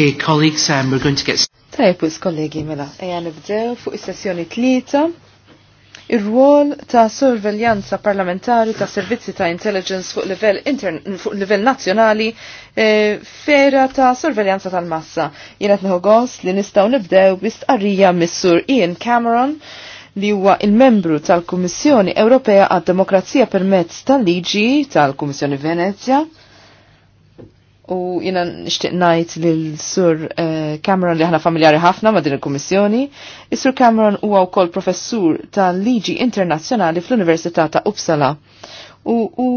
Okay, colleagues, um, we're going to get... Tajb, kollegi, mela, Ejan nibdew fuq is-sessjoni tlieta. Ir-rwol ta' sorveljanza parlamentari ta' servizzi ta' intelligence fuq livell fuq livell nazzjonali eh, fera ta' sorveljanza tal-massa. Jienet neħu gost li nistaw nibdew bistqarrija missur Ian Cameron li huwa il-membru tal-Kummissjoni Ewropea għad-Demokrazija permezz tal-Liġi tal-Kummissjoni Venezia U jina nishtiq najt l sur eh, Cameron li ħana familjari ħafna ma din il-Kummissjoni. Is-Sur Cameron huwa wkoll professur tal-Liġi Internazzjonali fl-Università ta' Uppsala. U u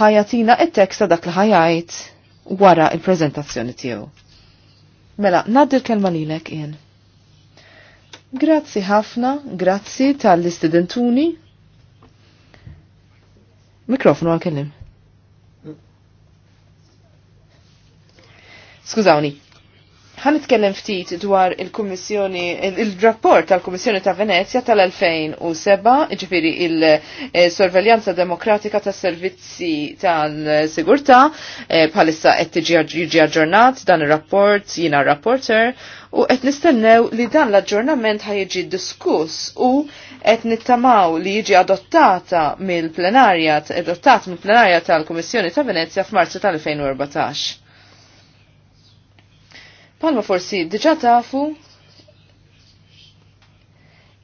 ħajatina it-tekst ta' dak li ħajajt wara il prezentazzjoni tiegħu. Mela, naddi l-kelma lilek jien. Grazzi ħafna, grazzi tal-istudentuni Mikrofonu għal-kellim. Skużawni. Ħan nitkellem ftit dwar il-Kummissjoni, il-rapport tal-Kummissjoni ta' Venezia tal-2007, ġifiri il-sorveljanza demokratika ta' servizzi tal-sigurta, eh, bħalissa qed tiġi aġġornat dan ir-rapport, jina rapporter, u qed nistennew li dan l-aġġornament jiġi diskuss u qed nittamaw li jiġi adottata mill-plenarja adottat mill-plenarja tal-Kummissjoni ta' Venezia f'Marzu tal-2014. Palma forsi diġa tafu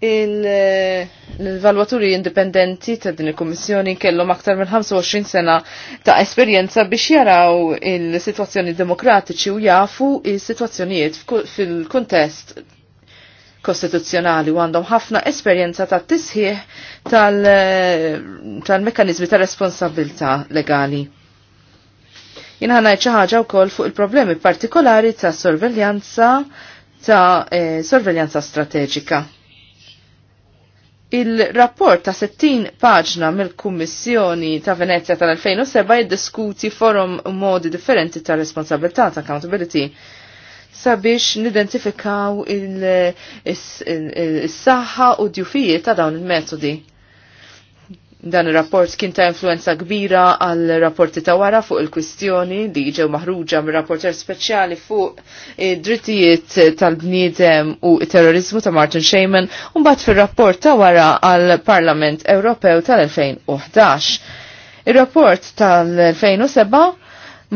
l-valwaturi eh, indipendenti ta' din il-Kommissjoni kellhom aktar minn 25 sena ta' esperjenza biex jaraw il-sitwazzjoni demokratiċi u jafu il-sitwazzjonijiet fil-kontest kostituzzjonali u għandhom ħafna esperjenza ta' tisħiħ eh, tal-mekanizmi ta' responsabilta legali. Jina ħanajt xi ħaġa wkoll fuq il-problemi partikolari ta' sorveljanza ta' e, sorveljanza strateġika. Il-rapport ta' 60 paġna mill-Kummissjoni ta' Venezia tal-2007 jiddiskuti forum modi differenti ta' responsabilità ta' accountability sabiex nidentifikaw il-saħħa u d-jufijiet u djufijiet ta' dawn il-metodi. Dan ir-rapport kien ta' influenza kbira għal rapporti ta' wara fuq il-kwistjoni li ġew maħruġa mir rapporter speċjali fuq id-drittijiet tal-bniedem u terrorizmu ta' Martin Shaman u mbagħad fir-rapport ta' wara għal Parlament Ewropew tal-2011. Ir-rapport tal-2007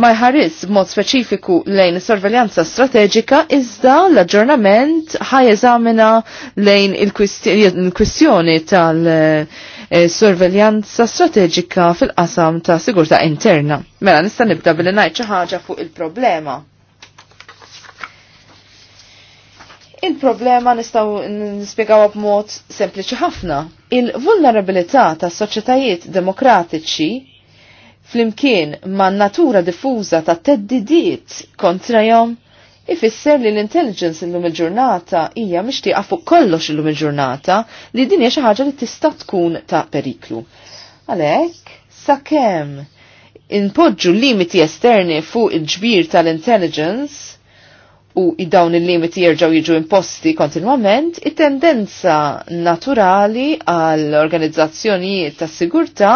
ma jħaris mod speċifiku lejn sorveljanza strateġika iżda l-aġġornament ħaj eżamina lejn il-kwistjoni tal- E, sorveljanza strateġika fil-qasam ta' sigurta interna. Mela nista' nibda billi ngħid xi ħaġa fuq il-problema. Il-problema nistgħu nispjegawha b'mod sempliċi ħafna. Il-vulnerabilità tas soċjetajiet demokratiċi flimkien ma' natura diffuża ta' teddidiet kontrajhom ifisser li l-intelligence illum il-ġurnata hija mixtieqa fuq kollox illum il-ġurnata li din hija xi ħaġa li tista' tkun ta' periklu. Għalhekk sakemm inpoġġu limiti esterni fuq il-ġbir tal-intelligence u id-dawn il-limiti jerġaw jiġu imposti kontinwament, it-tendenza naturali għall-organizzazzjonijiet ta' sigurta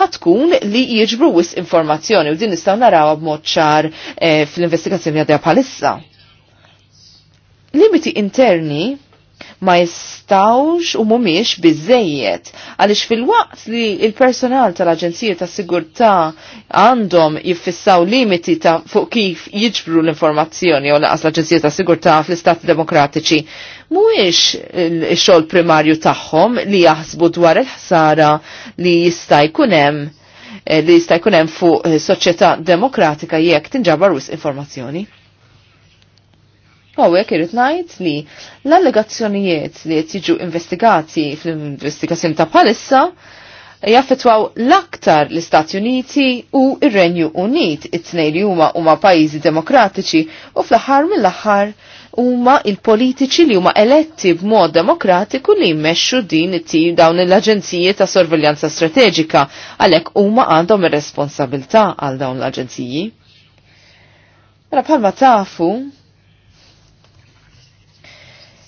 ħatkun li jiġbru wis informazzjoni u din nistaw narawa b'mod ċar fl eh, fil-investigazzjoni għadja bħalissa limiti interni ma jistawx u mumiex bizzejiet għalix fil-waqt li il-personal tal-Aġenzija ta' Sigurtà għandhom jiffissaw limiti ta' fuq kif jiġbru l-informazzjoni u laqas l-Aġenzija ta' Sigurtà fl-Istati Demokratiċi mhuwiex il-xogħol primarju tagħhom li jaħsbu dwar il-ħsara li jista' jkun hemm eh, li jista' jkun hemm fuq soċjetà demokratika jekk tinġabar wis informazzjoni. Għawek irrit najt li l-allegazzjonijiet li qed jiġu investigati fl-investigazzjoni ta' palissa jaffetwaw l-aktar l-Istati Uniti u ir-Renju Unit, it-tnej li huma huma pajjiżi demokratiċi u fl-aħħar mill-aħħar huma il-politiċi li huma eletti b'mod demokratiku li jmexxu din it-tim dawn l-aġenziji ta' sorveljanza strateġika għalhekk huma għandhom ir-responsabilità għal dawn l-aġenziji. Mela bħalma tafu,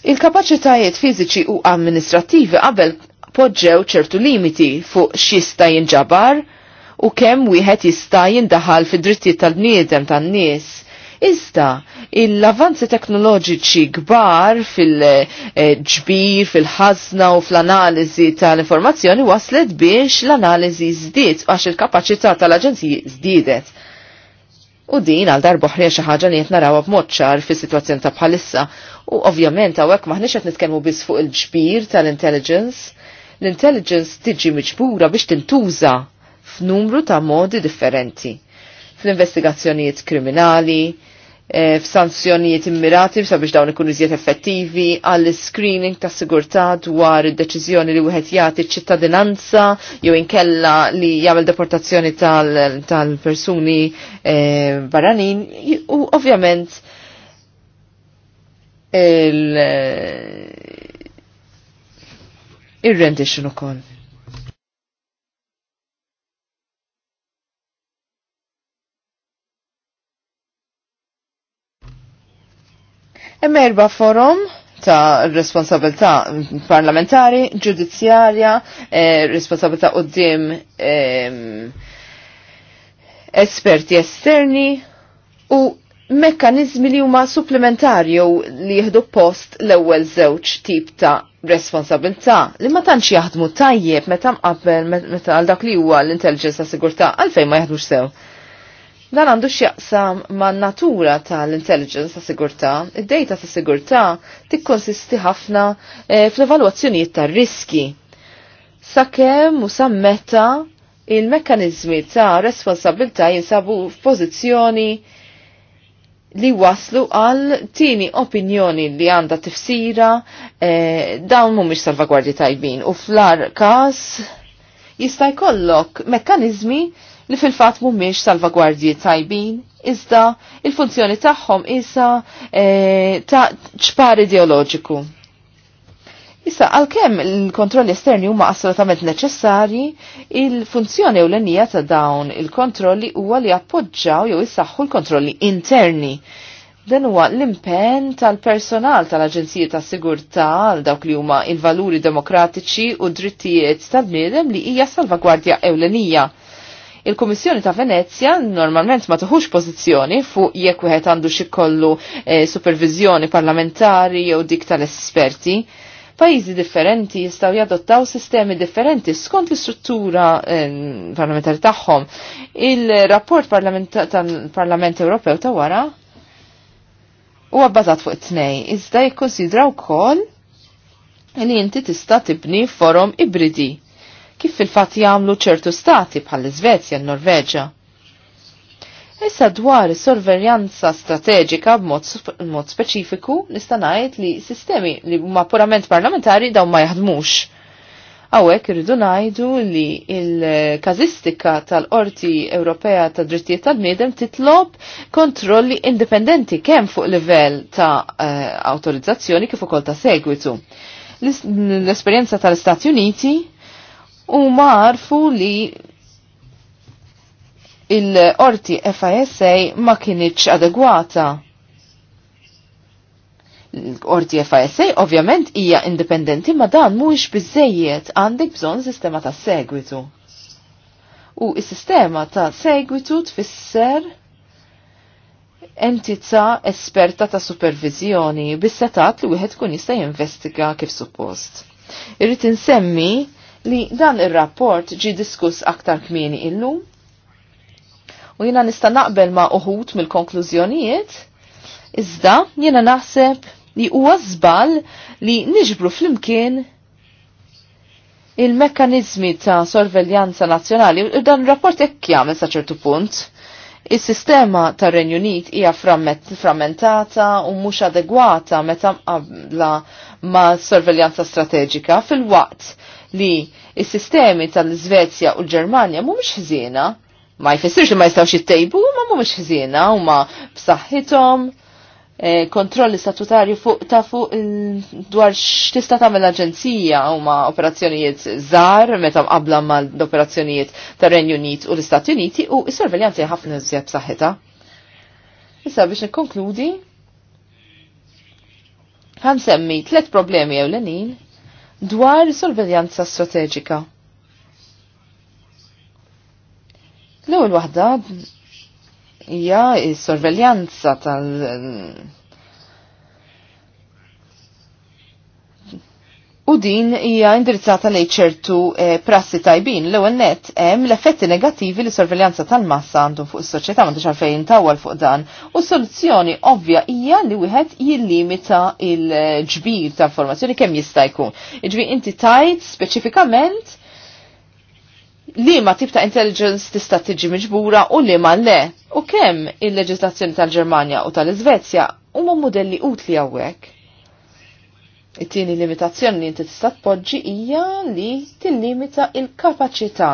Il-kapacitajiet fiżiċi u amministrativi qabel poġġew ċertu limiti fuq xista jinġabar u kemm wieħed jista' jindaħal fid-drittijiet tal-bniedem tan-nies. Iżda, l-avanzi teknoloġiċi kbar fil-ġbir, eh, fil-ħazna u fl-analizi tal-informazzjoni waslet biex l-analizi zdiet għax il-kapacità tal-aġenziji żdiedet. U din għal darboħrija xi ħaġa li qed narawha b'mod ċar fis-sitwazzjoni ta' bħalissa. U ovvjament hawnhekk maħniex qed nitkellmu biss fuq il-ġbir tal-intelligence. L-intelligence tiġi miġbura biex tintuża f'numru ta' modi differenti. Fl-investigazzjonijiet kriminali, E, f'sanzjonijiet immirati sabiex dawn ikunu iżjed effettivi għall screening ta' sigurtà dwar id-deċiżjoni li wieħed jagħti ċittadinanza jew inkella li jagħmel deportazzjoni tal-persuni e, barranin u ovvjament e, il-rendition ukoll. Hemm erba' forum ta' responsabilità parlamentari, ġudizzjarja, eh, responsabilità qudiem eh, esperti esterni u mekkanizmi li huma supplementari li jieħdu post l-ewwel żewġ tip ta' responsabilità li ma tantx jaħdmu tajjeb meta mqabel meta għal dak li huwa l-intelligence ta' sigurtà għalfejn ma jaħdmux sew. Dan għandu x'jaqsam ma' natura tal-intelligence ta' sigurtà. Id-data ta' sigurtà tikkonsisti ħafna eh, fl-evalwazzjonijiet tar-riski. Sakemm u sa meta il-mekkanizmi ta' responsabilità jinsabu f'pożizzjoni li waslu għal tini opinjoni li għanda tifsira e, dawn mumiex salvagwardji tajbin u fl-ar kas jista' jkollok mekkanizmi li fil-fat mumiex salvagwardji tajbin, iżda il-funzjoni tagħhom isa e, ta' ċpar ideoloġiku. Issa, għalkemm il-kontrolli esterni huma assolutament neċessarji, il-funzjoni ewlenija ta' dawn il-kontrolli huwa li appoġġaw jew issaħħu l-kontrolli interni. Dan huwa l-impenn tal-personal tal-Aġenziji tas sigurtà għal dawk li huma il-valuri demokratiċi u drittijiet tal-bniedem li hija salvagwardja ewlenija Il-Kummissjoni ta' Venezia normalment ma tuħux pożizzjoni fuq jekk wieħed għandu xi kollu eh, supervizjoni parlamentari jew dik tal-esperti. Pajjiżi differenti jistgħu jadottaw sistemi differenti skont l-istruttura eh, parlamentari tagħhom. Il-rapport tal-Parlament Ewropew ta' wara huwa bbażat fuq it-tnej, iżda jikkonsidraw kol li inti tista' tibni forum ibridi kif fil-fatt jagħmlu ċertu stati bħal iżvezja n-Norveġa. Issa dwar sorveljanza strateġika b'mod speċifiku nista' ngħid li sistemi li huma purament parlamentari dawn ma jaħdmux. Għawek irridu najdu li il-kazistika tal-Qorti Ewropea ta' Drittijiet tal-Miedem titlob kontrolli indipendenti kemm fuq livell ta' uh, eh, autorizzazzjoni kif ukoll ta' segwitu. L-esperjenza tal-Istati Uniti u marfu li il-orti FISA ma kienieċ adegwata. Orti FISA ovvjament hija indipendenti ma dan mhuwiex biżejjed għandek bżonn sistema ta' segwitu. U s-sistema ta' segwitu tfisser entità esperta ta' supervizjoni bis-setat li wieħed kun jista' jinvestiga kif suppost. Irrid insemmi li dan ir-rapport ġi diskuss aktar kmieni illum u jina nista naqbel ma' uħut mill-konklużjonijiet, iżda jina naħseb li huwa żbal li niġbru flimkien il-mekkanizmi ta' sorveljanza nazzjonali u dan rapport hekk jagħmel sa ċertu punt. Is-sistema ta' Renju Unit hija frammentata u mhux adegwata meta qabla ma' sorveljanza strateġika fil-waqt li s-sistemi tal-Svezja u l-Ġermanja mhumiex ħżiena, ma jfissirx li ma jistgħux jittejbu, ma mhumiex ħżiena, huma b'saħħithom, eh, kontrolli statutarju fuq ta' fuq dwar x'tista' tagħmel l-aġenzija huma operazzjonijiet żgħar meta mqabbla mal-operazzjonijiet tar-Renju Unit u l-Istati Uniti u s-sorveljanza ħafna żjed b'saħħitha. Issa biex nikkonkludi ħansemmi tliet problemi ewlenin dwar sorveljanza strateġika. L-ewwel waħda hija s-sorveljanza tal- U din hija indirizzata lejn ċertu e, prassi tajbin. L-ewwel nett hemm l-effetti negattivi li sorveljanza tal-massa għandhom fuq is-soċjetà m'għandux għalfejn tawal fuq dan. U soluzzjoni ovvja hija li wieħed jillimita il-ġbir ta' informazzjoni kemm jista' jkun. Iġbir inti tajt speċifikament li ma tip ta' intelligence tista' tiġi miġbura u li ma le. U kemm il-leġislazzjoni tal-Ġermanja u tal-Iżvezja huma modelli utli hawnhekk It-tieni limitazzjoni li inti tista' tpoġġi hija li tillimita il-kapaċità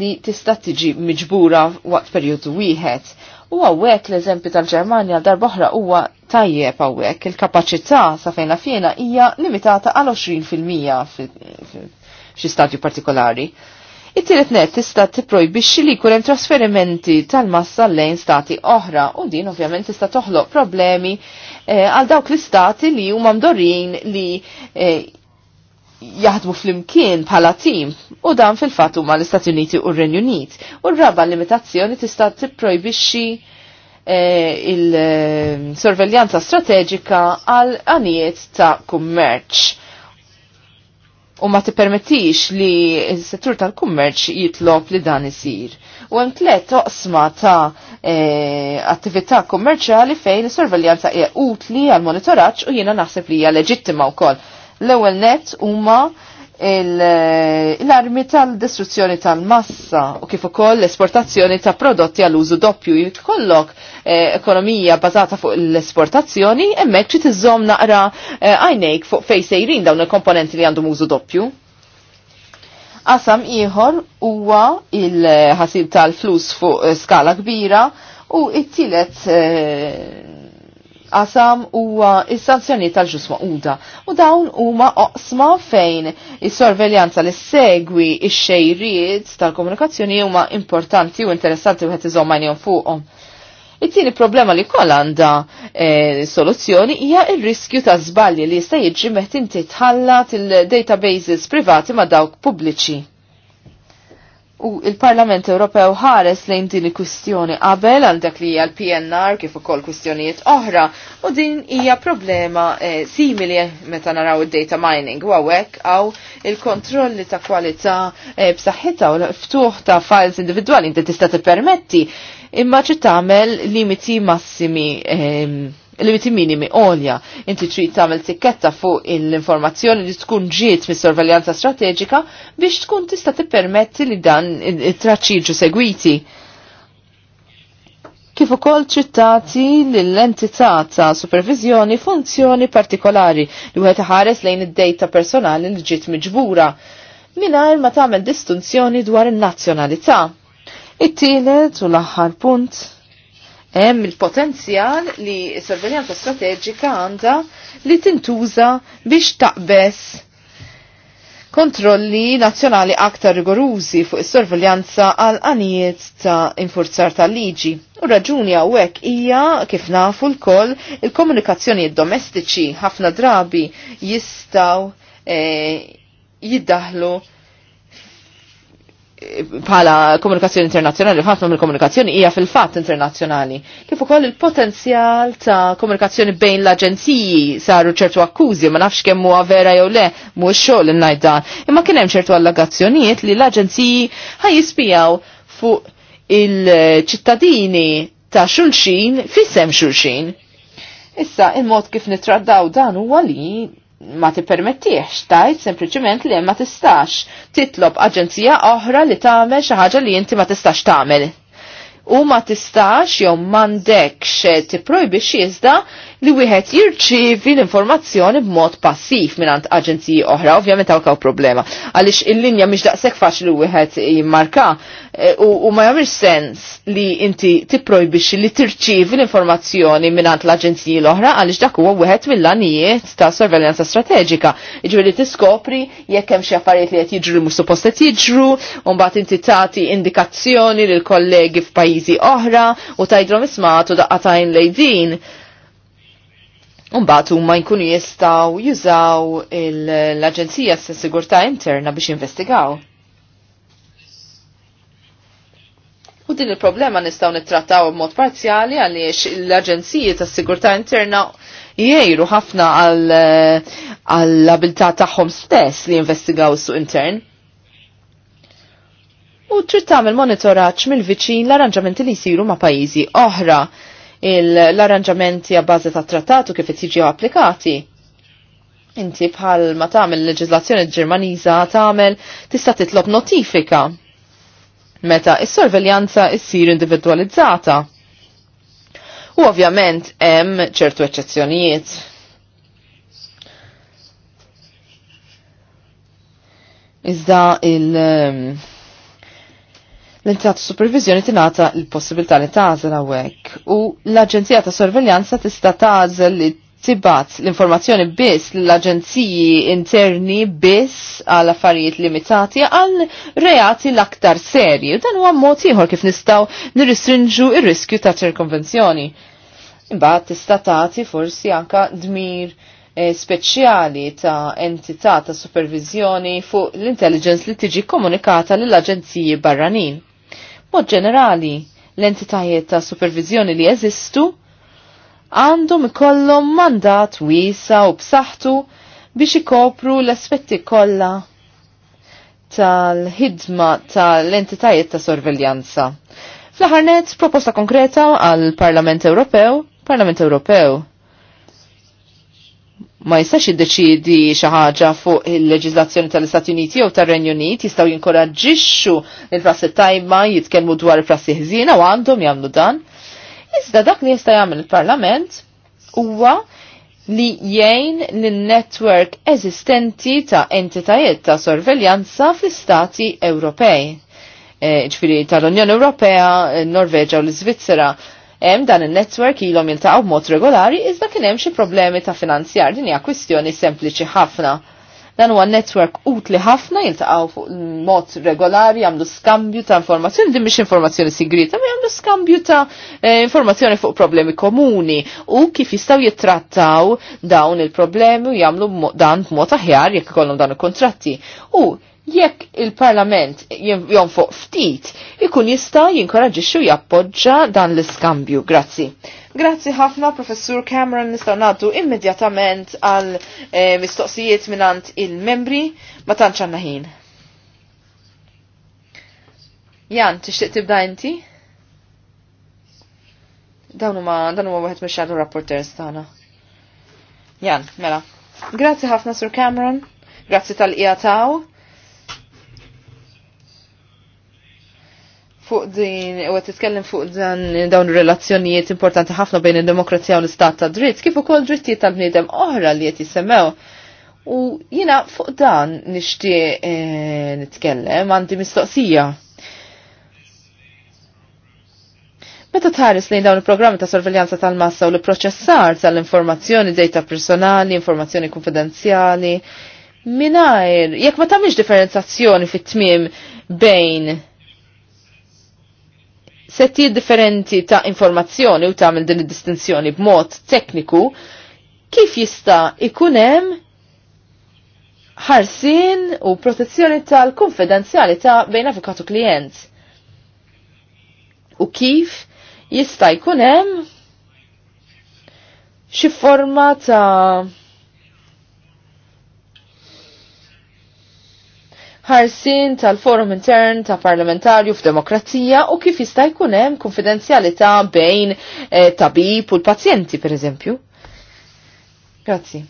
li tista' tiġi miġbura waqt perjodu wieħed. U għawek l-eżempju tal-Ġermanja darboħra huwa tajjeb hawnhekk il kapaċità sa fejna fjena hija limitata għal 20% fil-mija f'xi stadju partikolari it tiret net tista' tipprojbixxi li jkun hemm trasferimenti tal-massa lejn stati oħra u din ovvjament tista' toħloq problemi eh, għal dawk l-istati li huma mdorrin li eh, jaħdmu fl-imkien bħala tim u dan fil-fatt huma l-Istati Uniti u r-Renju Unit. U r-raba limitazzjoni tista' tipprojbixxi eh, il-sorveljanza eh, strateġika għal għanijiet ta' kummerċ u ma tippermettix li s-settur tal-kummerċ jitlob li dan isir. U għem tlet toqsma ta' e, attività kummerċjali fejn is-sorveljanza hija utli għal monitoraġġ u jiena naħseb li hija leġittima wkoll. L-ewwel net huma Eh, l-armi tal-distruzzjoni tal-massa u kif ukoll l-esportazzjoni ta' prodotti għal użu doppju jitkollok eh, ekonomija bazata fuq l-esportazzjoni hemmhekk trid iżżomm naqra eh, għajnejk fuq fejn sejrin dawn il-komponenti li għandhom użu doppju. Qasam ieħor huwa il-ħasib tal-flus fuq skala kbira u it-tielet qasam huwa is-sanzjoni tal-ġus uda. U dawn huma oqsma fejn is-sorveljanza li segwi ix-xejriet tal-komunikazzjoni huma importanti u interessanti u qed iżomm fuqhom. It-tieni problema li kol għandha e, soluzzjoni hija r-riskju ta' żbalji li jista' jiġi meħt inti tħallat il-databases privati ma' dawk pubbliċi. U il-Parlament Ewropew ħares lejn din il-kwistjoni qabel għal dak li hija l-PNR kif ukoll kwistjonijiet oħra u din hija problema e, simili meta naraw id-data mining u hawnhekk hawn il-kontrolli ta' kwalità e, b'saħħitha u l-ftuħ ta' files individwali inti tista' tippermetti imma ċi tagħmel limiti massimi e, il-limiti minimi olja. Inti trid tagħmel tikketta fuq l-informazzjoni li tkun ġiet mis-sorveljanza strateġika biex tkun tista' tippermetti li dan it-traċċiġu segwiti. Kif ukoll ċittati l-entità ta' supervizjoni funzjoni partikolari li wieħed ħares lejn id-dejta personali li ġiet miġbura mingħajr ma tagħmel distinzjoni dwar in-nazzjonalità. It-tielet u l-aħħar punt hemm il-potenzjal li s-sorveljanza strateġika għandha li tintuża biex taqbes kontrolli nazzjonali aktar rigorużi fuq is-sorveljanza għal anijiet ta' infurzar tal liġi. U raġuni għawek hija kif nafu l-koll il-komunikazzjoni domestiċi ħafna drabi jistaw e, jiddaħlu bħala komunikazzjoni internazzjonali, ħafna mill komunikazzjoni hija fil-fatt internazzjonali. Kif ukoll il-potenzjal ta' komunikazzjoni bejn l-aġenziji saru ċertu akkużi, ma nafx kemm huwa vera jew le, mhuwiex xogħol ngħid dan. Imma kien hemm ċertu allegazzjonijiet li l-aġenziji ħajjispijaw fuq il-ċittadini ta' xulxin fissem xulxin. Issa, il-mod kif nitraddaw dan huwa li ma tippermettiex tajt sempliciment li ma tistax titlob aġenzija oħra li tagħmel xi ħaġa li inti ma tistax tagħmel. U ma tistax jew m'għandekx tipprojbixxi iżda li wieħed jirċievi l-informazzjoni b'mod passiv mingħand aġenziji oħra, ovvjament hawn problema. Għaliex il-linja mhix daqshekk faċli wieħed jimmarka e, u ma jagħmilx sens li inti tipprojbixxi li tirċievi l-informazzjoni minant l-aġenziji l-oħra għaliex dak huwa wieħed mill-għanijiet ta' sorveljanza strateġika. Jiġifieri tiskopri jekk hemm xi affarijiet li qed jiġru mhux suppost qed jiġru, u mbagħad inti tagħti indikazzjoni lil kollegi f'pajjiżi oħra u tgħidlhom isma' tu daqqatajn lej din Umbatu ma jkunu jistaw jużaw l-Aġenzija s sigurtà interna biex investigaw. U din il-problema nistaw nittrattaw b'mod parzjali għaliex l-Aġenziji tas sigurtà interna jgħiru ħafna għall-abilità tagħhom stess li investigaw su intern. U trid tagħmel monitoraġġ mill-viċin l-arranġamenti li jsiru ma' pajjiżi oħra l-arranġamenti a bażi ta' trattatu kif tiġi jiġu applikati. Inti bħal ma tagħmel leġiżlazzjoni Ġermaniża tagħmel tista' titlob notifika meta is-sorveljanza issir individualizzata. U ovvjament hemm ċertu eċċezzjonijiet. Iżda il- l-entità ta' supervizjoni tingħata l-possibilità li tażel hawnhekk u l-Aġenzija ta' Sorveljanza tista' tagħżel li tibat l-informazzjoni biss l-aġenziji interni biss għal affarijiet limitati għal reati l-aktar serji. u Dan huwa mod ieħor kif nistgħu nirristrinġu ir-riskju ta' ċirkonvenzjoni. Imbagħad tista' tagħti forsi anka dmir eh, speċjali ta' entità ta' supervizjoni fuq l-intelligence li tiġi komunikata lill-aġenziji barranin. Mod ġenerali, l-entitajiet ta' supervizjoni li jeżistu għandhom ikollhom mandat wiesa u b'saħħtu biex ikopru l-aspetti kollha tal-ħidma tal-entitajiet ta' sorveljanza. Fl-ħarnet proposta konkreta għal Parlament Ewropew, Parlament Ewropew ma jistax jiddeċiedi xi ħaġa fuq il-leġiżlazzjoni tal-Istati Uniti jew tar-Renju Unit jistgħu jinkoraġġixxu il-prassi tajma jitkellmu dwar il-prassi ħżiena u għandhom jagħmlu dan. Iżda dak li jista' jagħmel il-Parlament huwa li jgħin lin-netwerk eżistenti ta' entitajiet ta' sorveljanza fl-Istati Ewropej. Eh, Ġifieri tal-Unjoni Ewropea, eh, Norveġa u l-Iżvizzera Hemm dan in-netwerk ilhom jiltaqgħu b'mod regolari iżda kien hemm xi problemi ta' finanzjar din hija kwistjoni sempliċi ħafna. Dan huwa netwerk utli ħafna jiltaqgħu fuq mod regolari għamlu skambju ta' informazzjoni din mhix informazzjoni sigrita, ma jagħmlu skambju ta' eh, informazzjoni fuq problemi komuni u kif jistgħu jittrattaw dawn il-problemi u jagħmlu dan b'mod aħjar jekk ikollhom dan il-kontratti. U jekk il-Parlament jonfoq ftit, ikun jista' xu jappoġġa dan l-iskambju. Grazzi. Grazzi ħafna, Professur Cameron, nistgħu naddu immedjatament għal eh, mistoqsijiet minant il-membri ma tantx għandna ħin. Jan, tixtieq tibda inti? Dawn huma dan huma wieħed mix-shadow rapporters tagħna. Jan, mela. Grazzi ħafna Sur Cameron, grazzi tal-qija taw fuq din u qed titkellem fuq dan dawn ir-relazzjonijiet importanti ħafna bejn id-demokrazija u l-istat ta' dritt, kif ukoll drittijiet tal-bniedem oħra li qed jissemmew. U jina fuq dan nixtieq eh, nitkellem għandi mistoqsija. Meta tħares lejn dawn il-programmi ta' sorveljanza tal-massa u l-proċessar tal-informazzjoni, data personali, informazzjoni konfidenzjali, minajr, jekk ma tagħmilx differenzazzjoni fit tmim bejn setti differenti ta' informazzjoni u tagħmel din id-distinzjoni b'mod tekniku, kif jista' ikunem hemm ħarsin u protezzjoni tal konfidenzjali ta bejn avukat u klient. U kif jista' jkun hemm xi forma ta' ħarsin tal-forum intern ta' parlamentarju f'demokrazija u kif jista' jkun hemm konfidenzjalità bejn eh, tabib u l-pazjenti pereżempju. Grazzi.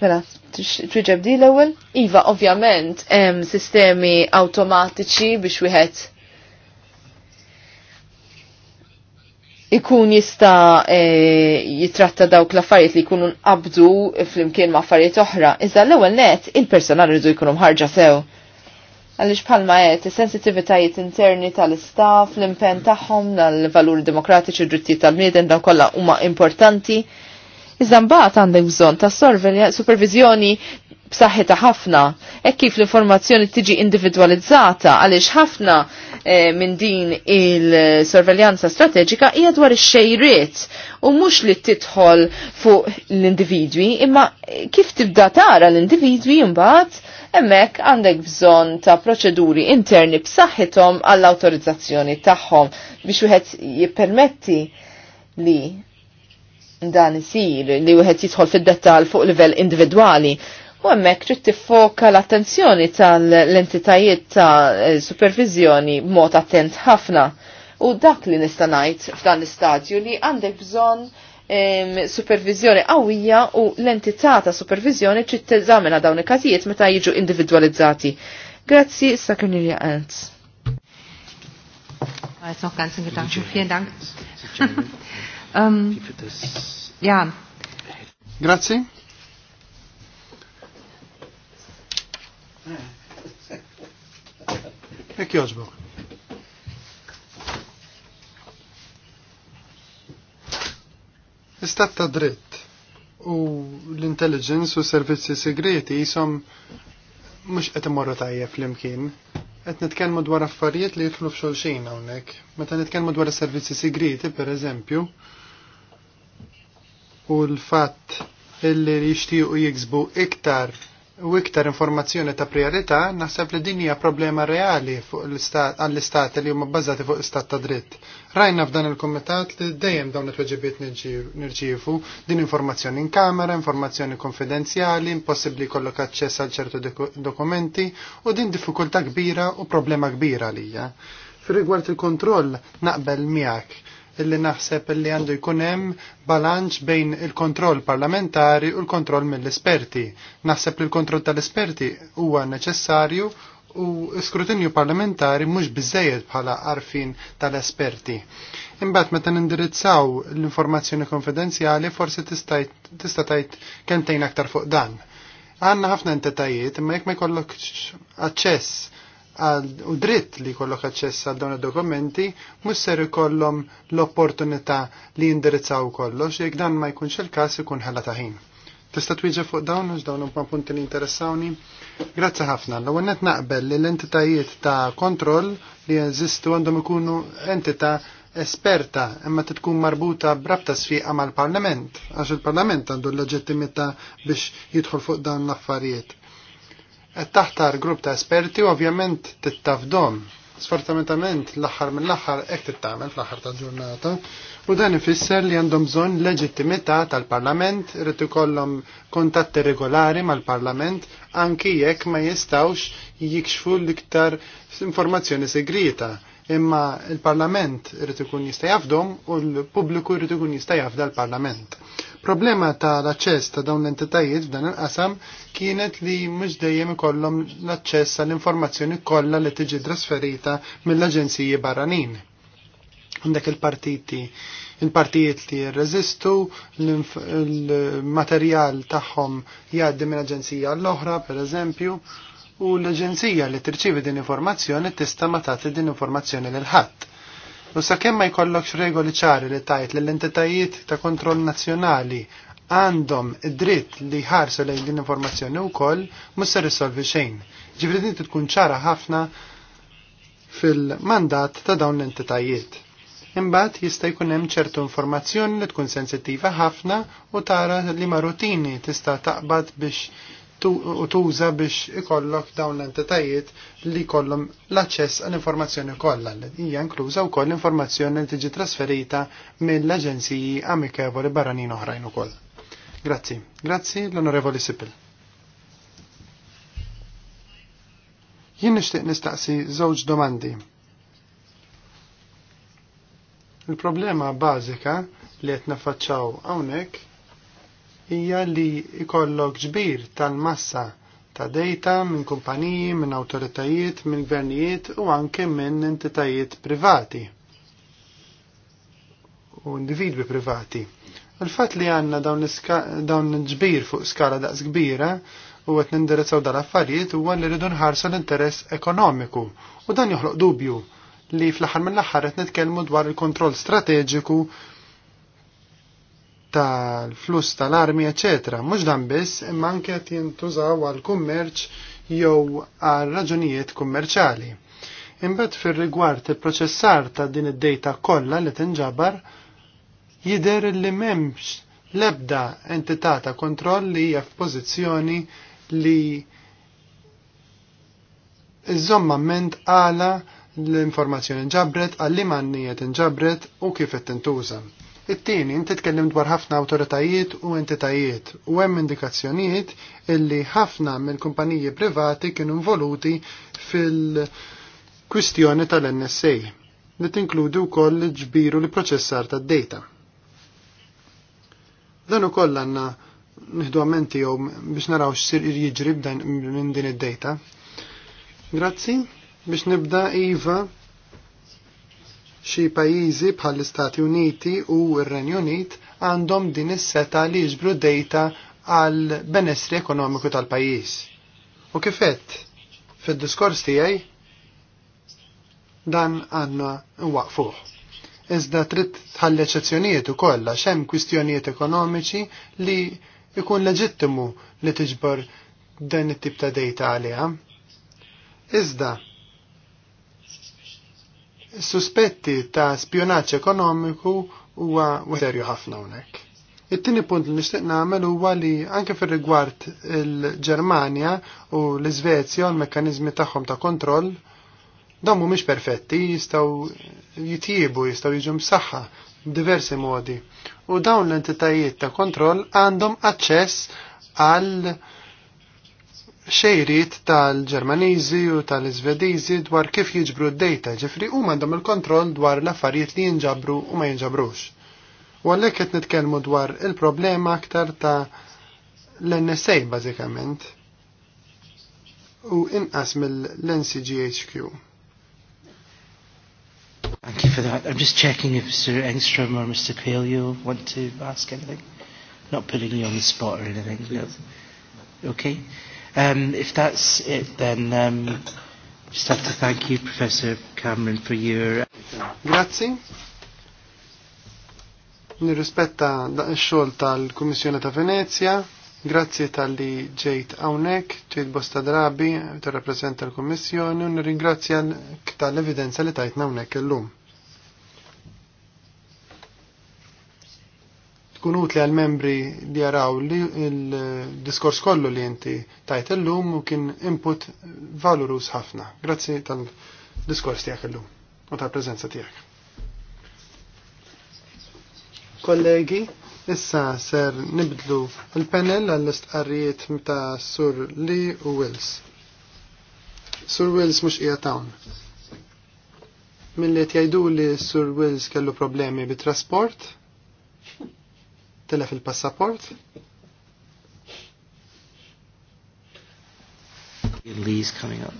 Mela, triġeb di l-ewwel? Iva, ovvjament, hemm sistemi awtomatiċi biex wieħed ikun jista e, jitratta dawk l-affarijiet li jkunu nqabdu fl-imkien ma' affarijiet oħra. Iżda l-ewwel net il persona rridu jkunu mħarġa sew. Għaliex bħalma qed is-sensitivitajiet interni tal-istaff, l-impenn tagħhom, l-valuri demokratiċi, drittijiet tal-bniedem dawn kollha huma importanti. Iżda mbagħad għandek bżonn ta' supervizjoni b'saħħitha ħafna, hekk kif l-informazzjoni tiġi individwalizzata għaliex ħafna Eh, minn din il-sorveljanza strateġika hija dwar ix-xejriet u mhux li tidħol fuq l-individwi, imma kif tibda tara l-individwi imbagħad hemmhekk għandek bżonn ta' proċeduri interni b'saħħithom għall-awtorizzazzjoni tagħhom biex wieħed jippermetti li dan isir li wieħed jidħol fid-dettal fuq livell individwali u hemmhekk trid tiffoka l-attenzjoni tal-entitajiet ta' eh, supervizjoni b'mod attent ħafna. U dak li nista' ngħid f'dan l-istadju li għandek bżonn supervizjoni qawwija u l-entità ta' supervizjoni trid teżamina dawn il-każijiet meta jiġu individwalizzati. Grazzi, sa' Cornelia Ernst. Jetzt noch ganz in Gedanken. Vielen Dank. ähm, ja. Grazie. Ek jożbok. Istat ta' dritt u l-intelligence u servizzi segreti jisom mux qed imorru tajjeb flimkien. Qed nitkellmu dwar affarijiet li jidħlu f'xulxin hawnhekk. Meta nitkellmu dwar is-servizzi segreti pereżempju u l-fatt illi jixtiequ jiksbu iktar u iktar informazzjoni ta' priorità naħseb li din hija problema reali għall-istati li huma bbażati fuq istat ta' dritt. Rajna f'dan il-komitat li dejjem dawn it-tweġibiet nirċievu din informazzjoni in kamera, informazzjoni konfidenzjali, impossibbli jkollok aċċess għal ċertu dokumenti u din diffikultà kbira u problema kbira għalija. Fir rigward il-kontroll naqbel miegħek illi naħseb illi għandu jkun hemm balanċ bejn il-kontroll parlamentari u l-kontroll mill-esperti. Naħseb li l-kontroll tal-esperti huwa neċessarju u skrutinju parlamentari mhux biżejjed bħala arfin tal-esperti. Imbagħad meta nindirizzaw l-informazzjoni konfidenzjali forsi tista' tajt kentejn aktar fuq dan. Għanna ħafna entitajiet, imma jekk ma jkollok aċċess u dritt li jkollok aċċess għal dawn id-dokumenti mhux ser ikollhom l-opportunità li jindirizzaw kollox jekk dan ma jkunx il-każ ikun ħela ta' ħin. Tista' twieġa fuq dawn għax dawn huma punti li interessawni. Grazzi ħafna. L-ewwel qed naqbel li l-entitajiet ta' kontroll li jeżistu għandhom ikunu entità esperta imma titkun marbuta brabta sfiqa mal-parlament, għax il-parlament għandu l-leġittimità biex jidħol fuq dan l-affarijiet taħtar grupp ta' esperti u ovvjament tittafdom. Sfortunatament l-aħħar mill-aħħar hekk tittamel fl-aħħar ta' ġurnata u dan ifisser li għandhom bżonn leġittimità tal-Parlament, irid ikollhom kuntatti regolari mal-Parlament anki jekk ma jistawx jikxfu l-iktar informazzjoni segreta imma il-Parlament irid ikun jista' jafdhom u l-pubbliku irid ikun jista' jafda l-Parlament. Problema ta' l-aċċess ta' dawn l-entitajiet f'dan il-qasam kienet li mhux dejjem ikollhom l-aċċess għall-informazzjoni kollha li tiġi trasferita mill-aġenziji barranin. Għandek il-partiti il-partijiet li jirreżistu, il-materjal tagħhom jgħaddi minn aġenzija l-oħra, per eżempju, u l-Aġenzija li tirċivi din informazzjoni tista' ma tagħti din informazzjoni lil ħadd. U sakemm ma jkollokx regoli ċari li tajt l entitajiet ta' kontroll nazzjonali għandhom id-dritt li ħarsu lejn din informazzjoni wkoll mhux se risolvi xejn. Ġifri din tkun ċara ħafna fil-mandat ta' dawn l-entitajiet. Imbagħad jista' jkun hemm ċertu informazzjoni li tkun sensittiva ħafna u tara li ma' rutini tista' taqbad biex u tuża biex ikollok dawn l-entitajiet li kollhom l-aċċess għall-informazzjoni kollha li hija inkluża wkoll l-informazzjoni li tiġi trasferita mill-aġenziji amikevoli barranin oħrajn ukoll. Grazzi. Grazzi l-Onorevoli Sipil. Jien nixtieq nistaqsi żewġ domandi. Il-problema bażika li qed nafaċċaw hawnhekk hija li ikollok ġbir tal-massa ta' dejta minn kumpaniji, minn awtoritajiet, minn gvernijiet u anke minn entitajiet privati u individwi privati. Il-fat li għanna dawn ġbir fuq skala daqs kbira u għet nindirizzaw dal-affarijiet u għan li rridu nħarsu l-interess ekonomiku u dan joħloq dubju li fl-ħar mill-ħar qed nitkellmu dwar il-kontroll strateġiku tal-flus tal-armi, ecc. Mhux dan biss, imma anke qed jintużaw għal kummerċ jew għal raġunijiet kummerċali. Imbagħad fir-rigward il-proċessar ta' din id-dejta kollha li tinġabar jidher li m'hemmx l-ebda entità ta' kontroll li hija f'pożizzjoni li iżommament għala l-informazzjoni nġabret, għalli mannijiet nġabret u kif qed tintuża. It-tieni, inti tkellim dwar ħafna awtoritajiet u entitajiet u hemm indikazzjonijiet illi ħafna mill-kumpaniji privati kienu involuti fil-kwistjoni tal-NSA li tinkludi wkoll ġbiru li proċessar tad-data. Dan ukoll għandna nieħdu ammenti jew biex naraw x'sir jiġri minn din id-data. Grazzi, biex nibda Iva Xi pajjiżi bħall istati Uniti u r-Renju Unit għandhom din is-seta li jiġbru dejta għal benessri ekonomiku tal-pajjiż. U kifett, fid-diskors tiegħi dan għandna waqfuh. Iżda trid tħall eċezzjonijiet ukoll għax hemm kwistjonijiet ekonomiċi li jkun leġittimu li tiġbor dan it-tip ta' dejta għaliha. Iżda Suspetti ta' spionaċ ekonomiku huwa serju ħafna hawnhekk. It-tieni punt li nixtieq nagħmel huwa li anke fir-rigward il-Ġermanja u l-Iżvezja u l-mekkaniżmi tagħhom ta' kontroll dawn mhumiex perfetti, jistgħu jitjiebu, jistgħu jiġu msaħħa b'diversi modi. U dawn l-entitajiet ta' kontroll għandhom aċċess għal xejrit tal-Ġermaniżi u tal-Iżvediżi dwar kif jiġbru d-dejta, ġifri u mandom il-kontroll dwar l-affarijiet li jinġabru u ma jinġabrux. U għallek qed nitkellmu dwar il-problema aktar ta' l-NSA bażikament u inqas mill-NCGHQ. Thank you for that. I'm just checking if Mr. Engstrom or Mr. Paleo want to ask anything. Not putting you on the spot or anything. Okay. Um, if that's it, then um, just have to thank you, Professor Cameron, for your... Uh, Grazie. Nirrispetta xol tal-Kummissjoni ta' Venezia, grazzi tal-li ġejt għawnek, ġejt bosta drabi, eh, t rappresenta l-Kummissjoni, un nirringrazzja tal-evidenza li tajtna għawnek l-lum. tkun utli għal-membri li jaraw li il-diskors kollu li inti tajt illum u kien input valurus ħafna. Grazzi tal-diskors tijak illum u tal-prezenza tijak. Kollegi, issa ser nibdlu il-panel għall-istqarrijiet ta' Sur Lee u Wills. Sur Wills mux ija tawn. Mill-li jajdu li Sur Wills kellu problemi bit-trasport, Tilef il-passaport? Lee's coming up.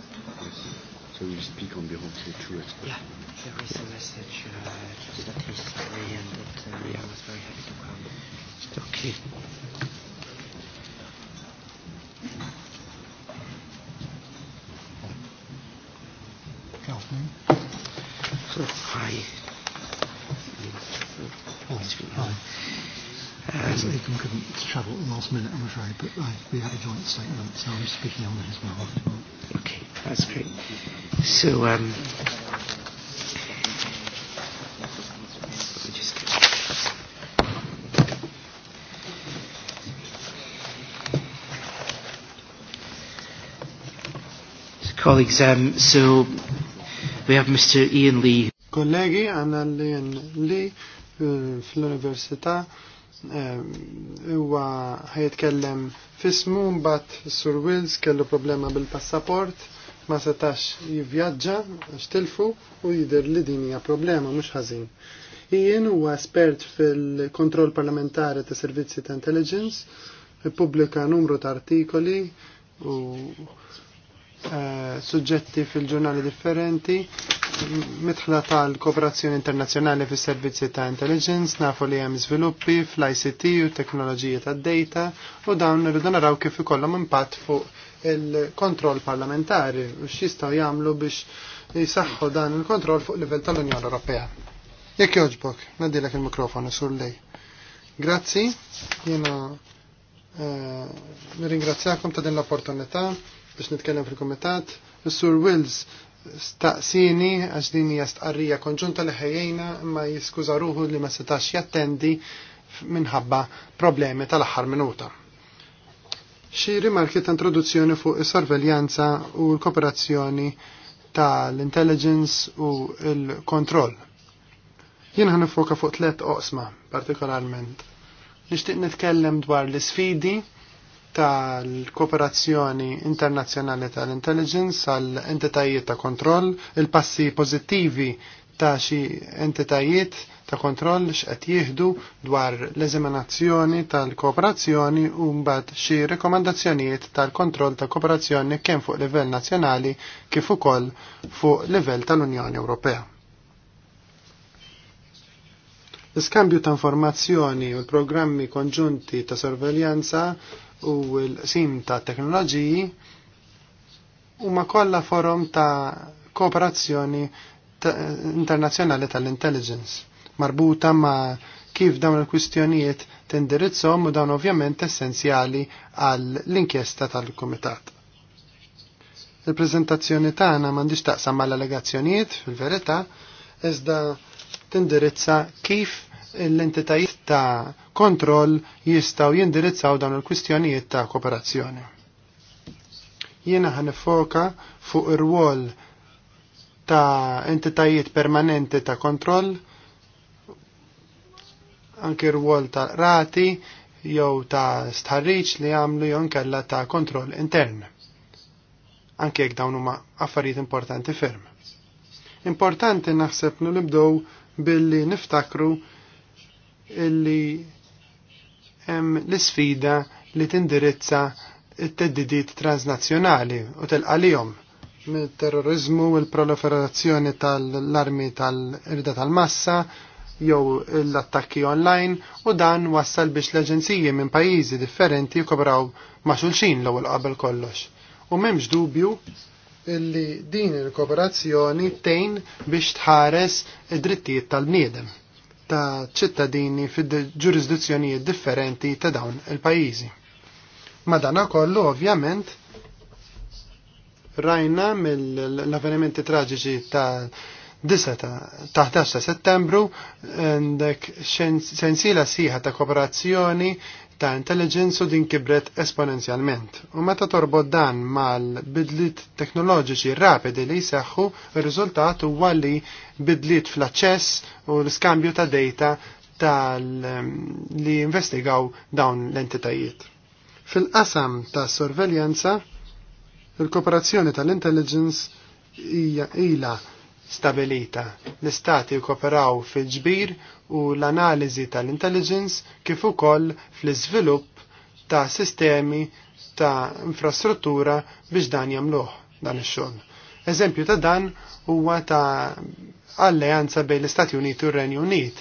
So you speak on behalf of the two Yeah, there is a message uh, just at his sorry and that uh, yeah. I was very happy to come. Okay. Good afternoon. Hi. Oh, it's been, oh. Uh, so I'm going to travel at the last minute, I'm afraid, but I, uh, we had a joint statement, so I'm speaking on his behalf. well. Okay, that's great. So, um, colleagues, um, so we have Mr. Ian Lee. Kollegi, għanna Ian Lee from uh, fl-Università Eh, huwa ħajtkellem fismu mbagħad Sur Wills kellu problema bil-passaport ma setax jivvjaġġa għax tilfu u jidher li din hija problema mhux ħażin. Jien huwa espert fil-kontroll parlamentari ta' servizzi ta' intelligence, pubblika numru ta' artikoli u eh, suġġetti fil-ġurnali differenti mitħla tal-kooperazzjoni internazzjonali fis servizzi ta' intelligence nafu li hemm żviluppi fl-ICT u teknoloġija tad-data u dawn irridu naraw kif ikollhom impatt fuq il-kontroll parlamentari u x'jistgħu jagħmlu biex jisaħħu dan il-kontroll fuq livell tal-Unjoni Ewropea. Jekk joġbok, nadilek il-mikrofonu sur lej. Grazzi, Jiena eh, nirringrazzjakom ta' din l-opportunità biex nitkellem fil kumitat Sur Wills staqsini għax din hija stqarrija konġunta li ħejjejna imma jiskuża ruħu li ma setax jattendi minħabba problemi tal-aħħar minuta. Xi rimarki ta' introduzzjoni fuq is-sorveljanza u l-kooperazzjoni tal-intelligence u l-kontroll. Jien ħanifoka nifoka fuq tliet oqsma partikolarment. Nixtieq nitkellem dwar l-isfidi, tal-kooperazzjoni internazzjonali tal-intelligence għal entitajiet ta' kontroll, il-passi pozittivi ta' xi entitajiet ta' kontroll x'qed jieħdu dwar l-eżaminazzjoni tal-kooperazzjoni u mbagħad xi rekomandazzjonijiet tal-kontroll ta' kooperazzjoni kemm fuq livell nazzjonali kif ukoll fuq livell tal-Unjoni Ewropea. L-iskambju ta' informazzjoni u l-programmi konġunti ta' sorveljanza u l-qsim ta' teknoloġiji huma kollha forum ta' kooperazzjoni internazzjonali tal-intelligence marbuta ma' kif dawn il-kwistjonijiet tindirizzom u dawn ovvjament essenzjali għal l-inkjesta tal-Kumitat. Il-preżentazzjoni tagħna m'għandix taqsam mal allegazzjonijiet fil-verità iżda tindirizza kif l-entitajiet ta' kontroll jistaw jindirizzaw dawn il-kwistjonijiet ta' kooperazzjoni. Jiena ħan foka fuq ir wol ta' entitajiet permanenti ta' kontroll, anke ir wol ta' rati jew ta' stħarriċ li għamlu jew nkella ta' kontroll intern. Anke jekk dawn huma affarijiet importanti ferm. Importanti naħseb nibdow billi niftakru illi hemm l-isfida li tindirizza it-teddidiet transnazzjonali u telqalihom mit-terrorizmu u l-proliferazzjoni tal-armi tal-irda tal-massa jew l-attakki online u dan wassal biex l-aġenziji minn pajjiżi differenti jkobraw ma' xulxin l-ewwel qabel kollox. U m'hemmx dubju illi din il-kooperazzjoni tejn biex tħares id-drittijiet tal-bniedem ta' ċittadini fid-ġurisdizzjonijiet differenti ta' dawn il-pajjiżi. dan kollu ovvjament rajna mill-avvenimenti traġiċi ta' 10 ta' 11 settembru għandek sensila siħa ta' kooperazzjoni ta' intelligence u din kibret esponenzjalment. U meta torbod dan mal-bidlit teknoloġiċi rapidi li jseħħu, ir-riżultat huwa li bidlit fl-aċċess u l-iskambju ta' data tal ehm, li investigaw dawn l-entitajiet. Fil-qasam ta' sorveljanza, il-kooperazzjoni tal-intelligence hija ila stabilita. L-istati jkoperaw fil-ġbir u l-analiżi tal-intelligence kif ukoll fl-iżvilupp ta' sistemi ta' infrastruttura biex dan jagħmluh dan ix-xogħol. Eżempju ta' dan huwa ta' alleanza bejn l-Istati Uniti u r-Renju Unit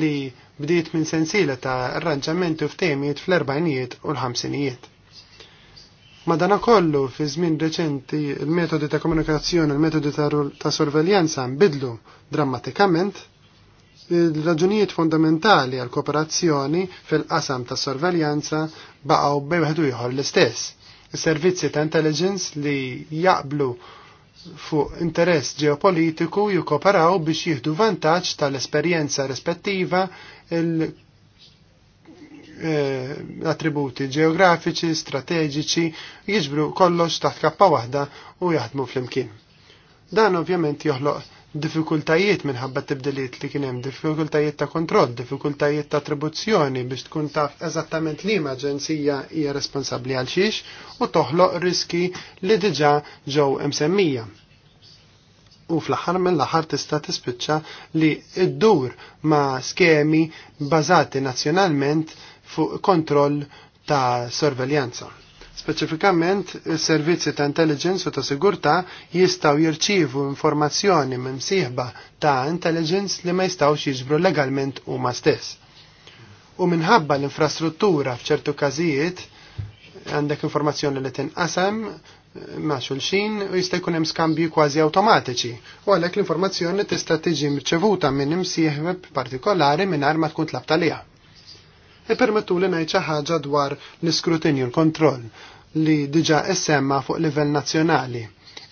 li bdiet minn sensiela ta' arranġamenti u ftehmijiet fl-erbajnijiet u l-ħamsinijiet. Madanakollu, fi żmien reċenti, il-metodi ta' komunikazzjoni, il-metodi ta' sorveljanza nbidlu drammatikament, il-raġunijiet fondamentali għal kooperazzjoni fil-qasam ta' sorveljanza baqgħu bejħdu ieħor l-istess. Is-servizzi ta' intelligence li jaqblu fuq interess ġeopolitiku jikkoperaw biex jieħdu vantaġġ tal-esperjenza rispettiva il Eh, attributi ġeografiċi, strateġiċi, jiġbru kollox taħt kappa waħda u jaħdmu fl-imkien. Dan ovvjament joħloq diffikultajiet minħabba tibdiliet li kien hemm, diffikultajiet ta' kontroll, diffikultajiet ta' attribuzzjoni biex tkun taf eżattament li ma' ġenzija hija responsabbli għal xiex u toħloq riski li diġà ġew msemmija. U fl-aħħar mill-aħħar tista' tispiċċa li ddur ma' skemi bażati nazzjonalment fuq kontroll ta' sorveljanza. Speċifikament, servizzi ta' intelligence u ta' sigurta jistaw jirċivu informazzjoni minn sieħba ta' intelligence li ma jistawx jiġbru legalment u ma stess. U minħabba l-infrastruttura f'ċertu każijiet għandek informazzjoni li tinqasem ma' xulxin u jista' jkun hemm skambji kważi awtomatiċi. U għalhekk l-informazzjoni tista' tiġi mċevuta minn imsieħeb partikolari mingħajr ma tkun tlab talija permettu li ngħid xi ħaġa dwar l-iskrutinju l-kontroll li diġa essemma fuq livell nazzjonali.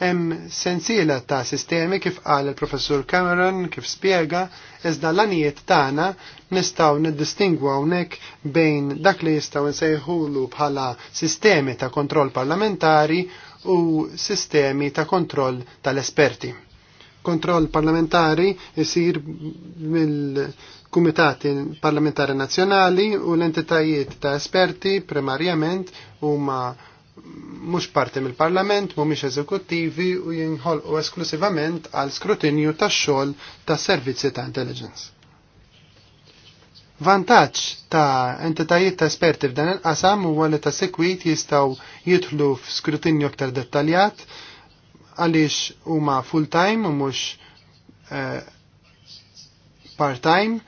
Hemm sensiela ta' sistemi kif qal il-Professur Cameron kif spjega, iżda l-anijiet tagħna nistgħu niddistingwa hawnhekk bejn dak li jistgħu nsejħulu bħala sistemi ta' kontroll parlamentari u sistemi ta' kontroll tal-esperti. Kontroll parlamentari jisir mill kumitati parlamentari nazzjonali u l-entitajiet ta' esperti primarjament huma mhux parti mill-Parlament, mhumiex eżekuttivi u jinħolqu esklusivament għal skrutinju tax-xogħol tas servizzi ta' intelligence. Vantaġġ ta' entitajiet ta' esperti f'dan il-qasam huwa li ta' sekwit jistgħu jidħlu f'skrutinju aktar dettaljat għaliex huma full-time u mhux eh, part-time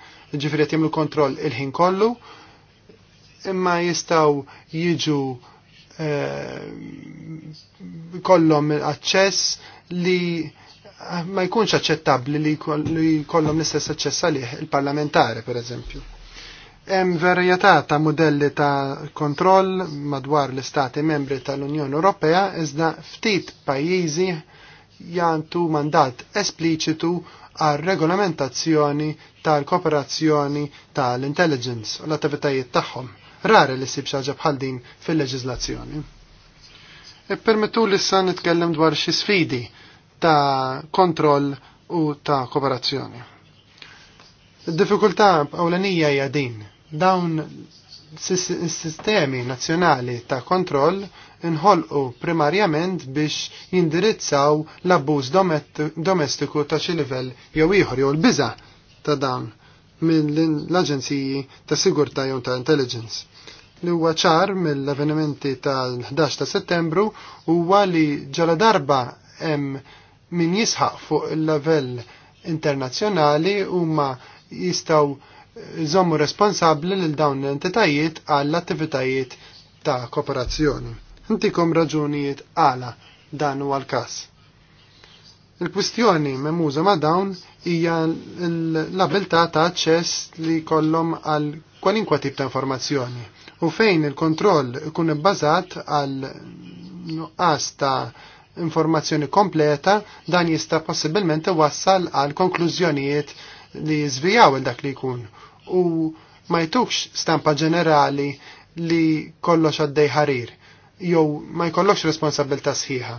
ġifiri jimlu kontroll il-ħin kollu, imma jistaw jiġu kollom eh, kollom aċċess li ma jkunx aċċettabli li kollom l-istess aċċess għalih il-parlamentari, per eżempju. Hemm varjetà ta' modelli ta' kontroll madwar l-Istati membri tal-Unjoni Ewropea iżda ftit pajjiżi jgħantu mandat espliċitu għal regolamentazzjoni tal-kooperazzjoni tal-intelligence u l-attivitajiet tagħhom. Rari li ssib xaġa bħal din fil-leġiżlazzjoni. Ippermettu e li issa nitkellem dwar xi sfidi ta' kontroll u ta' kooperazzjoni. Id-diffikultà ewlenija hija din. Dawn sistemi nazzjonali ta' kontroll inħolqu primarjament biex jindirizzaw l-abbuż domestiku ta' xi livell jew ieħor jew l-biża ta' dan minn l-aġenziji ta' sigurtà jew ta' intelligence. Li huwa ċar mill-avvenimenti tal-11 ta' Settembru huwa li ġala darba hemm min jisħaq fuq il-level internazzjonali huma jistgħu żommu responsabbli lil dawn l-entitajiet għall attivitajiet ta' kooperazzjoni intikom raġunijiet għala dan huwa l-każ. Il-kwistjoni memuża ma' dawn hija l-abilità ta' aċċess li kollhom għal kwalinkwa tip ta' informazzjoni u fejn il-kontroll ikun ibbażat għal nuqqas ta' informazzjoni kompleta dan jista' possibilment wassal għal konklużjonijiet li jizvijaw il dak li jkun u ma jtux stampa ġenerali li kollox għaddej ħarir jew ma jkollokx responsabilità sħiħa.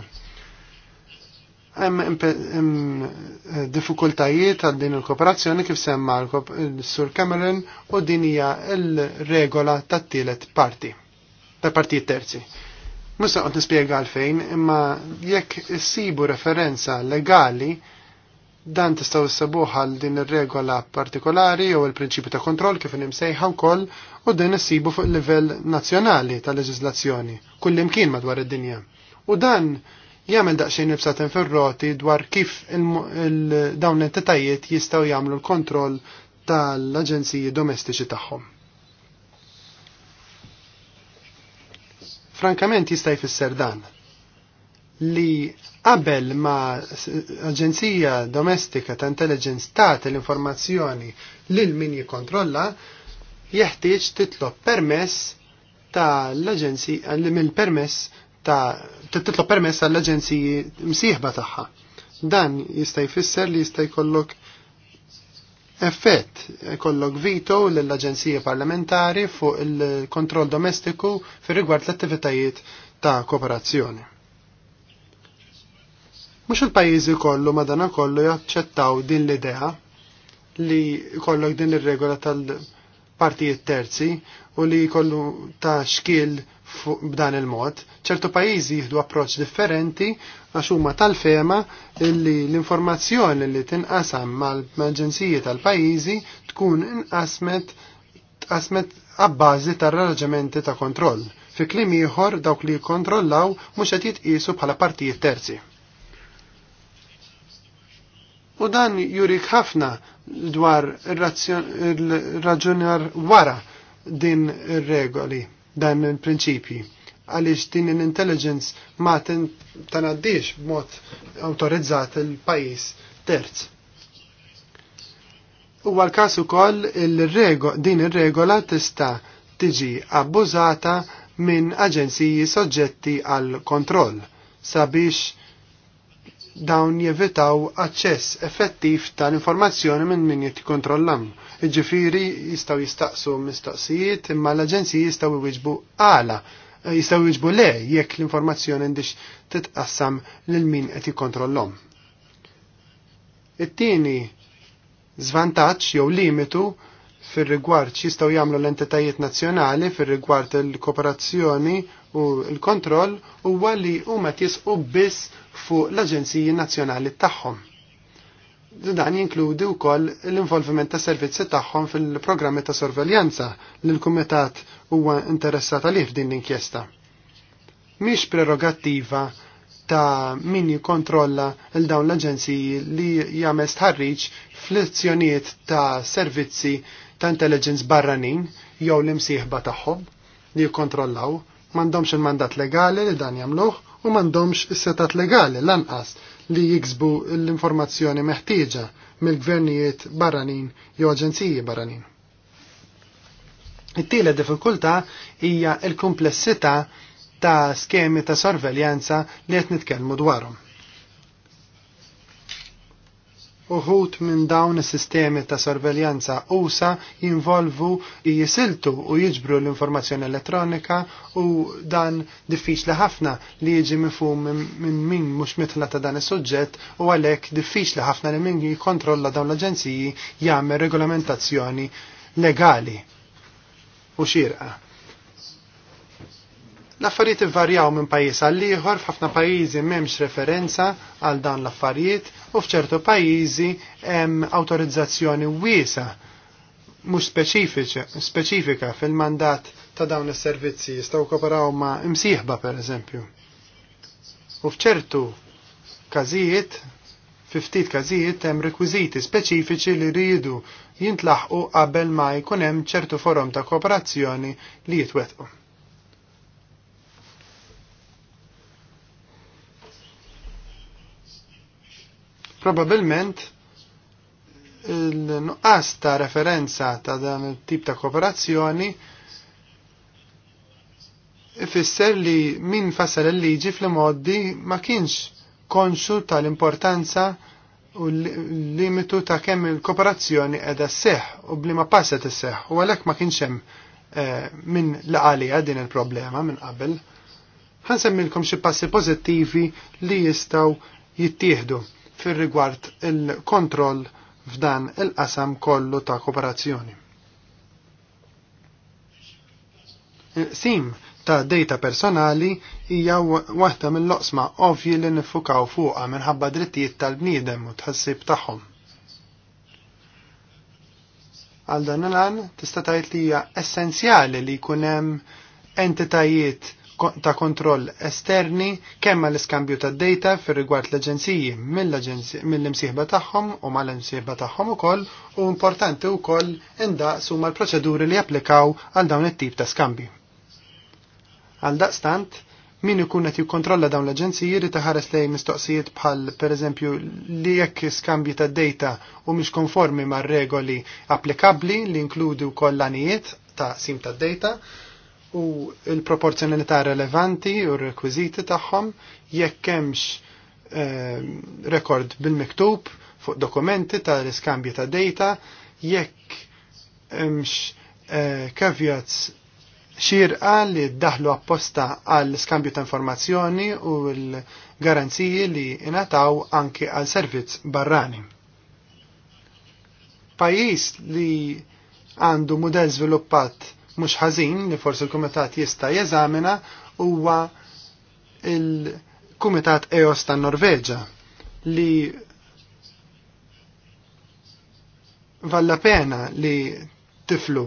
Hemm eh, diffikultajiet għal din il-kooperazzjoni kif semma l-Sur Cameron u din hija l-regola tat-tielet parti, ta' partijiet terzi. Musa qed nispjega għalfejn, imma jekk issibu referenza legali Dan tistgħu s-sabuħa din ir-regola partikolari jew il-prinċipju ta' kontroll kif nimsejħa wkoll u din issibu fuq il-livell nazzjonali ta' leġiżlazzjoni kullimkien madwar id-dinja. U dan jagħmel daqsxejn nibsatin fir-roti dwar kif dawn l-entitajiet jistgħu jagħmlu l-kontroll tal-aġenziji domestiċi tagħhom. Frankament jista' jfisser dan li qabel ma aġenzija domestika ta' intelligence tat l-informazzjoni lil min jikontrolla, jeħtieġ titlob permess ta' l-aġenzija, mill-permess ta' titlob permess għall aġenziji msieħba tagħha. Dan jista' jfisser li jista' jkollok effett, jkollok vito l-aġenzija parlamentari fuq il-kontroll domestiku fir rigward l-attivitajiet ta' kooperazzjoni. Mux il-pajizi kollu madana kollu jaċċettaw din l-idea li kollok din il-regola tal-partijiet terzi u li kollu ta' xkil b'dan il-mod. ċertu pajizi jihdu approċ differenti għax huma tal-fema li l-informazzjoni li tinqasam mal-maġenziji tal-pajizi tkun inqasmet tqasmet għabbażi tar-raġamenti ta' kontroll. Fi klim ieħor dawk li kontrollaw mhux qed jitqisu bħala partijiet terzi. U dan jurik ħafna dwar il-raġunar wara din ir-regoli, dan il-prinċipji. Għaliex din l-intelligence ma tanaddix b'mod autorizzat il-pajis terz. U għal-kas ukoll din ir-regola tista' tiġi abbużata minn aġenziji soġġetti għal kontroll sabiex dawn jevitaw aċċess effettiv tal-informazzjoni minn min jitt kontrollam. Iġifiri jistaw jistaqsu mistaqsijiet imma l-aġenziji jistaw jwiġbu għala, jistaw jwiġbu le jekk l-informazzjoni ndix titqassam lil min qed jikkontrollhom. It-tieni żvantaġġ jew limitu fir-rigward xistaw jagħmlu l-entitajiet nazzjonali fir-rigward il-kooperazzjoni u l-kontroll huwa li huma u biss fuq l-aġenziji nazzjonali tagħhom. Dan jinkludi wkoll l-involviment ta' servizzi tagħhom fil-programmi ta' sorveljanza li l-Kumitat huwa interessat għalih f'din l-inkjesta. Mhix prerogattiva ta' min jikontrolla l-dawn l-aġenziji li jagħmel stħarriġ fl-azzjonijiet ta' servizzi ta' intelligence barranin jew l-imsieħba tagħhom li jikkontrollaw m'għandhomx il-mandat legali li dan jagħmluh u m'għandhomx is-setat legali lanqas li jiksbu l-informazzjoni meħtieġa mill-gvernijiet barranin jew aġenziji barranin. It-tielet diffikultà hija l-komplessità ta' skemi ta' sorveljanza li qed nitkellmu dwarhom uħut minn dawn is-sistemi ta' sorveljanza usa jinvolvu jisiltu u jiġbru l-informazzjoni elettronika u dan diffiċli ħafna li jiġi mifhum minn min mhux mitla ta' dan is-suġġett u għalhekk diffiċli ħafna li min jikkontrolla dawn l-aġenziji jagħmel regolamentazzjoni legali u xirqa. L-affarijiet ivarjaw minn pajjiż għal ieħor, f'ħafna pajjiżi m'hemmx referenza għal dan l-affarijiet u f'ċertu pajjiżi hemm awtorizzazzjoni wiesa mhux speċifika fil-mandat ta' dawn is-servizzi jistgħu jkoperaw ma' imsieħba pereżempju. U f'ċertu każijiet, fi ftit każijiet hemm rekwiżiti speċifiċi li rridu jintlaħqu qabel ma jkun hemm ċertu forom ta' kooperazzjoni li jitwettqu. Probabilment il-nuqqas ta' referenza ta' dan il-tip ta' kooperazzjoni ifisser li min fassal il-liġi fl-moddi ma kienx konxu tal-importanza u l-limitu ta' kemm il-kooperazzjoni edha seħ u blima passet seħ u għalek ma kienx hemm eh, min laqalija din il-problema minn qabel. semmilkom xi passi pożittivi li jistgħu jittieħdu fil rigward il-kontroll f'dan il-qasam kollu ta' kooperazzjoni. Sim ta' data personali hija waħda mill-loqsma ovvji li nifukaw fuqha minħabba drittijiet tal-bniedem u tħassib tagħhom. Għal dan il-għan tista' tgħid li hija essenzjali li jkun hemm entitajiet ta' kontroll esterni kemm l iskambju ta' data fir rigward l-aġenziji mill-imsieħba tagħhom u mal-imsieħba tagħhom ukoll u importanti wkoll indaqsu mal-proċeduri li applikaw għal dawn it-tip ta' skambju. Għal daqstant, min ikun qed jikkontrolla dawn l-aġenziji li taħares lejn mistoqsijiet bħal pereżempju li jekk skambji ta' data u mhix konformi mar-regoli applikabbli li inkludu wkoll l-anijiet ta' sim ta' data, u il-proporzjonalità relevanti u r-rekwiziti tagħhom jekk hemmx eh, rekord bil-miktub fuq dokumenti tal iskambju ta' data jekk hemmx eh, xirqa li ddaħlu apposta għall iskambju ta' informazzjoni u l-garanziji li inataw anki għal servizz barrani. Pajis li għandu model sviluppat mhux ħażin li forsi l-kumitat jista' jeżamina huwa il-kumitat EOS tan Norveġa li valla pena li tiflu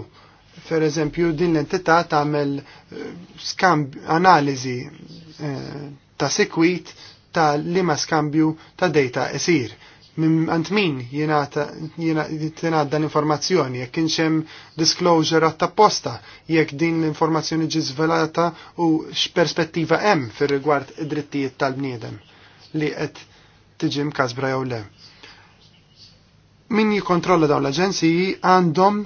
per eżempju din l-entità tagħmel eh, skamb analiżi eh, ta' sekwit ta' lima skambju ta' data esir għant min jenad dan informazzjoni, jekk inxem disclosure għatta posta, jekk din l-informazzjoni ġizvelata u x-perspettiva hemm fir rigward id-drittijiet tal-bniedem li qed tiġi kazbra jew le. Min jikontrolla dawn l-aġenziji għandhom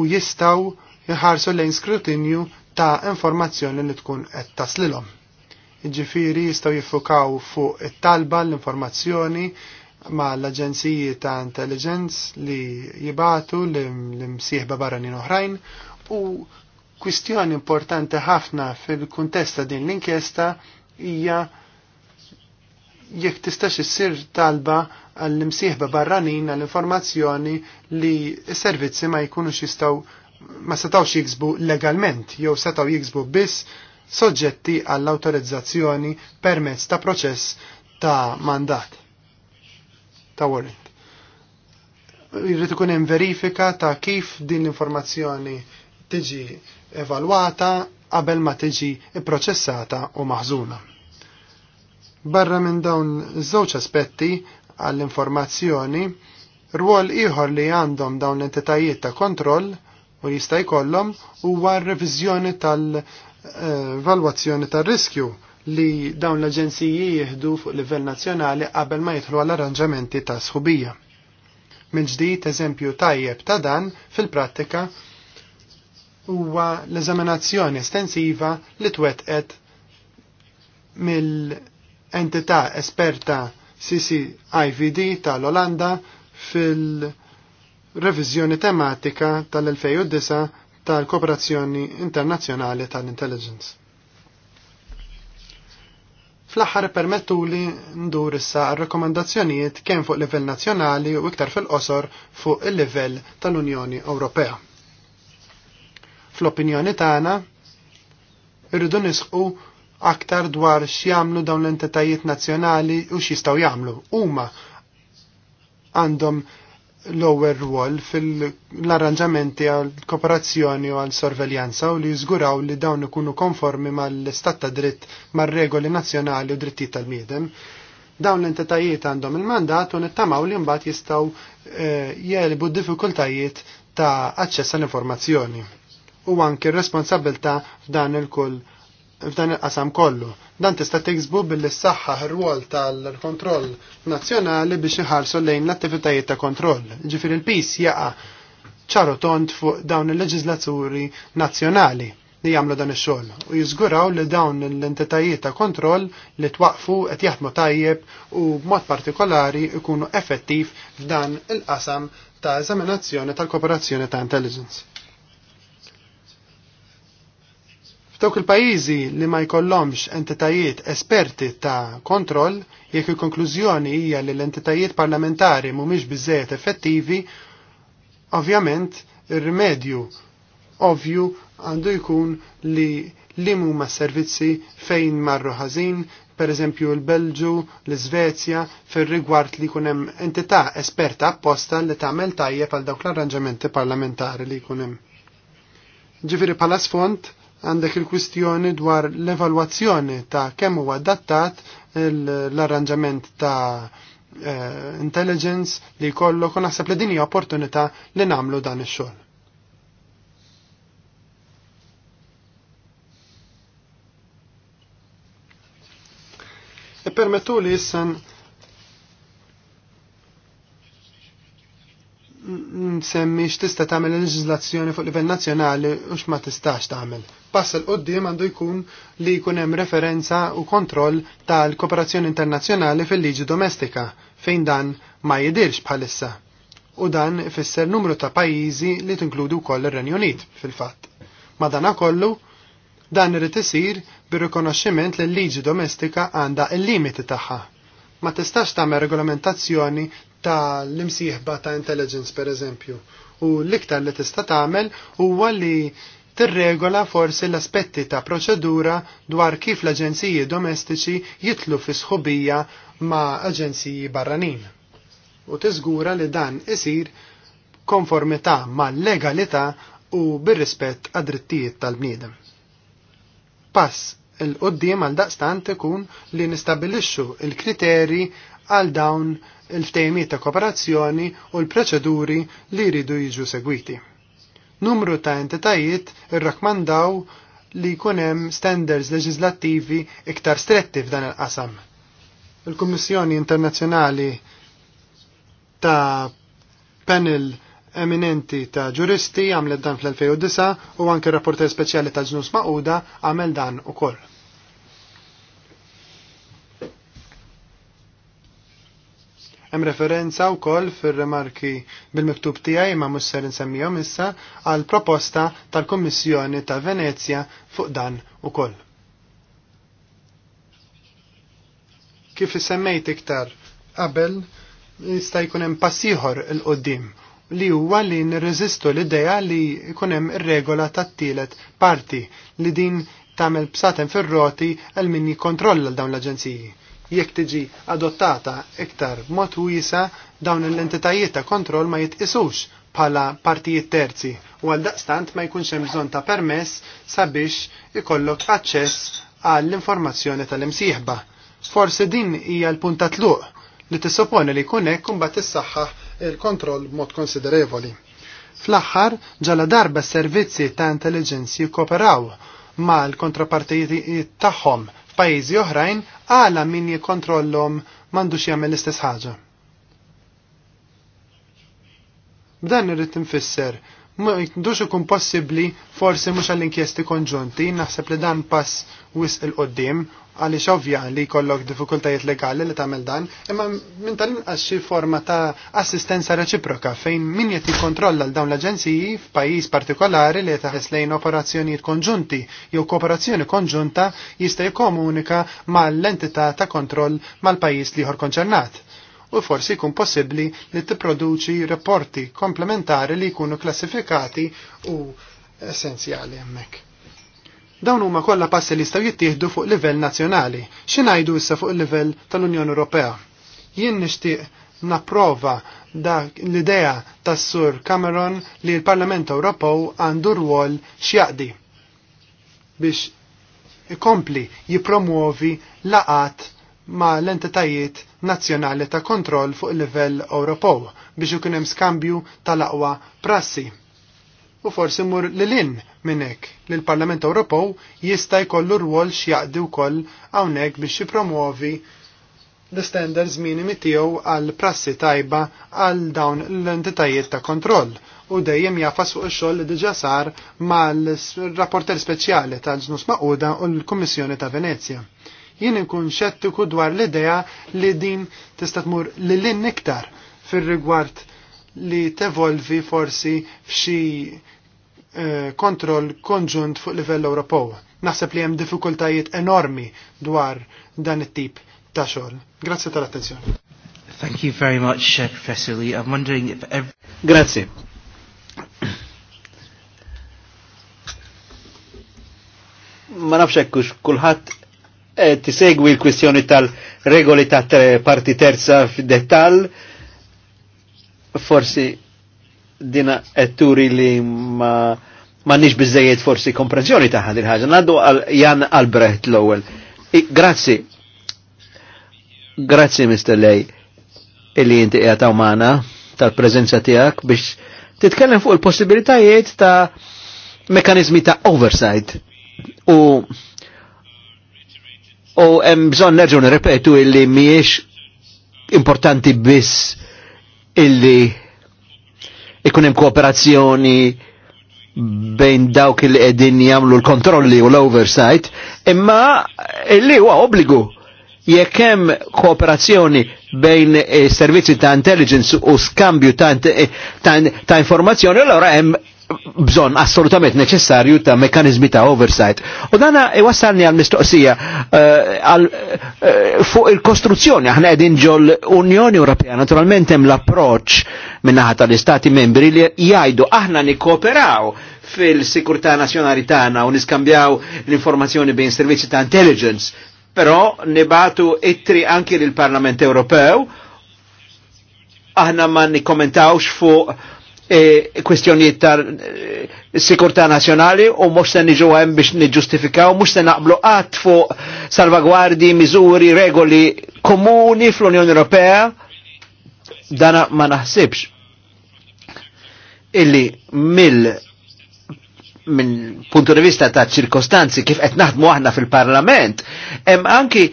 u jistaw jħarsu lejn skrutinju ta' informazzjoni li tkun qed taslilhom. Iġifieri jistgħu jiffukaw fuq it-talba l-informazzjoni ma l-aġenziji ta' intelligence li jibatu l-imsieħba barranin oħrajn u kwistjoni importanti ħafna fil-kuntesta din l-inkjesta hija jekk tistax issir talba għall-imsieħba barranin għall-informazzjoni li s-servizzi ma jkunux jistaw ma setawx jiksbu legalment jew setaw jiksbu biss soġġetti għall-autorizzazzjoni permezz ta' proċess ta' mandat ta' warrant. Irrid ikun hemm verifika ta' kif din l-informazzjoni tiġi evalwata qabel ma tiġi ipproċessata u maħżuna. Barra minn dawn iż-żewġ aspetti għall-informazzjoni, rwol ieħor li għandhom dawn l-entitajiet ta' kontroll u jista' jkollhom huwa r-reviżjoni tal-valwazzjoni eh, tar-riskju li dawn l-aġenziji jihdu fuq livell nazzjonali qabel ma jidħlu għal arranġamenti ta' sħubija. Minn ġdid eżempju tajjeb ta' dan fil-prattika huwa l-eżaminazzjoni estensiva li twetqet mill-entità esperta CCIVD tal-Olanda fil-reviżjoni tematika tal-2009 tal-Kooperazzjoni Internazzjonali tal-Intelligence. Fl-aħħar permettu li ndur issa rekomendazzjonijiet kemm fuq livell nazzjonali u iktar fil-qosor fuq il-livell tal-Unjoni Ewropea. Fl-opinjoni tagħna irridu nisqu aktar dwar x'jamlu dawn l-entitajiet nazzjonali u x'jistgħu jagħmlu. Huma għandhom l-ewwel rwol fil-arranġamenti għal kooperazzjoni u għal sorveljanza u li jżguraw li dawn ikunu konformi mal-istat ta' dritt mar-regoli nazzjonali u drittijiet tal-miedem. Dawn l-entitajiet għandhom il-mandat u nittamaw li mbagħad jistgħu eh, jelbu d-diffikultajiet ta' aċċess għall-informazzjoni u anke r f'dan il-kull f'dan il-qasam kollu. Dan tista' tiksbu billi s-saħħa r-rwol tal-kontroll nazzjonali biex iħarsu lejn l-attivitajiet ta' kontroll. Ġifir il-pis jaqa ċaru tont fuq dawn il-leġizlaturi nazzjonali li jagħmlu dan ix-xogħol u jiżguraw li dawn l-entitajiet ta' kontroll li twaqfu qed jaħdmu tajjeb u b'mod partikolari ikunu effettiv f'dan il-qasam ta' eżaminazzjoni tal-kooperazzjoni ta' intelligence. F'dawk il-pajjiżi li ma jkollhomx entitajiet esperti ta' kontroll, jekk il-konklużjoni hija li l-entitajiet parlamentari mhumiex biżejjed effettivi, ovvjament ir-rimedju ovvju għandu jkun li limu huma servizzi fejn marru ħażin, per eżempju l-Belġu, l-Svezja, fir-rigward li jkun hemm entità esperta apposta li tagħmel tajjeb għal dawk l-arranġamenti parlamentari li jkun hemm. Ġifieri bħala sfond, għandek il-kwistjoni dwar l-evalwazzjoni ta' kemm huwa adattat l-arranġament ta' eh, intelligence li jkollok u naħseb li din hija opportunità li nagħmlu dan ix-xogħol. E permettu li issa nsemmi tista' tagħmel leġiżlazzjoni fuq livell nazzjonali u x'ma tistax tagħmel. Pass l qoddim għandu jkun li jkun hemm referenza u kontroll tal-kooperazzjoni internazzjonali fil-liġi domestika fejn dan ma jidirx bħalissa. U dan ifisser numru ta' pajjiżi li tinkludu wkoll ir-Renju Unit fil-fatt. Madanakollu, dan irid isir bir-rikonoxximent li l-liġi domestika għandha il-limiti tagħha ma tistax tagħmel regolamentazzjoni ta' l-imsieħba ta' intelligence per eżempju. U l-iktar li tista' tagħmel huwa li tirregola forsi l-aspetti ta' proċedura dwar kif l-aġenziji domestiċi jitlu fi sħubija ma' aġenziji barranin. U tiżgura li dan isir konformità ma' legalità u bir-rispett għad-drittijiet tal-bniedem. Pass il-qoddim għal daqstant ikun li nistabilixxu il-kriteri għal dawn il-ftejmiet ta' kooperazzjoni u l-proċeduri li jridu jiġu segwiti. Numru ta' entitajiet irrakmandaw li jkun hemm standards leġislattivi iktar stretti f'dan il-qasam. Il-Kummissjoni Internazzjonali ta' Panel eminenti ta' ġuristi għamlet dan fl-2009 u anke rapporter speċjali ta' ġnus ma'uda għamel dan ukoll. Hemm referenza wkoll fir-remarki bil-miktub tiegħi ma' mhux nsemmijom issa għal proposta tal-Kummissjoni ta' Venezja fuq dan ukoll. Kif semmejt iktar qabel jista' jkun hemm passiħor il-qoddim li huwa li nirreżistu l-idea li jkun hemm ir-regola ta' tielet parti li din tagħmel bsatem fir-roti għal min jikkontrolla dawn l-aġenziji. Jekk tiġi adottata iktar mod wiesa dawn l-entitajiet ta' kontroll ma jitqisux bħala partijiet terzi u għal daqstant ma jkunx hemm bżonn ta' permess sabiex ikollok aċċess għall-informazzjoni tal-imsieħba. Forsi din hija l-punt ta' tluq li tissopponi li jkun hekk imbagħad is-saħħa il-kontroll mod konsiderevoli. Fl-aħħar, ġala darba servizzi ta' intelligenzi kooperaw ma' l-kontrapartijiet tagħhom f'pajjiżi oħrajn għala min jikontrollhom m'għandux jagħmel l-istess ħaġa. B'dan irrid infisser mdux ikun possibli forsi mhux għall-inkjesti konġunti, naħseb li dan pass wisq il-qoddim għaliex ovvja li jkollok difikultajiet legali li tagħmel dan, imma minn tal-inqas xi forma ta' assistenza reċiproka fejn min qed jikkontrolla l dawn l-aġenziji f'pajjiż partikolari li taħes lejn operazzjonijiet konġunti jew kooperazzjoni konġunta jista' jikkomunika mal-entità ta' kontroll mal-pajjiż liħor konċernat u forsi jkun possibbli li tipproduċi rapporti komplementari li jkunu klassifikati u essenzjali hemmhekk. Dawn huma kollha passi li jistgħu jittieħdu fuq livell nazzjonali. xi ngħidu issa fuq il-livell tal-Unjoni Ewropea? Jien nixtieq napprova dak l-idea tas-Sur Cameron li l-Parlament Ewropew għandu rwol x'jaqdi biex ikompli jipromuovi laqat ma l-entitajiet nazzjonali ta' kontroll fuq il-livell Ewropew biex ikun hemm skambju tal-aqwa prassi. U forsi mur lilin minn hekk li l-Parlament Ewropew jista' jkollu rwol x'jaqdi wkoll hawnhekk biex jippromuovi l-standards minimi tiegħu għal prassi tajba għal dawn l-entitajiet ta' kontroll u dejjem jafas fuq ix-xogħol li diġà sar mal-rapporter speċjali tal-ġnus Maquda u l-Kummissjoni ta' Venezja jien inkun xettiku dwar l-idea li din tista' tmur lilin iktar fir-rigward li tevolvi forsi f'xi eh, kontroll konġunt fuq livell Ewropew. Naħseb li hemm diffikultajiet enormi dwar dan it-tip ta' xogħol. Grazzi tal-attenzjoni. Thank you very much, uh, Professor Lee. I'm wondering if every... Grazie. Ma nafx hekk kulħadd Eh, tisegwi l-kwistjoni tal-regoli ta' tre parti terza f'dettal, forsi dina etturi li ma manniġ nix bizzejiet forsi komprensjoni ta' din ħaġa. Naddu għal Jan Albrecht l ewel Grazzi. Grazzi Mr. Lej illi inti qiegħed magħna tal prezenza tiegħek biex titkellem fuq il-possibilitajiet ta' mekanizmi ta' oversight u u hemm bżonn nerġgħu nirrepetu illi mhijiex importanti biss illi ikun hemm kooperazzjoni bejn dawk li qegħdin jagħmlu l-kontrolli u l-oversight, imma illi huwa obbligu jekk hemm kooperazzjoni bejn eh, servizzi ta' intelligence u skambju ta', ta, ta informazzjoni, allora hemm bżon assolutament neċessarju ta' mekanizmi ta' oversight. U dana iwassalni għal-mistoqsija għal eh, eh, fuq il-kostruzzjoni, aħna edin ġol Unjoni Ewropea, naturalment hemm l-approċ minnaħa tal-Istati membri li jgħidu aħna nikkooperaw fil-sikurtà nazjonali tagħna u niskambjaw l-informazzjoni bejn servizzi ta' intelligence, però nibatu ittri anki lill-Parlament Ewropew aħna ma nikkommentawx fuq E, kwestjonijiet tar sikurta nazzjonali u mhux se niġu hemm biex niġġustifikaw, mhux se naqblu qatt fuq salvagwardi, miżuri, regoli komuni fl-Unjoni Ewropea. Dana ma naħsibx illi mill minn puntu di vista ta' ċirkostanzi kif qed naħdmu aħna fil-Parlament, hemm anki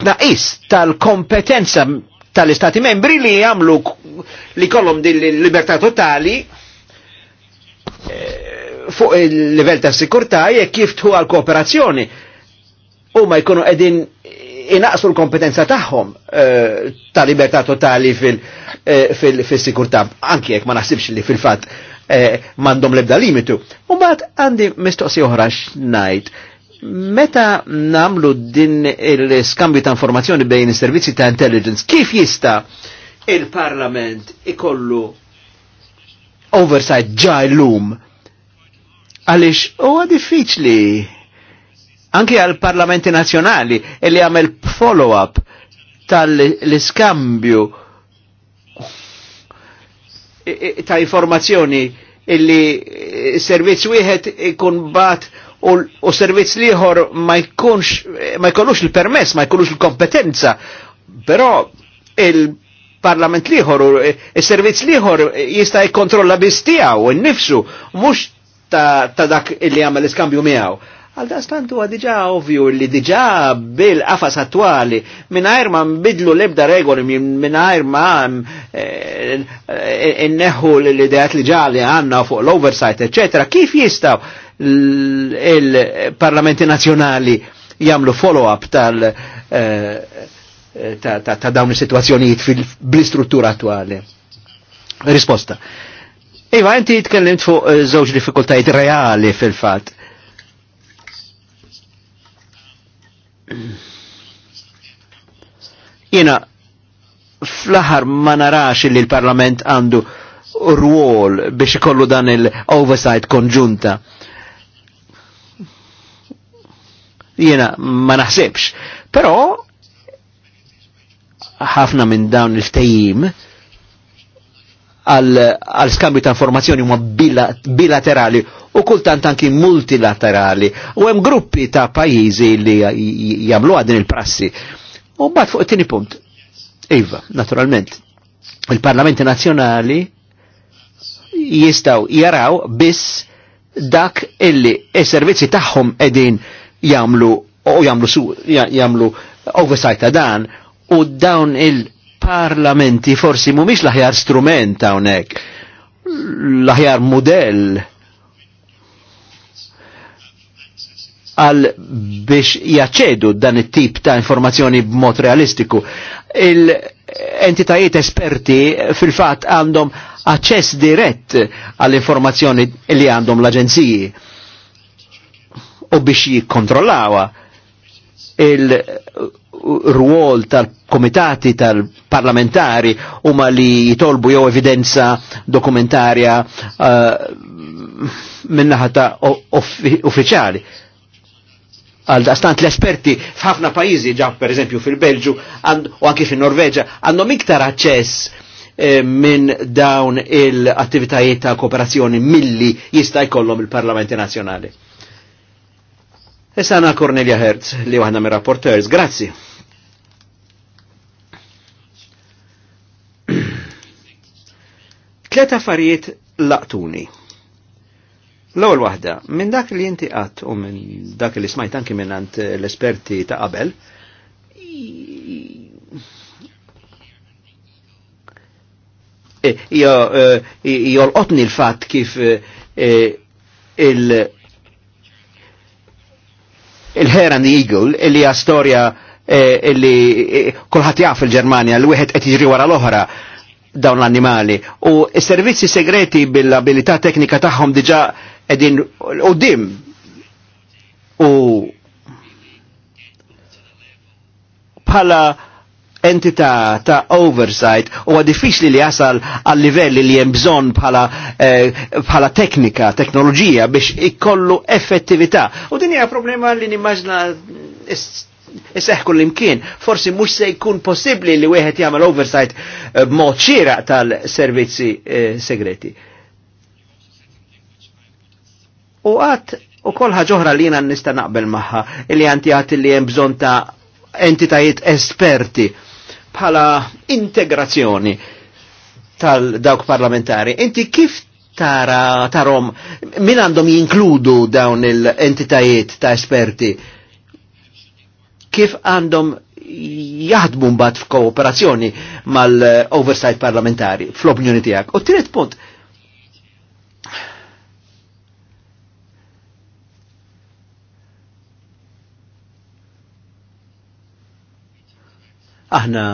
tnaqis tal-kompetenza tal-istati membri li jagħmlu li kollom din libertà totali eh, fuq il-livell ta' sikurtà jekk kif tħu għal kooperazzjoni u ma jkunu qegħdin inaqsu l-kompetenza tagħhom eh, ta' libertà totali eh, fil-sikurtà, anki jekk ma naħsibx li fil-fatt m'għandhom l-ebda limitu. U mbagħad għandi mistoqsi oħra x'ngħid meta namlu din il-skambju ta' informazzjoni bejn is-servizzi ta' intelligence, kif jista' il-Parlament ikollu oversight ġa l-lum? Għalix, huwa diffiċli anke għal parlamenti nazjonali li għamel follow-up tal-iskambju ta' informazzjoni illi servizz wieħed ikun bat u servizz liħor ma jkunx ma jkollux il-permess, ma jkunux il-kompetenza. Però il-parlament liħor, il-servizz e liħor jista' jkontrolla biss tiegħu innifsu, mhux ta', ta dak li għamel iskambju miegħu. Għal da stantu għadġa ovvju li diġa bil-qafas attuali minnajr ma nbidlu lebda regoli minnajr ma eh, eh, inneħu l ideat li ġali għanna fuq l-oversight, eccetera, kif jistaw il-parlamenti nazjonali jamlu follow-up tal eh, eh, ta', ta, ta dawn is-sitwazzjonijiet bl-istruttura attuali. Risposta. Iva, inti tkellimt fuq eh, żewġ diffikultajiet reali fil fat Jena fl-aħar ma narax li l-Parlament għandu rwol biex ikollu dan il-oversight konġunta jiena ma naħsibx. Però ħafna minn dawn il ftajim għal skambju ta' informazzjoni huma bilaterali u kultant anki multilaterali u hemm gruppi ta' pajjiżi li jagħmlu din il-prassi. U mbagħad fuq it-tieni punt. Iva, naturalment, il-parlamenti nazzjonali jistaw jaraw biss dak illi s-servizzi tagħhom qegħdin jamlu u jamlu su, jamlu oversight ta' dan u dawn il-parlamenti forsi mumiex l-aħjar strument hawnhekk l-aħjar għal biex jaċedu dan it-tip ta' informazzjoni b'mod realistiku. Il-entitajiet esperti fil-fat għandhom aċċess dirett għall-informazzjoni li għandhom l-aġenziji u biex jikkontrollawa il-ruol tal-komitati tal-parlamentari huma li jitolbu jew evidenza dokumentarja uh, minnaħa ta' uffiċjali. Għal stant l-esperti f'ħafna pajjiżi ġa per eżempju fil-Belġu u anki fin-Norveġa għandhom iktar aċċess eh, minn dawn il-attivitajiet ta' kooperazzjoni milli jista' jkollhom il-Parlamenti Nazzjonali. Esana Cornelia Herz li għana mir rapporteurs grazzi. Tleta affarijiet laqtuni. L-ewwel waħda, minn dak li inti qatt u minn dak li smajt anki minn l-esperti ta' qabel, jolqotni l fatt kif eh, il- il-Her and the Eagle, illi hija storja eh, illi eh, kulħadd jaf il-Ġermanja, l-wieħed qed jiġri wara l-oħra dawn l-annimali. U s-servizzi segreti bil-abilità teknika tagħhom diġà qegħdin qudiem. U bħala entità ta' oversight u diffiċli li jasal għal livelli li hemm bżonn bħala eh, bħala teknika, teknoloġija biex ikollu effettività. U din hija problema li nimmaġna Isseħ kull imkien, forsi mux se jkun possibli li wieħed jagħmel oversight eh, b'mod ċira tal-servizzi eh, segreti. U għat u kol ħagħuħra li jina nista naqbel maħħa, li għanti għat li jem bżon ta' entitajiet esperti bħala integrazzjoni tal-dawk parlamentari. Inti kif tara tarom min għandhom jinkludu dawn il-entitajiet ta' esperti? Kif għandhom jaħdmu mbagħad f'kooperazzjoni mal-oversight parlamentari fl-opinjoni tiegħek? U tliet punt, Aħna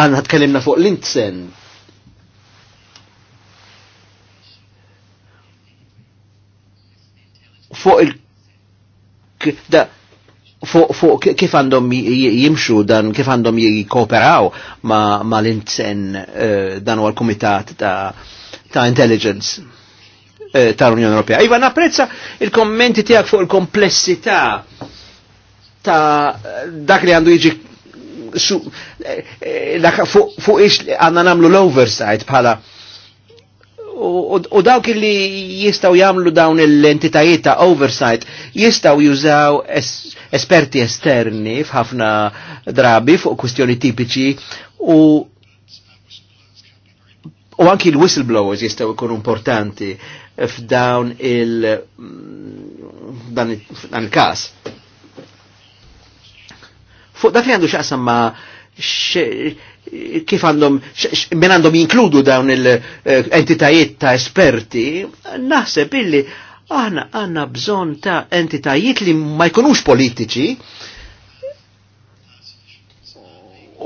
Aħna tkellimna fuq l-intsen. Fuq il da fuq fuq kif għandhom jimxu dan kif għandhom jikkooperaw ma, ma l-intsen uh, eh, dan u l-kumitat ta, ta' intelligence uh, tal-Unjoni Ewropea. Iva napprezza il-kommenti tiegħek fuq il-komplessità ta' dak li għandu jiġi eh, eh, fuq ix għanna namlu l-oversight bħala u dawk li jistaw jamlu dawn l-entitajiet ta' oversight jistaw jużaw esperti esterni f'ħafna drabi fuq kustjoni tipiċi u u anki l-whistleblowers jistaw ikun importanti f'dawn il mm, dan il-kas. il fuq dak li għandu xaqsam ma' kif għandhom, minn għandhom jinkludu dawn il-entitajiet eh, ta' esperti, naħseb illi aħna għanna bżon ta' entitajiet li ma jkunux politiċi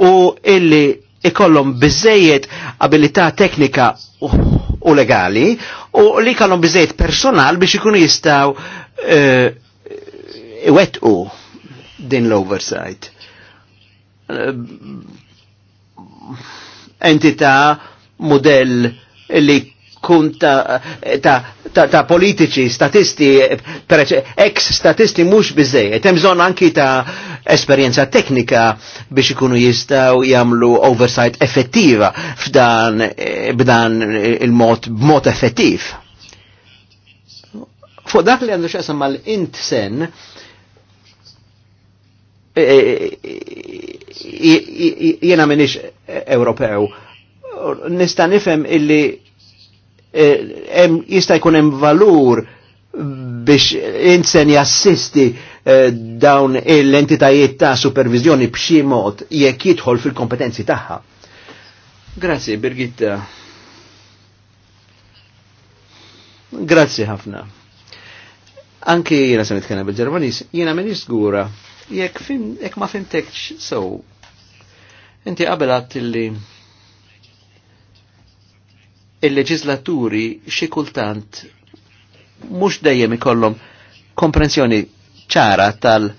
u illi ikollhom biżejjed abilità teknika u legali u li kallhom biżejjed personal biex ikunu jistaw eh, iwettqu din l-oversight Eh, entità modell li kun ta', eh, ta, ta, ta politiċi, statisti, eh, ex statisti mux bizzej, E bżonn anki ta' esperjenza teknika biex ikunu jistaw jamlu oversight effettiva f'dan b'dan il-mod b'mod effettiv. Fuq dak li għandu xasam mal-int sen, E, e, e, jena minix Ewropew. Nista nifem illi jista jkun hemm valur biex insen jassisti dawn l-entitajiet ta' supervizjoni b'xi mod jekk jidħol fil-kompetenzi tagħha. Grazzi, Birgitta. Grazzi ħafna. Anki jiena se nitkellem bil ġermaniż jiena minix żgura jekk fin, jekk ma fintekx sew. Inti qabel għadt illi il-leġislaturi xi kultant mhux dejjem ikollhom komprensjoni ċara tal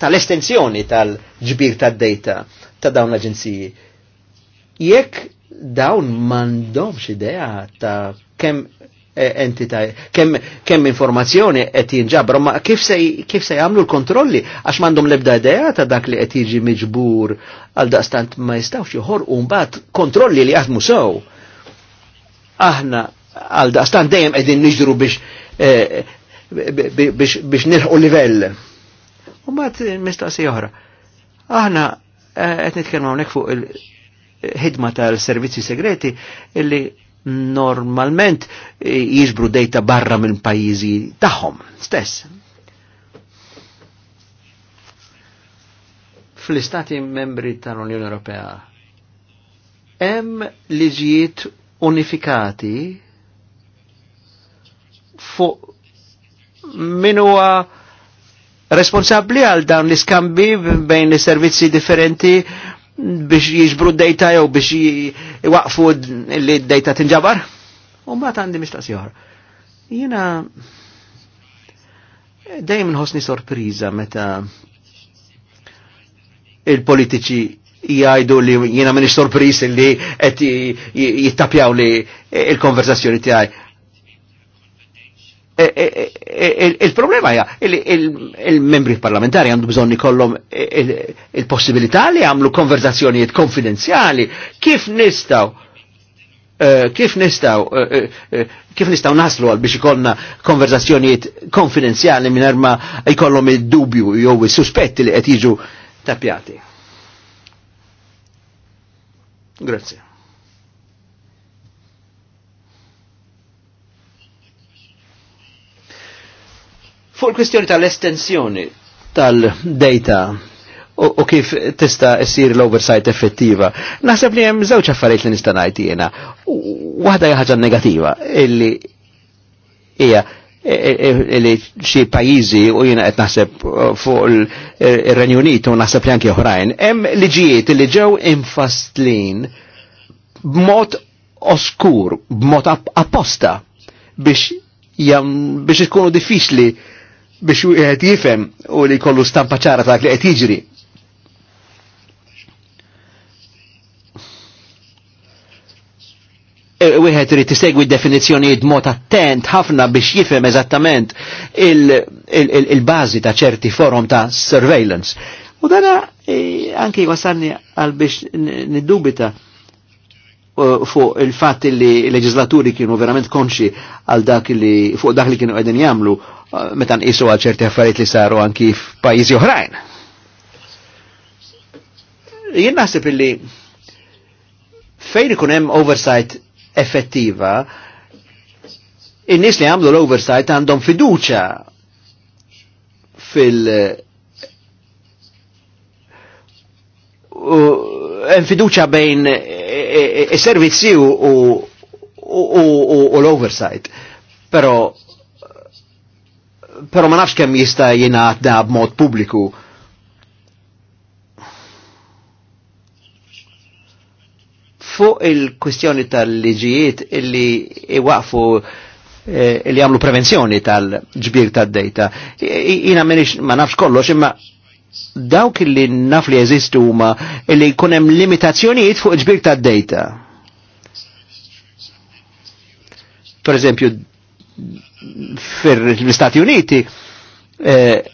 tal-estensjoni tal-ġbir tad-data ta' dawn l-aġenziji. Jekk dawn m'għandhomx idea ta' kemm E, entità, kemm kem informazzjoni qed jinġabru, ma kif se kif se jagħmlu l-kontrolli għax m'għandhom l-ebda idea ta' dak li qed jiġi miġbur għal daqstant ma jistgħux u mbagħad kontrolli li jaħdmu sew. Aħna għal daqstant dejjem qegħdin niġru biex e, biex biex nilħu livell. U mbagħad mistaqsi oħra. Aħna e, qed nitkellmu hawnhekk fuq il-ħidma tal-servizzi segreti illi normalment e, jiġbru dejta barra minn pajjiżi tagħhom stess. Fl-istati membri tal-Unjoni Ewropea hemm liġijiet unifikati fuq min huwa responsabbli għal dawn l-iskambi bejn is-servizzi differenti biex jiġbru d-dejta jew biex iwaqfu li d-dejta tinġabar? U mbagħad għandi mistaqsi oħra. Jiena dejjem nħossni sorpriża meta il-politiċi jgħidu li jiena minix sorpriż li qed jittapjaw li il-konversazzjoni tiegħi Eh, eh, eh, Il-problema hija il-membri parlamentari għandu bżonni kollom il-possibilità li għamlu konverzazzjonijiet konfidenziali Kif nistaw? Kif nistaw? Kif nistaw naslu għal biex ikollna konverzazzjonijiet konfidenziali minn ma jkollhom il dubju jew il suspetti li qed jiġu tapjati? Grazie. Fuq il-kwistjoni tal-estensjoni tal-data u kif tista' issir l-oversight effettiva. Naħseb li hemm żewġ affarijiet li nista' ngħid jiena. Waħda hija ħaġa negattiva illi hija li xi pajjiżi u jiena qed naħseb fuq ir-Renju Unit u naħseb li anke oħrajn, hemm liġijiet li ġew infastlin b'mod oskur, b'mod apposta biex biex ikunu diffiċli biex wieħed jifhem u li jkollu stampa ċara ta' li qed jiġri. Wieħed irid tisegwi definizzjonijiet mod attent ħafna biex jifhem eżattament il-bażi ta' ċerti forum ta' surveillance. U dana anki wasanni għal biex niddubita Eh, fuq il fat li legislaturi leġislaturi kienu verament konxi għal dak li fuq dak li kienu qegħdin jagħmlu eh, meta nqisu għal ċerti affarijiet li saru anki f'pajjiżi oħrajn. Jien naħseb li fejn ikun hemm oversight effettiva, in-nies li għamlu l-oversight għandhom fiduċa fil- hemm fiduċa bejn il-servizzi e, e, e u l-oversight. Pero pero ma nafx kem jista' jingħad da b'mod publiku. Fuq il-kwistjoni tal-liġijiet illi iwaqfu illi għamlu prevenzjoni tal-ġbir tal-data, Jina ma nafx kollox imma dawk li naf li jeżistu huma li kunem hemm limitazzjonijiet fuq ġbir tad-data. Per eżempju, fil-Stati Uniti, imma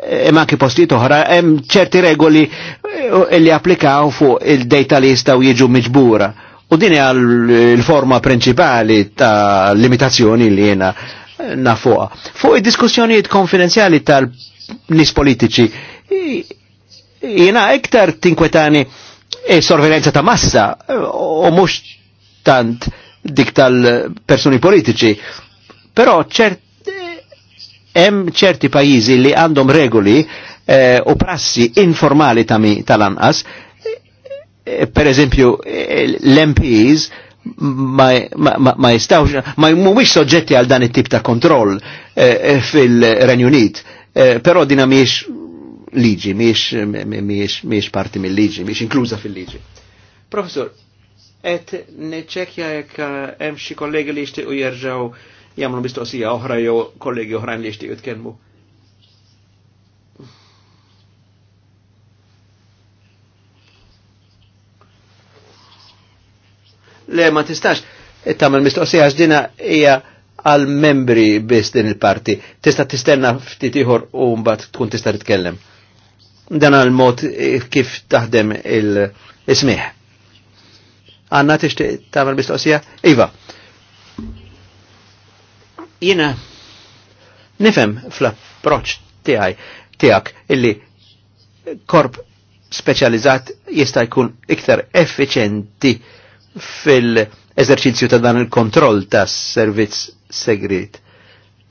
eh, anki postijiet oħra, hemm ċerti regoli eh, li applikaw fuq il-data li jistaw jiġu miġbura. U din hija l-forma prinċipali ta' limitazzjoni li jiena nafuqa. Fuq id-diskussjonijiet konfidenzjali tal- nis politiċi. Jena iktar tinkwetani e sorvelenza ta' massa o mux tant dik tal-personi politiċi. Però ċert hemm ċerti pajjiżi li għandhom regoli e, u prassi informali tal-anqas, e, per eżempju e, l-MPs ma, jistawx, ma mumiex soġġetti għal dan it-tip ta' kontroll fil-Renju Unit eh, però dina miex liġi, miex parti mill-liġi, miex inkluza fil-liġi. Professor, et neċekja jek emxi eh, kollegi li jixtiequ jirġaw jamlu mistoqsija oħra jew kollegi oħrajn li jixtiequ jitkellmu. Le ma tistax eh, tagħmel mistoqsija ġdina ija. hija għal membri biss din il-parti. Tista tistenna ftit ieħor u mbagħad tkun tista' titkellem. Dan għal mod eh, kif taħdem il-ismiħ. Għanna tixtieq tagħmel mistoqsija? Iva. Jiena nifhem fl-approċċ tiegħi tiegħek illi korp speċjalizzat jista' jkun iktar effiċenti fil- eżerċizzju ta' dan il-kontroll tas servizz segret.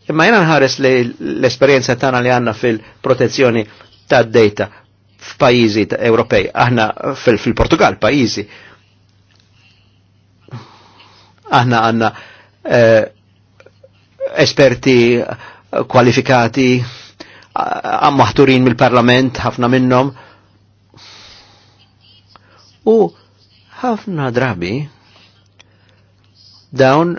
Imma jena nħares li l-esperienza tana li għanna fil-protezzjoni ta' data f'pajizi Ewropej, aħna fil-Portugal, pajizi. Aħna għanna eh, esperti kwalifikati, maħturin mill-parlament, ħafna minnom. U ħafna drabi dawn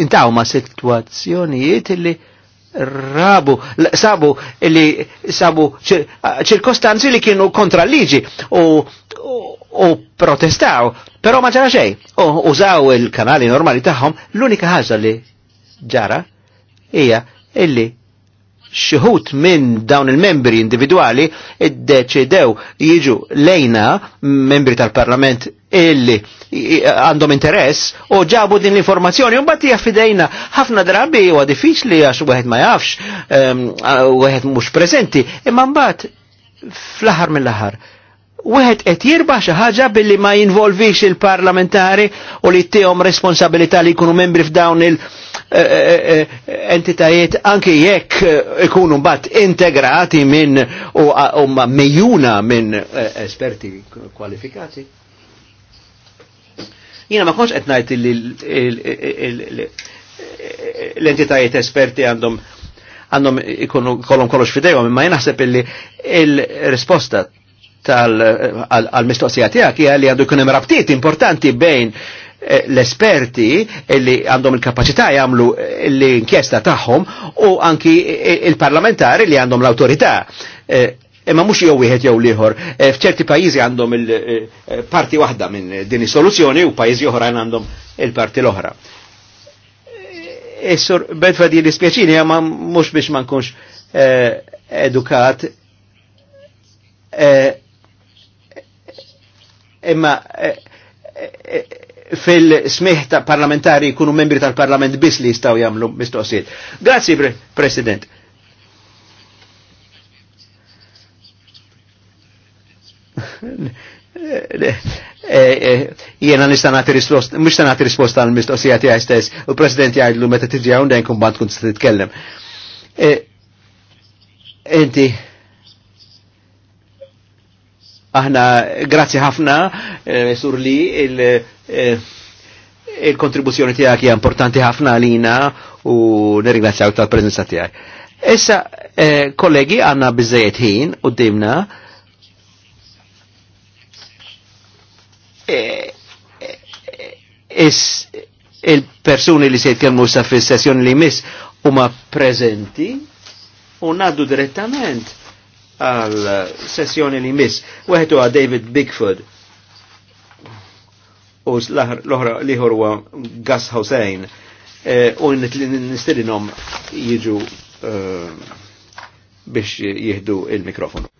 intaw ma situazzjonijiet illi rabu, sabu illi sabu ċirkostanzi li kienu kontra liġi u, u, u protestaw, però ma ġara xej, użaw il-kanali normali tagħhom, l-unika ħaġa li ġara hija illi xħut minn dawn il-membri individuali id deċedew jiġu lejna membri tal-parlament illi għandhom interess u ġabu din l-informazzjoni un batti jaffidejna ħafna drabi u diffiċli għax u ma jafx u mux prezenti imma mbagħad fl ħar mill ħar Wieħed qed jirbaħ xi ħaġa billi ma jinvolvix il-parlamentari u li tihom responsabilità li jkunu membri f'dawn il-entitajiet eh, eh, eh, anke jekk ikunu mbagħad integrati minn u mejjuna minn esperti kwalifikati. Jiena ma konx qed ngħid li l-entitajiet esperti għandhom għandhom ikunu kolom kollox fidejhom, imma jien naħseb illi il-risposta il risposta tal-mistoqsija tiegħek hija li għandu jkun hemm rabtiet importanti bejn eh, l-esperti li għandhom il-kapacità jagħmlu eh, l-inkjesta tagħhom u anki eh, il-parlamentari li għandhom l-awtorità. Imma mhux jew wieħed jew liħor. F'ċerti pajjiżi għandhom il-parti waħda minn din is-soluzzjoni u pajjiżi oħrajn għandhom il-parti l-oħra. Issur, bedfa di dispjaċini ma mhux biex ma nkunx edukat. Eh, imma eh, eh, fil smih ta' parlamentari kunu membri tal-parlament bis li jistaw jamlu mistoqsijiet. Grazzi, President. Eh, Jena nista' nagħti risposta, mhux ta' nagħti risposta għal mistoqsija tiegħi stess, u President jgħidlu meta tiġi hawn dejn kumbant kun titkellem. Enti, e, Aħna, grazzi ħafna, eh, sur li, il kontribuzjoni eh, il tijak hija importanti ħafna lina u nirringrazzjaw tal-prezenza tijak. Issa, eh, kollegi, għanna bizzejiet ħin u dimna. Eh, eh, il-persuni li sejt kemmu sa fis-sessjoni li u ma' prezenti u naddu direttament għal sessjoni li miss. Weħetu għal David Bigford u l ohra liħor huwa Gus Hussein. E, u nistirinom jiġu eh, biex jihdu il-mikrofonu.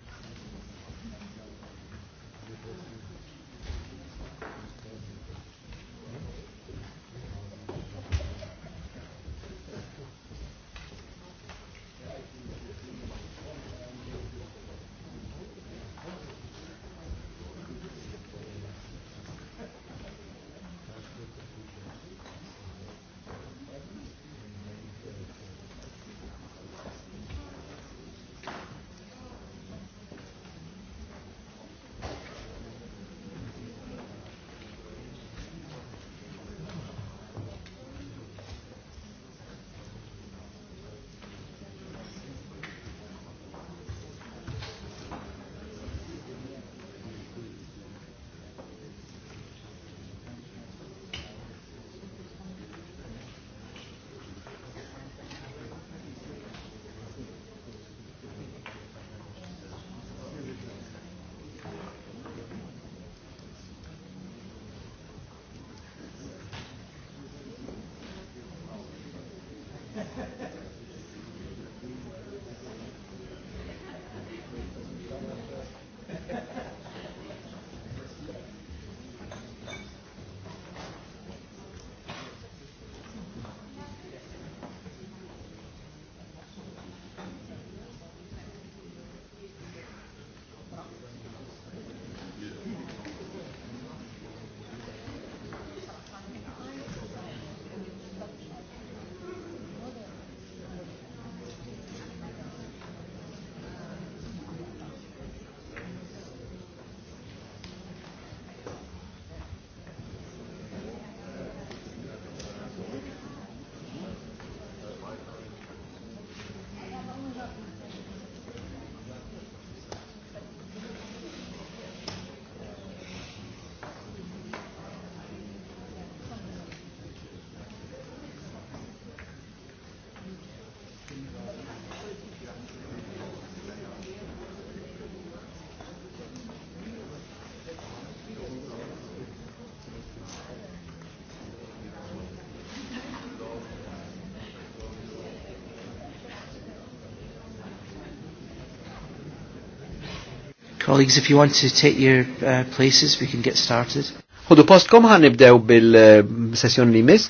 Colleagues, if you want to take your uh, places, we can get started. Ħodu postkom ħan nibdew bil uh, sessjon li mis.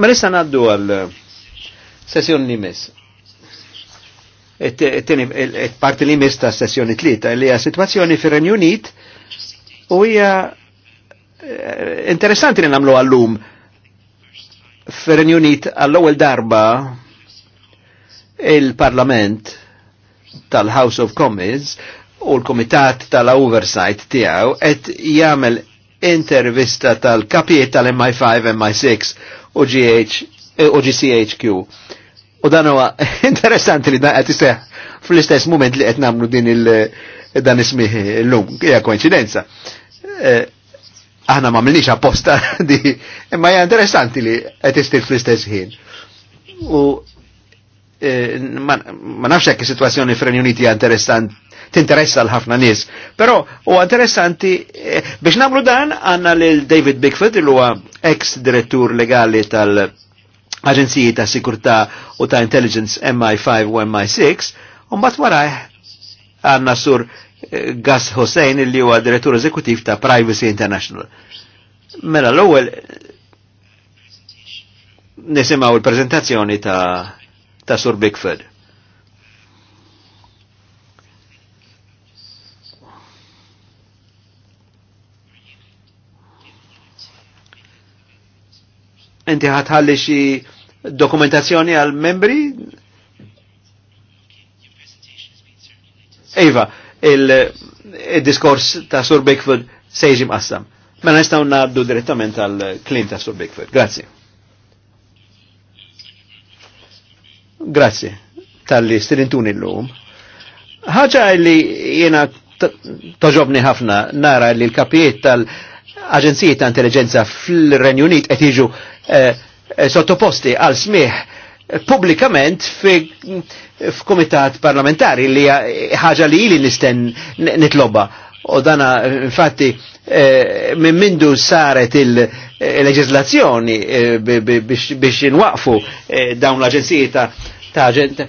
Ma nista naddu għal eh, sessjoni li mis. Parti li mis ta' sessjoni tlita li hija situazzjoni fir renju Unit u hija eh, interessanti li nagħmlu għallum fir renju Unit għall-ewwel darba il-Parlament tal-House of Commons u l-Komitat tal-Oversight tiegħu qed jagħmel intervista tal-kapiet tal-MI5, MI6 u GCHQ. Eh, u dan huwa interessanti li dan qed iseħħ fl-istess moment li qed nagħmlu din il dan ismih llum, hija koincidenza. Eh, aħna ma m'għamilniex apposta di, imma hija interessanti li qed istil fl-istess ħin. U eh, ma nafx hekk is-sitwazzjoni fir-Renju Uniti hija interessanti tinteressa l-ħafna nis. Però u interessanti eh, biex namlu dan għanna lil David Bigfoot il huwa ex direttur legali tal- Aġenziji ta' sikurta u ta' Intelligence MI5 u MI6, un bat waraj għanna sur eh, Gas Hossein illi huwa direttur eżekutiv ta' Privacy International. Mela l-ewwel nisimgħu il-preżentazzjoni ta' ta' Sur Bigford. Inti ħatħalli xi dokumentazzjoni għal membri? Iva, il-diskors il ta' Sur Bigfoot sejġi mqassam. Mela nistgħu ngħaddu direttament għal klim ta' Sur Bigfoot. Grazzi. Grazzi, tal-li stilintun illum. lum ħaġa li jena toġobni ħafna nara li l-kapijiet tal aġenzijiet ta' Intelligenza fl renjunit qed jiġu Eh, sottoposti għal smih publikament f'komitat parlamentari li ħaġa li ili nisten nitloba. U dana, infatti, eh, minn mindu saret il-leġizlazzjoni eh, biex nwaqfu dawn l-aġenziji ta' ġent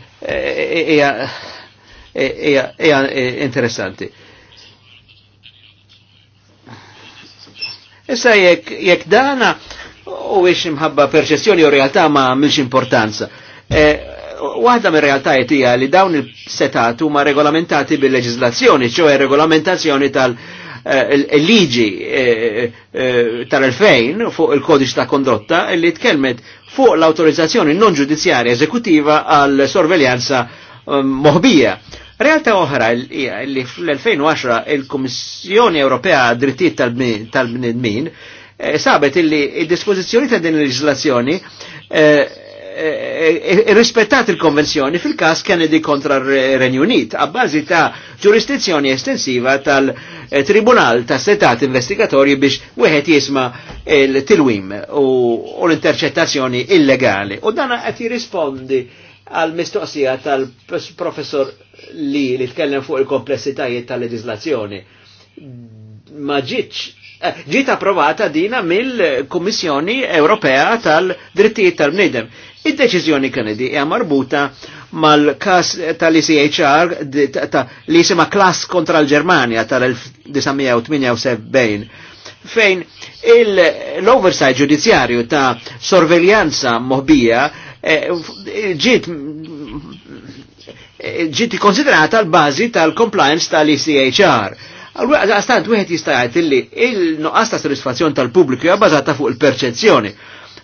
hija interessanti. Issa jek dana u ix imħabba perċessjoni u realtà ma milx importanza. E, waħda mir realtajiet hija li dawn il-setat huma regolamentati bil-leġislazzjoni, ċoe regolamentazzjoni tal-liġi e, e, tal-2000 fuq il-kodiċ ta' kondotta li tkellmet fuq l-autorizzazzjoni non ġudizzjarja eżekutiva għal sorveljanza moħbija. Realtà oħra li fl-2010 il komissjoni Ewropea Drittijiet tal-Bnedmin tal bnidmin tal bnedmin Eh, sabet illi il-dispozizjoni ta' din il-leġislazzjoni eh, eh, irrispettat il-konvenzjoni fil-kas Kennedy kontra Renju Unit, għabbażi ta' ġurisdizzjoni estensiva tal-Tribunal ta' Setat Investigatorji biex wieħed jisma il-tilwim u l-interċettazzjoni illegali. U dana qed jirrispondi għal-mistoqsija tal-professor li li tkellem fuq il-komplessitajiet tal-leġislazzjoni. Ma ġitx ġiet approvata dina mill-Kummissjoni Ewropea tal-Drittijiet tal-Bnidem. Id-deċiżjoni Kennedy hija marbuta mal-kas tal-ICHR li jisima klas kontra l germania tal-1978 fejn l-oversight ġudizzjarju ta' sorveljanza moħbija eh, ġiet eh, ġiet konsiderata l-bazi tal-compliance tal-ICHR Allura, għastant, wieħed jista' jgħid illi il-nuqqas ta' soddisfazzjon tal pubblico hija basata fuq il-perċezzjoni.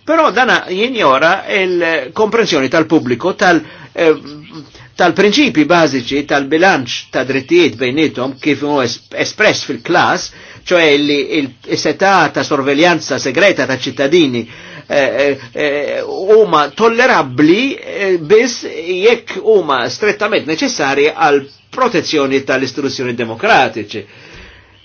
Però dana jinjora il-komprensjoni tal-pubbliku tal-, pubblico eh, tal tal-prinċipi bażiċi tal-bilanċ ta' drittijiet bejnietom kif hu espress fil-klas, ċoħe li il-setà ta' sorveljanza segreta ta' ċittadini eh, eh, huma tollerabbli bis biss jekk huma strettament neċessari għal protezzjoni tal-istituzzjoni demokratiċi.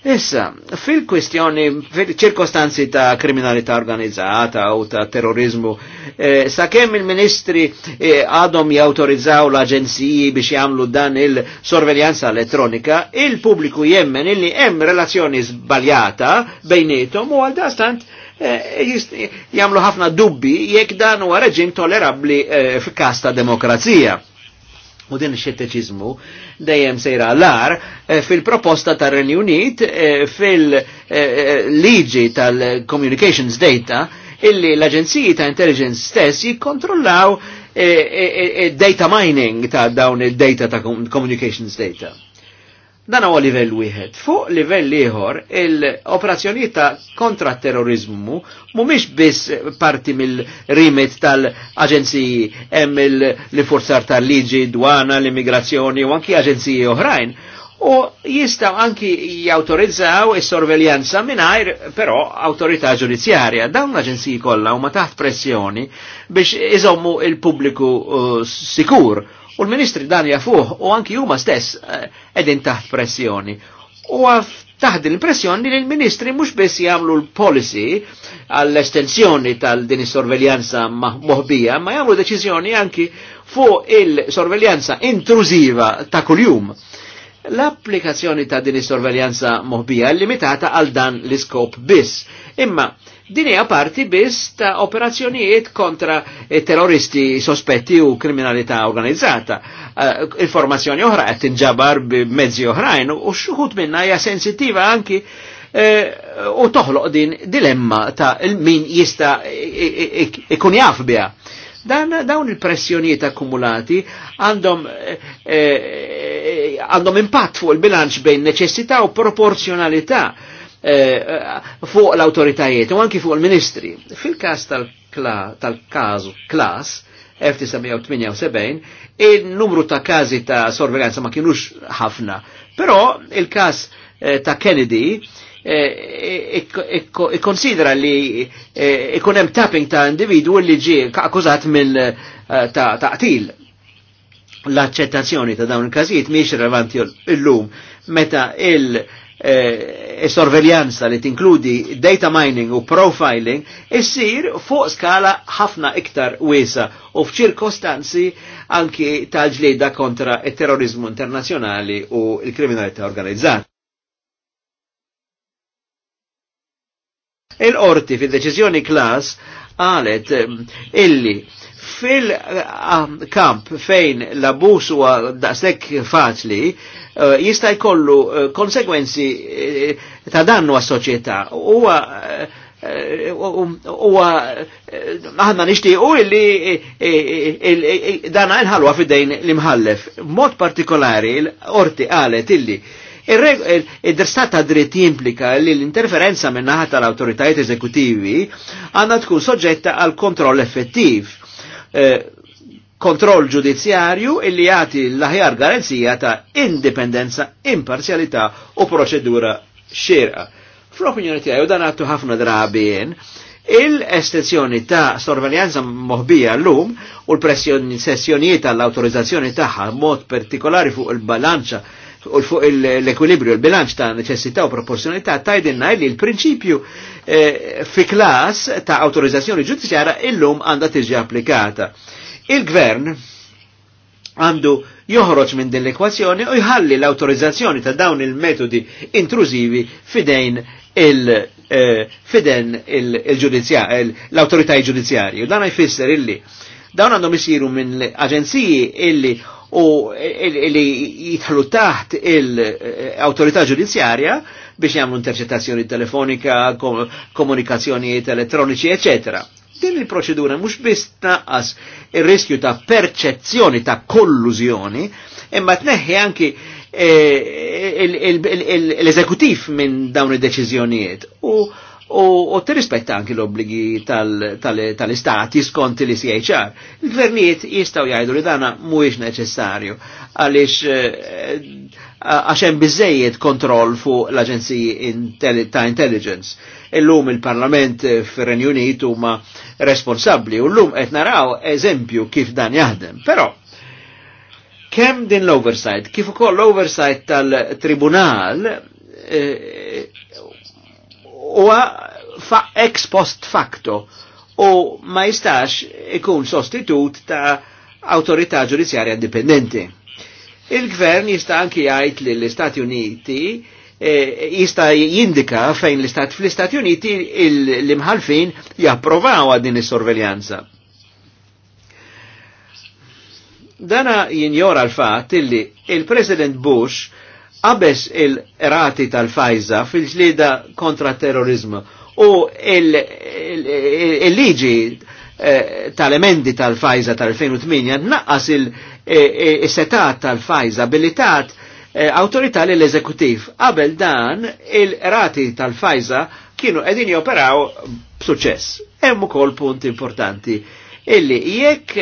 Issa, fil-kwistjoni, fil-ċirkostanzi ta' kriminalità organizzata u ta' terrorizmu, eh, sa' kemm il-ministri eh, għadhom eh, jautorizzaw l-aġenziji biex jagħmlu dan il-sorveljanza elettronika, il publiku jemmen illi hemm relazzjoni sbaljata bejnietom u għal dastant eh, jagħmlu ħafna dubbi jekk dan huwa reġim tolerabbli eh, f'kas ta' demokrazija u din xetteċizmu dejjem sejra l-ar eh, fil-proposta tar renju Unit eh, fil-liġi eh, tal-Communications Data illi l-Aġenziji ta' Intelligence stess jikkontrollaw data mining ta' dawn il-data ta' communications data. Dan huwa livell wieħed. Fuq livell ieħor, il-operazzjonijiet ta' kontraterrorizmu mhumiex biss parti mill-rimet tal-aġenziji hemm il forzar tal-liġi, dwana, l-immigrazzjoni u anki aġenziji oħrajn. U jistaw anki jautorizzaw is-sorveljanza mingħajr però autorità ġudizzjarja. Dawn l-aġenziji kollha huma taħt pressjoni biex iżommu il-pubbliku uh, sikur U l-ministri dan jafuħ u anki huma stess eh, edin taħt pressjoni. U taħt l-impressjoni li l-ministri mhux biss jagħmlu l-policy għall-estensjoni tal-din is-sorveljanza moħbija, ma jagħmlu deċiżjoni anki fuq il-sorveljanza intruziva ta' kuljum. L-applikazzjoni ta' din is-sorveljanza moħbija limitata għal dan l-iskop biss. Imma Din hija parti biss ta' operazzjonijiet kontra eh, terroristi sospetti u kriminalità organizzata. Eh, informazzjoni oħra qed tinġabar b'mezzi oħrajn u xuħut minna hija sensittiva anki eh, u toħloq din dilemma ta' min jista' ikun jaf biha. Dan dawn il-pressjonijiet akkumulati għandhom għandhom impatt fuq il-bilanċ bejn neċessità u proporzjonalità Eh, fuq l-autoritajiet u anki fuq il-ministri. Fil-kas tal kazu klas F-1978, il-numru ta' kazi ta' sorveganza ma kienux ħafna. Però il-kas eh, ta' Kennedy eh, ikkonsidra li ikun hemm tapping ta' individwu li ġi akkużat mill ta' taqtil. L-accettazzjoni ta' dawn il-każijiet miex relevanti l-lum meta il- Eh, e sorveljanza li tinkludi data mining u profiling issir fuq skala ħafna iktar wiesa u f'ċirkostanzi anki tal-ġlida kontra il-terrorizmu internazzjonali u il-kriminalità organizzata. Il-qorti eh, fil deċiżjoni eh, klas ah, għalet illi fil-kamp fejn l-abus huwa daqshekk faċli Eh, jista' jkollu eh, konsegwenzi eh, ta' dannu għas-soċjetà. Huwa um, huwa aħna nixtiequ illi dan nħalwa fidejn l-imħallef. Mod partikolari l qorti qalet illi Id-drstat ta' dritt jimplika li l-interferenza minnaħat tal-autoritajiet eżekutivi għandha tkun soġġetta għal kontroll effettiv kontroll ġudizzjarju illi jagħti l-aħjar garanzija ta' indipendenza, imparzjalità u proċedura xirqa. Fl-opinjoni tiegħi u dan għattu ħafna drabien, il-estenzjoni ta' sorveljanza moħbija l-lum u l-pressjonijiet tal-autorizzazzjoni tagħha mod partikolari fuq il-balanċa u fuq l-ekwilibrio, l-bilanċ ta' neċessità u proporzjonalità tajdinna li l-prinċipju eh, fi klas ta' autorizzazzjoni ġudizzjara illum għandha tiġi applikata. Il-gvern għandu joħroġ minn din l-ekwazzjoni u jħalli l-autorizzazzjoni ta' dawn il-metodi intrużivi fidejn il- eh, fiden l autorità ġudizzjarji. U dan jfisser illi dawn għandhom isiru minn agenziji illi u illi jitħlu taħt l-autorità ġudizzjarja biex jagħmlu intercettazzjoni telefonika, komunikazzjoni elettroniċi, eccetera Din il-proċedura mhux biss tnaqqas ir-riskju ta' perċezzjoni ta' kollużjoni, imma tneħħi anki eh, l-eżekutif minn dawn id-deċiżjonijiet. U t-rispetta anki l-obbligi tal-istati skont l-ICHR. Il-gvernijiet jistaw jgħidu li dana mhuwiex neċessarju għaliex eh, għaxem bizzejiet kontroll fuq l-aġenziji ta' intelligence Illum il-Parlament fir-Renju Unit huma responsabbli u llum qed naraw eżempju kif dan jaħdem. Però kemm din l-oversight, kif ukoll l-oversight tal-Tribunal e, huwa e, fa ex post facto u ma jistax ikun sostitut ta' autorità ġudizzjarja indipendenti. Il-gvern jista' anki jgħid li l-Istati Uniti E, jista jindika fejn l-Istat fl-Istati Uniti l-imħalfin japprovaw din is-sorveljanza. Dana jinjora l-fat illi il-President Bush qabes il-rati tal-fajza fil-ġlida kontra terrorizmu u il-liġi e, tal-emendi tal-fajza tal-2008 naqqas il-setat e, tal-fajza bil-tat Eh, autorità l-eżekutiv. Qabel dan, il-rati tal-fajza kienu edin joperaw b'suċess. Hemm ukoll punt importanti illi jekk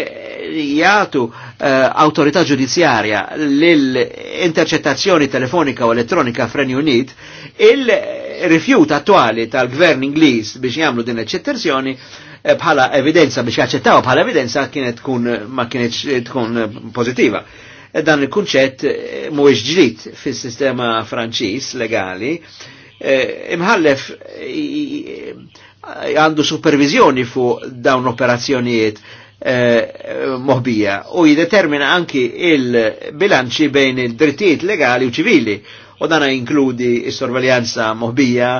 jgħatu uh, eh, autorità ġudizzjarja l-intercettazzjoni telefonika u elettronika f'Renju Unit, il-rifjut attuali tal-gvern Ingliż biex jagħmlu din l-eċċettazzjoni eh, bħala evidenza biex jaċċettaw bħala evidenza kienet tkun ma kienet tkun pozittiva. E dan il-kunċett eh, mhuwiex ġdid fis-sistema Franċiż legali eh, imħallef eh, għandu supervizjoni fuq dawn operazzjonijiet moħbija u jidetermina anki il-bilanċi bejn il-drittijiet legali u ċivili u dana inkludi s sorveljanza moħbija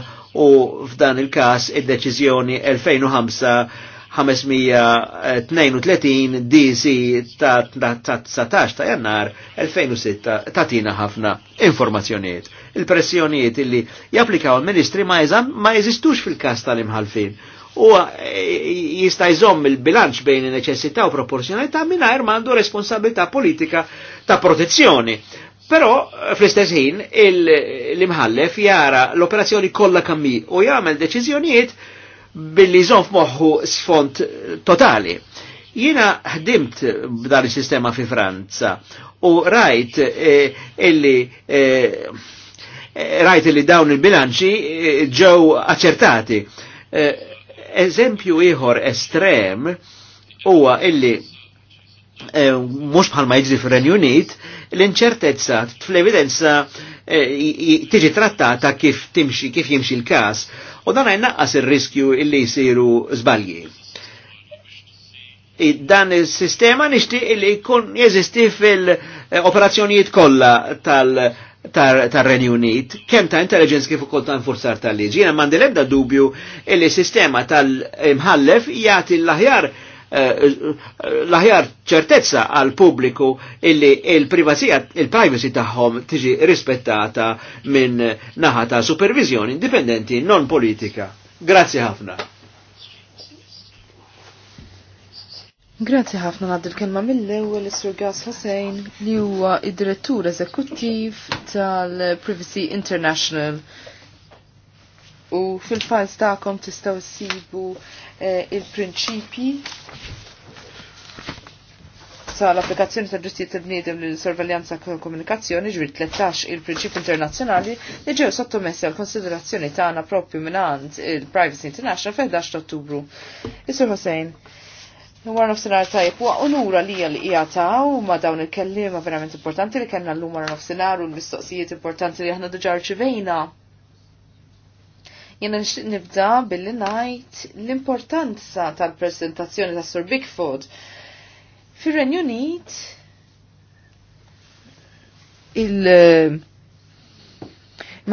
u f'dan il-kas id-deċizjoni 2005 532 eh, DC ta' 19 ta' jannar 2006 tatina ħafna informazzjonijiet. Il-pressjonijiet illi japplikaw il-ministri ma' eżam ma' jizistux fil-kas tal-imħalfin. U eh, jista' jżomm il-bilanċ bejn il-neċessità u proporzjonalità mingħajr mandu responsabilità politika ta' protezzjoni. Però eh, fl-istess ħin l-imħallef jara l-operazzjoni kollha kammi u jagħmel deċiżjonijiet billi zonf moħu sfond totali. Jiena ħdimt b'dan is-sistema fi Franza u rajt eh, illi eh, rajt illi dawn il-bilanċi eh, ġew aċċertati. eżempju ieħor estrem huwa illi mhux mhux bħalma jiġri fir Unit, l-inċertezza fl-evidenza tiġi trattata kif timxi kif jimxi l-każ U dan jnaqqas il-riskju illi jisiru zbalji. Dan il-sistema nixtieq li jkun jeżisti fil-operazzjonijiet kollha tal- tar-Renju Unit, kemm ta' intelligence kif ukoll ta' nfurzar tal-liġi. jena m'għandi ebda dubju li sistema tal-imħallef jgħati l-aħjar Eh, l-aħjar ċertezza għal pubbliku illi il-privazija, il-privacy tagħhom tiġi rispettata minn naħa ta' supervizjoni indipendenti non politika. Grazzi ħafna. Grazzi ħafna għaddu l kelma mill-ewwel is Gas Hussein li huwa id-direttur eżekuttiv tal-Privacy International. U fil-files tagħkom tistgħu sibu Eh, il-prinċipji sa l-applikazzjoni ta' ġustijiet tal-bniedem l sorveljanza komunikazzjoni ġbir 13 il prinċipi internazzjonali li ġew sottomessi għal konsiderazzjoni tagħna propju minnant il-Privacy International f'11 ta' Ottubru. Isur Hussein, Warna nofsinar tajb, u unura li li jgħataw ma dawn il-kellima verament importanti li kellna l-lum nofsinar u l-mistoqsijiet importanti li aħna diġar ċivejna Jena nixtieq nibda billi ngħid l-importanza tal-presentazzjoni ta' Sir Bigfoot. Fir-Renju Unit il eh,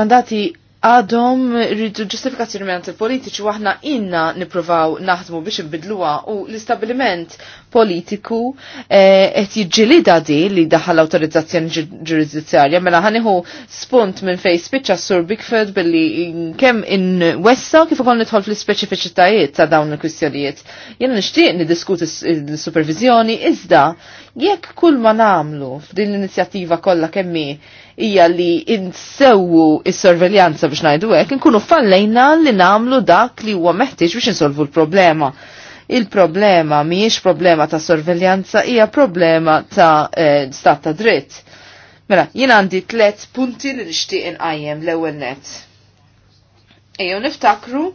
mandati għadhom rridu ġustifikazzjoni minn il-politiċi waħna inna niprovaw naħdmu biex nbidluha u l-istabiliment politiku eh, qed jiġġilida di li daħal l-awtorizzazzjoni ġurisdizzjarja mela ħaniħu spunt minn fej spiċċa sur Bigford billi kemm wessa kif ukoll nidħol fl-ispeċifiċitajiet ta' dawn il-kwistjonijiet. Jiena nixtieq niddiskuti l-supervizjoni iżda jekk kull ma nagħmlu f'din l-inizjattiva kollha kemm hija li insewu is-sorveljanza biex ngħidu hekk, inkunu fallejna li nagħmlu dak li huwa meħtieġ biex insolvu l-problema. Il-problema mhijiex problema ta' sorveljanza hija problema ta' eh, stat ta' dritt. Mela, jien għandi tlet punti li nixtieq inqajjem l-ewwel net. Ejju niftakru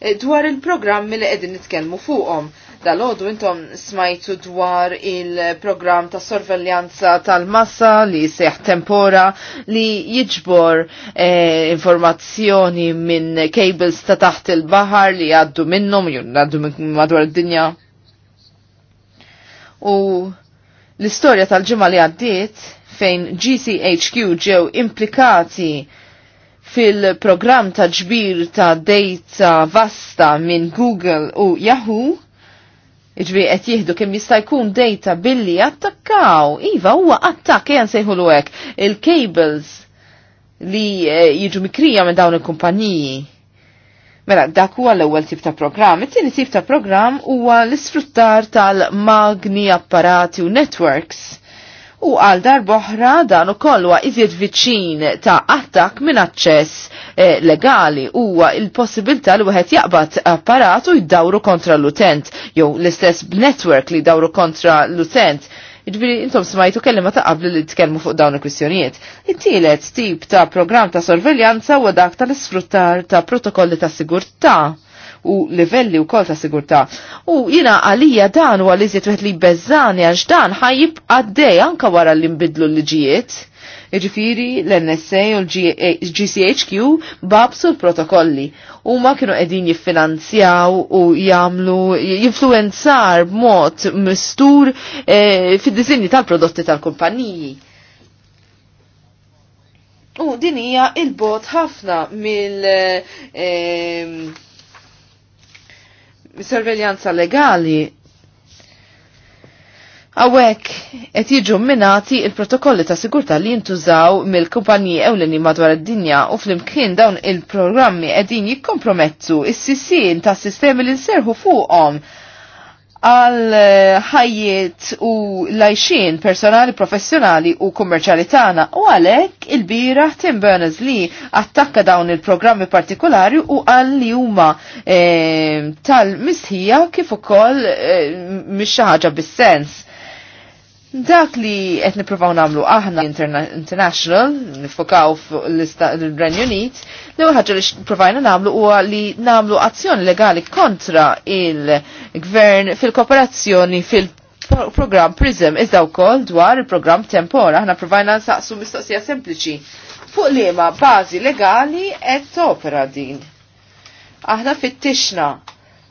eh, dwar il-programmi li qegħdin nitkellmu fuqhom Dalodu intom smajtu dwar il-program ta' sorveljanza tal-massa li seħ tempora li jiġbor eh, informazzjoni minn cables ta' taħt il-bahar li għaddu minnom, għaddu minn madwar id-dinja. U l-istoria tal-ġimma li għaddiet fejn GCHQ ġew implikati fil program ta' ġbir ta' data vasta minn Google u Yahoo Iġbi qed jieħdu kemm jista' jkun data billi attakkaw. Iva huwa attakk ejja nsejħulu hekk il-cables li eh, jiġu mikrija minn dawn il-kumpaniji. Mela, dak huwa l-ewwel tip ta' programm. It-tieni tip ta' programm huwa l-isfruttar tal-magni apparati u networks. U għal darboħra dan ukoll huwa iżjed viċin ta' attak minn aċċess Eh, legali huwa il-possibilità li wieħed jaqbad apparat u jdawru kontra l-utent jew l-istess b'network li jdawru kontra l-utent. Ġbiri, intom smajtu kellima ta' qabli li tkellmu fuq dawn il-kwistjonijiet. It-tielet tip ta' program ta' sorveljanza huwa dak tal-isfruttar ta' protokolli ta' sigurtà u livelli u kol ta' sigurtà. U jina għalija dan u għalizjet wieħed li bezzani għax dan ħajib għaddej anka wara li nbidlu l-liġijiet Iġifiri l-NSA u l-GCHQ eh, babsu l-protokolli. U ma kienu edin jiffinanzjaw u jamlu jinfluenzar b'mod mistur e, eh, fid-dizinji tal-prodotti tal-kumpaniji. U din hija il-bot ħafna mill e, sorveljanza legali Għawek, et jiġu minati il-protokolli ta' sigurta li jintużaw mill-kumpanji ewleni madwar id-dinja u fl-imkien dawn il-programmi edin jikkompromettu il-sissin ta' sistemi li nserħu fuqhom għal eh, ħajjiet u lajxin personali, professjonali u kummerċali tagħna u għalhekk il-bira Tim berners attakka dawn il-programmi partikolari u għal li huma eh, tal-mistħija kif ukoll e, ħaġa bis-sens Dak li qed nippruvaw nagħmlu aħna international, nifokaw fuq l-Renju Unit, li ħaġa li provajna nagħmlu huwa li nagħmlu azzjoni legali kontra il-gvern fil-kooperazzjoni fil-programm PRISM iżda wkoll dwar il-programm Tempora. Aħna provajna nsaqsu mistoqsija sempliċi fuq liema bażi legali qed opera din. Aħna fittixna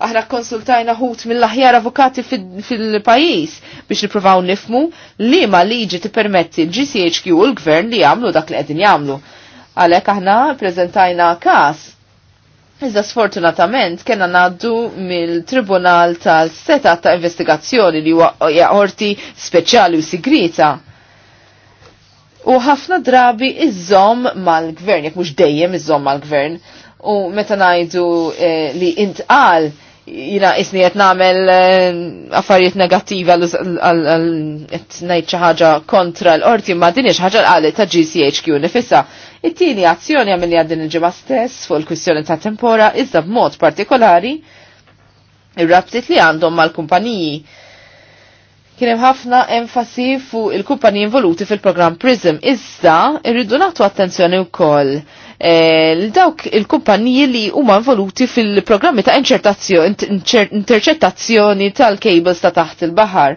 Aħna konsultajna ħut mill-aħjar avukati fil-pajis biex nipruvaw nifmu li ma liġi tippermetti l-GCHQ u l-gvern li jagħmlu dak li qegħdin jagħmlu. Għalhekk aħna prezentajna każ. Iżda sfortunatament kena naddu mill-Tribunal tal-Seta ta' Investigazzjoni li huwa orti speċjali u sigrita. U ħafna drabi iżom mal-gvern, jek mux dejjem iżom mal-gvern, u meta najdu eh, li intqal jina isni għet nagħmel eh, affarijiet negattivi għal qed ngħid xi ħaġa kontra l-qorti ma dini ħaġa l ta' GCHQ nifissa. It-tieni azzjoni għamil din il-ġimgħa stess fuq il-kwistjoni ta' tempora iżda b'mod partikolari ir-rabtiet li għandhom mal-kumpaniji. Kien hemm ħafna enfasi fuq il-kumpaniji involuti fil-programm PRISM iżda irridu nagħtu attenzjoni wkoll Eh, l-dawk il kumpanji li huma involuti fil-programmi ta' interċettazzjoni tal-cables ta' taħt il-bahar.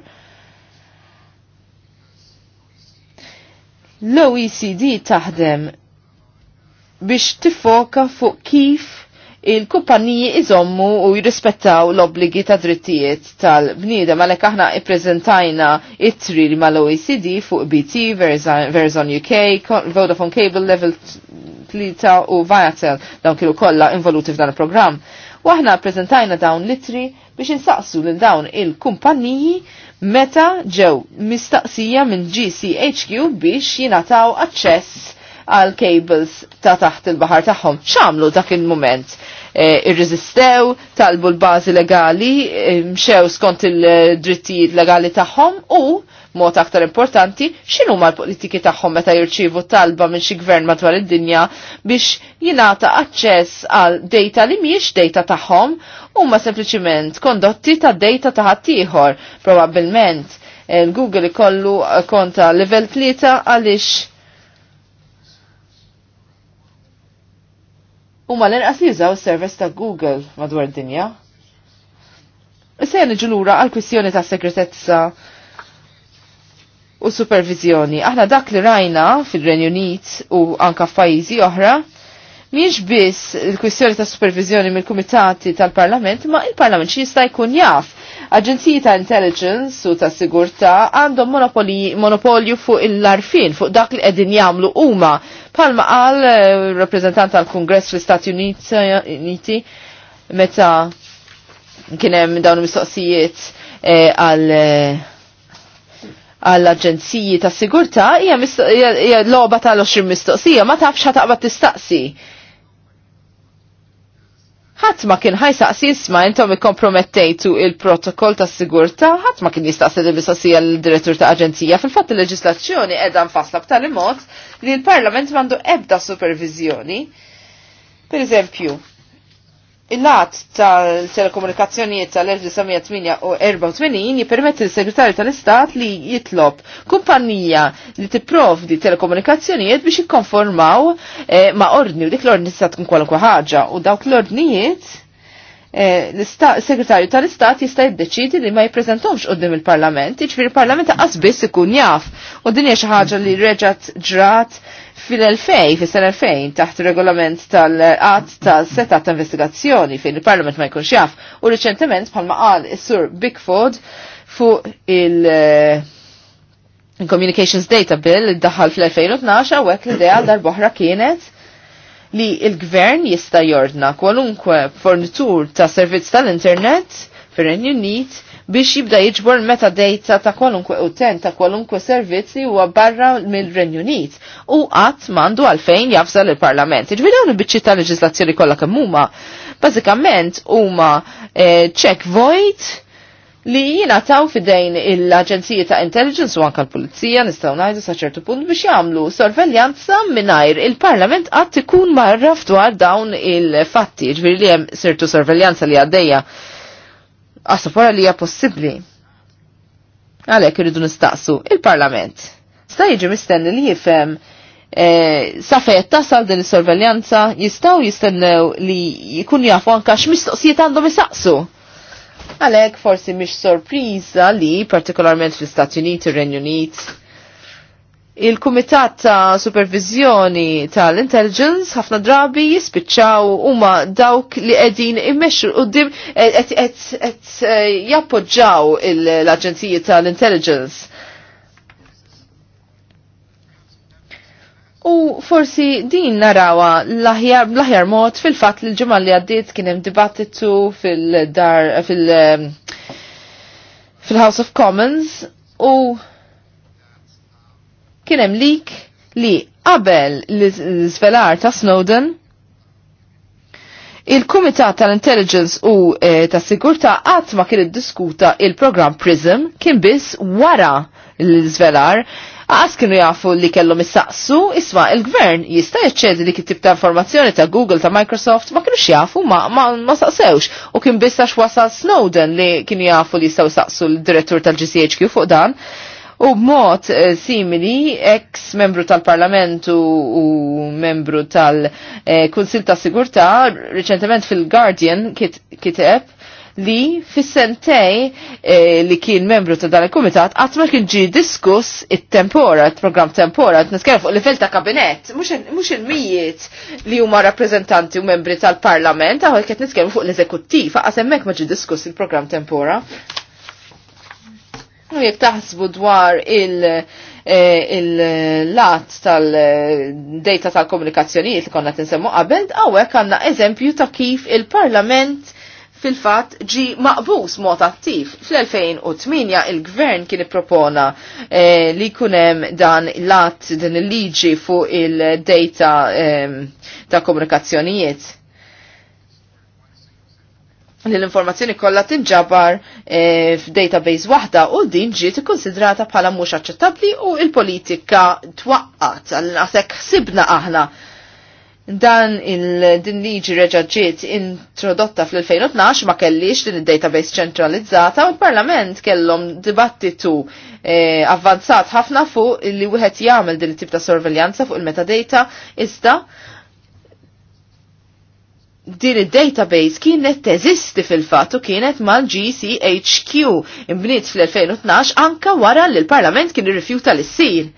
L-OECD taħdem biex tifoka fuq kif il kumpanniji iżommu u jirrispettaw l-obbligi ta' drittijiet tal-bniedem għalhekk aħna ippreżentajna it-tri mal-OECD fuq BT, Verizon UK, Vodafone Cable, Level 3 u Viatel dawn kienu kollha involuti f'dan il-programm. U aħna ppreżentajna dawn l-itri biex insaqsu lil dawn il kumpanniji meta ġew mistaqsija minn GCHQ biex jingħataw aċċess għal cables ta' taħt il-bahar tagħhom. X'għamlu dak il-moment? E, Irriżistew, talbu l-bażi legali, e, mxew skont il-drittijiet legali tagħhom u mod aktar importanti, xinu ma l-politiki tagħhom meta jirċievu talba minn xi gvern madwar id-dinja biex jingħata aċċess għal data li mhijiex data tagħhom ma sempliciment kondotti ta' data ta' ħaddieħor. Probabbilment e, Google ikollu konta level 3 għaliex U ma l-inqas li jużaw service ta' Google madwar dinja. Issa jgħan lura għal-kwistjoni ta' segretezza u supervizjoni. Aħna dak li rajna fil-Renju Unit u anka f'pajjiżi oħra, miex biss il-kwistjoni ta' supervizjoni mill-kumitati tal-Parlament, ma il-Parlament xi jista' jkun jaf Aġenziji ta' intelligence u ta' sigurtà għandhom monopolju fuq il-larfin, fuq dak li qegħdin jagħmlu huma. Palma qal eh, rappreżentant tal-Kungress fl-Istati Uniti meta kien hemm dawn il-mistoqsijiet eh, għal eh, għall-aġenziji ta' sigurtà hija logħba tal-20 mistoqsija ma tafx ħataqbad tistaqsi ħadd ma kien ħajsaqsi isma' intom ikkompromettejtu il-protokoll tas sigurtà, ħadd ma kien jistaqsi il-mistoqsija l-direttur ta' aġenzija. Fil-fatt il-leġislazzjoni qiegħda nfassla b'tali mod li l-Parlament m'għandu ebda supervizjoni. Per eżempju, Il-lat tal-telekomunikazzjonijiet tal-1984 jipermetti l-Segretarju tal-Istat li jitlob kumpanija li tipprovdi telekomunikazzjonijiet biex jikkonformaw eh, ma' ordni u dik l-ordni tkun kwalunkwe ħaġa u dawk l-ordnijiet Eh, l-segretarju tal-istat jista' jiddeċidi li ma jippreżentomx qudiem il-Parlament, jiġifieri il-Parlament qas biss ikun jaf. U din hija xi ħaġa li reġgħet ġrat fil-2000, fis-sena 2000 taħt regolament tal-qatt tas-seta ta' investigazzjoni fejn il-Parlament ma jkunx jaf. U riċentement bħalma qal is-Sur Bigford fuq il- eh, Communications Data Bill daħal fl-2012 għek l-idea dar-boħra kienet li il-gvern jista jordna kwalunkwe fornitur ta' servizz tal-internet fir-Renju Unit biex jibda jiġbor metadata ta' kwalunkwe utent ta' kwalunkwe servizz li huwa barra mill-Renju Unit u qatt m'għandu għalfejn jafżal il-Parlament. Iġbir dawn il-biċċi ta' leġislazzjoni kollha kemm huma. Bażikament huma eh, check void li jina taw fidejn l-Aġenzija ta' Intelligence u anka l-Pulizija nistaw najdu sa' ċertu punt biex jagħmlu sorveljanza mingħajr il-Parlament qatt tikun marraf dwar dawn il-fatti, ġifieri li hemm sirtu sorveljanza li għaddejja għasupora li hija possibbli. Għalhekk irridu nistaqsu il-Parlament. Sta jiġi mistenni li jifhem E, fejn tasal din is-sorveljanza jistgħu jistennew li jkun jafu anka x'mistoqsijiet għandhom isaqsu Għalek forsi mhix sorpriża li partikolarment fl-Istati Uniti Renju Unit il-Kumitat ta' Supervizjoni tal-Intelligence ħafna drabi jispiċċaw huma dawk li qegħdin immexxu qudiem qed eh, jappoġġaw l-Aġenziji tal-Intelligence U forsi din narawa l-aħjar mod fil-fat li l ġemal li għaddit kien hemm dibattitu fil-dar fil- um, fil-House of Commons u kien hemm lik li qabel l-svelar ta' Snowden Il-Kumitat tal-Intelligence u ta' eh, tas sigurta qatt ma kien iddiskuta il-programm PRISM kien biss wara l svelar Għas kienu jafu li kellu missaqsu, isma il-gvern jista' jaċċedi li kittib ta' informazzjoni ta' Google ta' Microsoft ma kienu jafu ma, ma, ma saqsewx u kien biss wasal Snowden li kien jafu li jistgħu saqsu l-direttur tal-GCHQ fuq dan. U b'mod eh, simili, ex membru tal-Parlamentu u membru tal-Kunsil eh, ta' Sigurtà, reċentement fil-Guardian kiteb li fissentej eh, li kien membru ta' dan il-kumitat qatt ma kien ġi diskuss it-tempora, il-programm tempora, qed nitkellem fuq livell ta' kabinet, mhux il-mijiet li huma rappreżentanti u membri tal-Parlament, aħna qed nitkellmu fuq l-eżekuttiv, aqas hemmhekk ma ġi diskuss il-programm tempora. U jekk taħsbu dwar il- eh, il-lat tal-data tal-komunikazzjonijiet li konna tinsemmu qabel, għawek għanna eżempju ta' kif il-parlament fil-fat ġi maqbus mod attiv. Fl-2008 il-gvern kien ippropona eh, li kunem dan l-att din il-liġi fuq il-data eh, ta' komunikazzjonijiet li l-informazzjoni kollha tinġabar e, f'database waħda u din ġiet ikkonsidrata bħala mhux aċċettabbli u l-politika twaqqat għal ħsibna aħna Dan il-din liġi reġaġiet introdotta fl-2012 ma kellix din il-database ċentralizzata u l-Parlament kellhom dibattitu eh, avvanzat ħafna fuq li wieħed jagħmel din it-tip ta' sorveljanza fuq il-metadata iżda din il-database kienet teżisti fil-fatt u kienet mal-GCHQ imbniet fl-2012 anka wara li l-Parlament kien irrifjuta l-issir.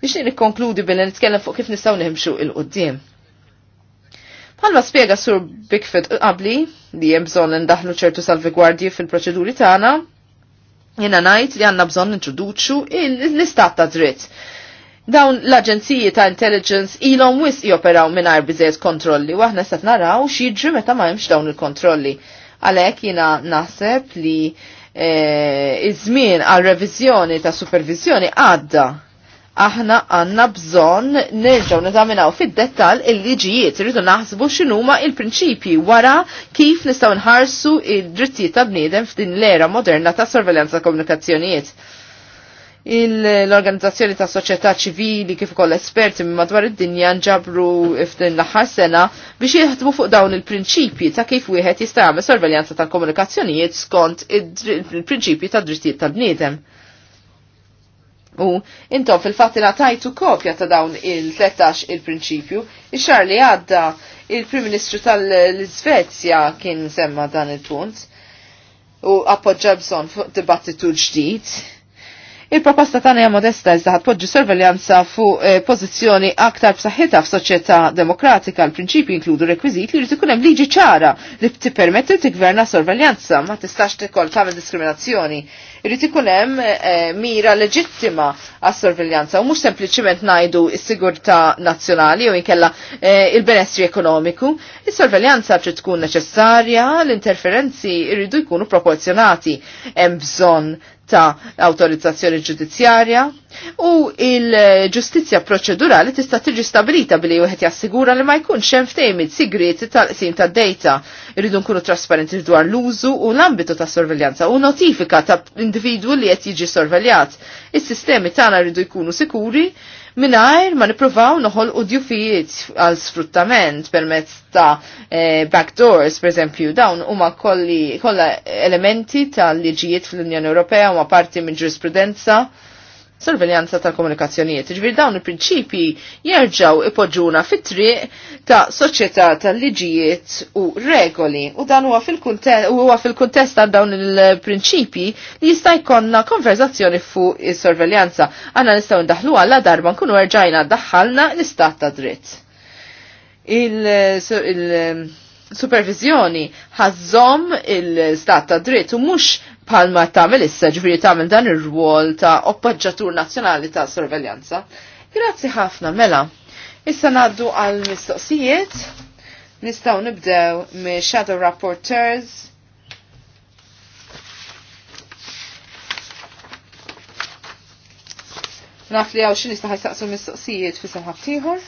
Biex nikkonkludi billi nitkellem fuq kif nistgħu nimxu il-qudiem. Palma spiega sur Bigford uh, qabli li hemm bżonn indaħlu ċertu salvigwardji fil-proċeduri tagħna, jiena ngħid li għandna bżonn introduċu l-istat ta' dritt. Dawn l-aġenziji ta' intelligence ilhom wis joperaw mingħajr biżejjed kontrolli u aħna qed naraw x'jiġri meta ma hemmx dawn il-kontrolli. Għalhekk jiena naħseb li eh, iż-żmien għal reviżjoni ta' supervizjoni għadda aħna għanna bżon nerġaw nizaminaw fid-dettal il-liġijiet, rridu naħsbu x'inhuma il-prinċipji wara kif nistgħu nħarsu id-drittijiet ta' bniedem f'din l-era moderna ta' sorveljanza komunikazzjonijiet. L-organizzazzjoni ta' soċjetà ċivili kif ukoll esperti minn madwar id-dinja nġabru f'din l-aħħar sena biex jieħdmu fuq dawn il-prinċipji ta' kif wieħed jista' jagħmel sorveljanza tal komunikazzjonijiet skont il-prinċipji tad drittijiet tal bniedem U intom fil il tajtu kopja ta' dawn il-13 il-prinċipju, ix-xar li għadda il-Prim Ministru tal-Svezja kien semma dan il-punt u appoġġa bżon dibattitu ġdid Il-proposta tagħna hija modesta iżda ħadpoġġi sorveljanza fuq eh, pożizzjoni aktar b'saħħita f'soċjetà demokratika l prinċipi inkludu rekwiżit li jrid ikun hemm liġi ċara li tippermetti gverna sorveljanza ma tistax tikol tagħmel diskriminazzjoni. Irid ikun hemm eh, mira leġittima għas-sorveljanza u mhux sempliċiment ngħidu s-sigurtà nazzjonali jew inkella eh, il-benessri ekonomiku. Is-sorveljanza trid tkun neċessarja, l-interferenzi irridu jkunu proporzjonati. Hemm bżonn ta' autorizzazzjoni ġudizzjarja u il-ġustizja proċedurali tista' tiġi stabilita billi wieħed jassigura li ma jkunx hemm ftehimiet sigreti tal-qsim tad-dejta. Irridu nkunu trasparenti dwar l-użu u l-ambitu ta' sorveljanza u notifika ta' individwu li qed jiġi sorveljat. Is-sistemi tagħna rridu jkunu sikuri mingħajr ma nippruvaw noħolqu djufijiet għal sfruttament permezz ta' eh, backdoors, pereżempju, dawn huma kollha elementi ta' liġijiet fl-Unjoni Ewropea huma parti minn ġurisprudenza sorveljanza tal-komunikazzjonijiet. Ġvir dawn il-prinċipi jerġaw ipoġġuna fit-triq ta' soċjetà tal-liġijiet u regoli. U dan huwa fil-kuntest ta' dawn il-prinċipi li jista' jkollna konverzazzjoni fuq is-sorveljanza. Għanna nistgħu ndaħlu għalla darba nkunu erġajna daħħalna l-istat ta' dritt. Il-supervizjoni ħazzom il-stat ta' dritt u mhux palma tagħmel issa ta' tagħmel dan ir-rwol ta' oppaġġatur nazjonali ta' sorveljanza. Grazzi ħafna mela. Issa ngħaddu għal mistoqsijiet. Nistgħu nibdew me Shadow Rapporteurs. Naf li għaw xin istaħi saqsu mistoqsijiet fi samħab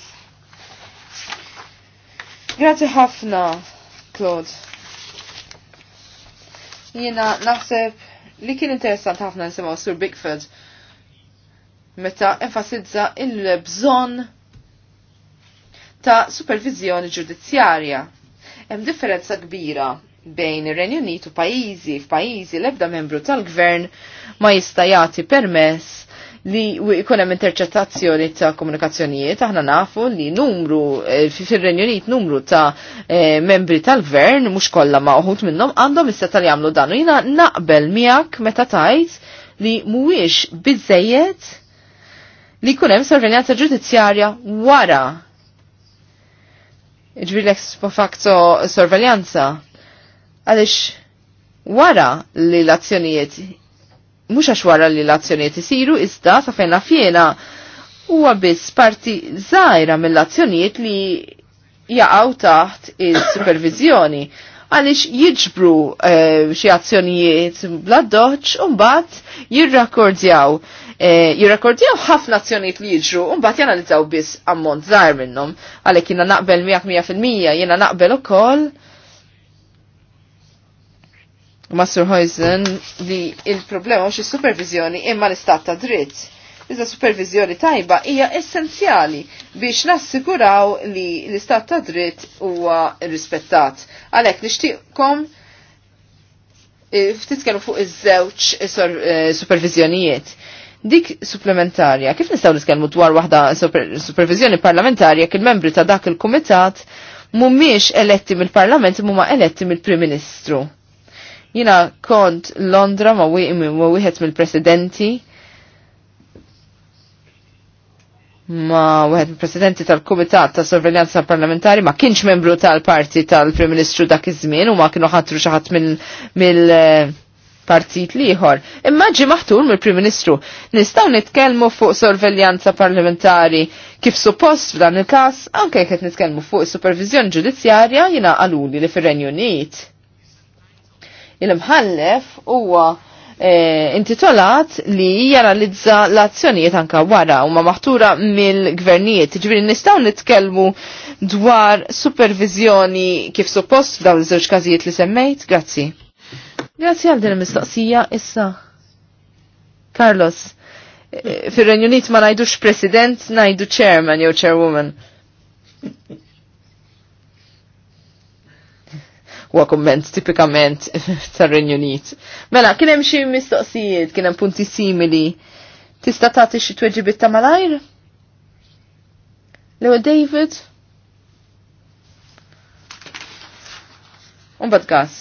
Grazzi ħafna, Claude. Jiena naħseb li kien interessant ħafna nisimgħu Sur Bigford meta enfasizza il-bżonn ta' supervizjoni ġudizzjarja. Hemm differenza kbira bejn ir-Renju Unit u pajjiżi f'pajjiżi l-ebda membru tal-gvern ma jista' jagħti permess li jkun hemm interċettazzjoni ta' komunikazzjonijiet, aħna nafu li numru eh, fir-Renju Unit numru ta' eh, membri tal-gvern mhux kollha ma' uħut minnhom għandhom issa tal jamlu jagħmlu dan. Jiena naqbel miegħek meta tajt li mhuwiex bizzejiet li jkun hemm sorveljanza ġudizzjarja wara ġbir l-ex facto sorveljanza. Għalix, wara li l-azzjonijiet mhux għax wara li l-azzjonijiet isiru iżda sa fejna fjena u biss parti zaħira mill-azzjonijiet li jaqgħu taħt is-supervizjoni għaliex jiġbru xie eh, xi azzjonijiet bla doċ u mbagħad jirrakordjaw E, ħafna azzjonijiet li jiġru u mbagħad janalizzaw biss ammont żgħar minnhom għalhekk jiena naqbel 100% jina fil-mija jiena naqbel ukoll Master Heusen li il-problema mhux is-supervizjoni imma l-istat ta' dritt. Iżda supervizjoni tajba hija essenzjali biex nassiguraw li l-istat ta' dritt huwa rispettat. Għalhekk nixtieqkom eh, ftitkellmu fuq iż-żewġ eh, eh, supervizjonijiet. Dik supplementarja, kif nistgħu nitkellmu dwar waħda supervizjoni parlamentarja kien membri ta' dak il-kumitat mhumiex eletti mill-Parlament imma eletti mill-Prim Ministru Jina kont Londra ma wieħed mill-presidenti ma wieħed mill presidenti tal-Kumitat ta' Sorveljanza Parlamentari ma kienx membru tal-Parti tal-Prim Ministru dak iż-żmien u ma kienu ħatru xi ħadd mill-partit eh, liħor. Imma ġi maħtur mill-Prim Ministru. Nistgħu nitkellmu fuq sorveljanza parlamentari kif suppost f'dan il-każ anke qed nitkellmu fuq is-supervizjoni ġudizzjarja jina qaluli li fir-Renju Unit il-mħallef huwa e, intitolat li jaralizza l-azzjonijiet anka wara u ma maħtura mill-gvernijiet. Ġviri nistaw nitkellmu dwar supervizjoni kif suppost f'dawn iż-żewġ każijiet li semmejt? Grazzi. Grazzi għal din il-mistoqsija issa. Carlos, e, fir-Renju Unit ma najdux president, najdu chairman jew chairwoman. huwa komment tipikament tar-Renju Unit. Mela, kien hemm xi mistoqsijiet, kien hemm punti simili. Tista' tagħti xi tweġibiet ta' malajr? Lewa David? Umbad gas.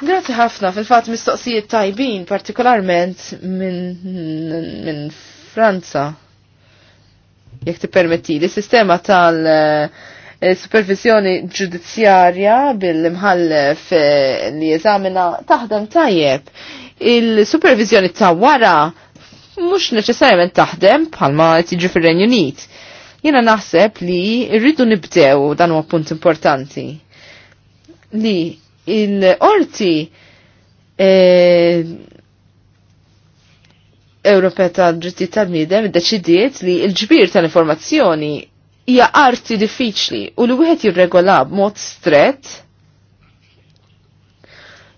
Grazie ħafna fil-fatt mistoqsijiet tajbin, partikolarment minn min Franza jekk tippermetti li sistema tal Eh, supervisjoni ġudizzjarja bil-imħallef eh, li jeżamina taħdem tajjeb. Il-supervizjoni ta' wara mhux neċessarjament taħdem bħalma tiġi fir-Renju Unit. Jiena naħseb li rridu nibdew dan huwa punt importanti. Li il-qorti eh, Ewropea ta' ġittijiet tal-bniedem iddeċidiet li l-ġbir tal-informazzjoni hija arti diffiċli u li wieħed jirregola b'mod strett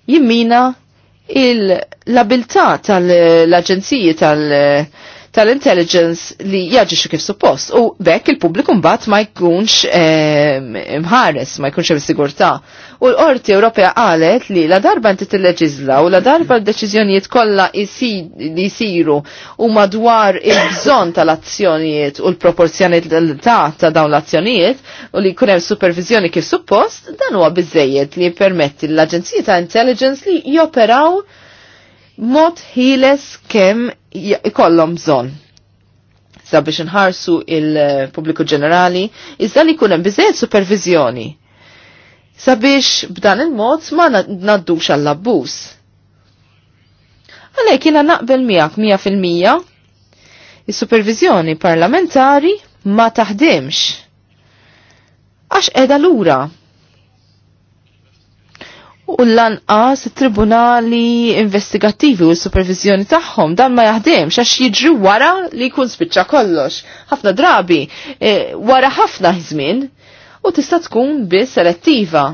jimmina l-abilità tal-aġenziji tal-, tal-intelligence li jaġixu kif suppost u bekk il-pubbliku mbagħad ma jkunx eh, mħares, ma jkunx hemm sigurtà. U l-Qorti Ewropea qalet li la darba inti tilleġizla u la darba d-deċiżjonijiet kollha li jsiru u madwar il-bżonn tal-azzjonijiet u l-proporzjonalità ta' dawn l-azzjonijiet u li jkun hemm supervizjoni kif suppost, dan huwa biżejjed li jippermetti l-Aġenziji ta' Intelligence li joperaw mod ħiles kemm ikollhom bżonn sabiex nħarsu il-pubbliku ġenerali, iżda li kunem biżejt supervizjoni. Sabiex b'dan il-mod ma naddux għall-abbus. Għalek jina naqbel miegħek mija fil-mija, il-supervizjoni parlamentari ma taħdimx. Għax edha lura u l-lanqas tribunali investigativi u supervizjoni tagħhom dan ma jaħdemx għax jiġri wara li jkun spiċċa kollox. Ħafna drabi, e, wara ħafna żmien u tista' tkun biss selettiva.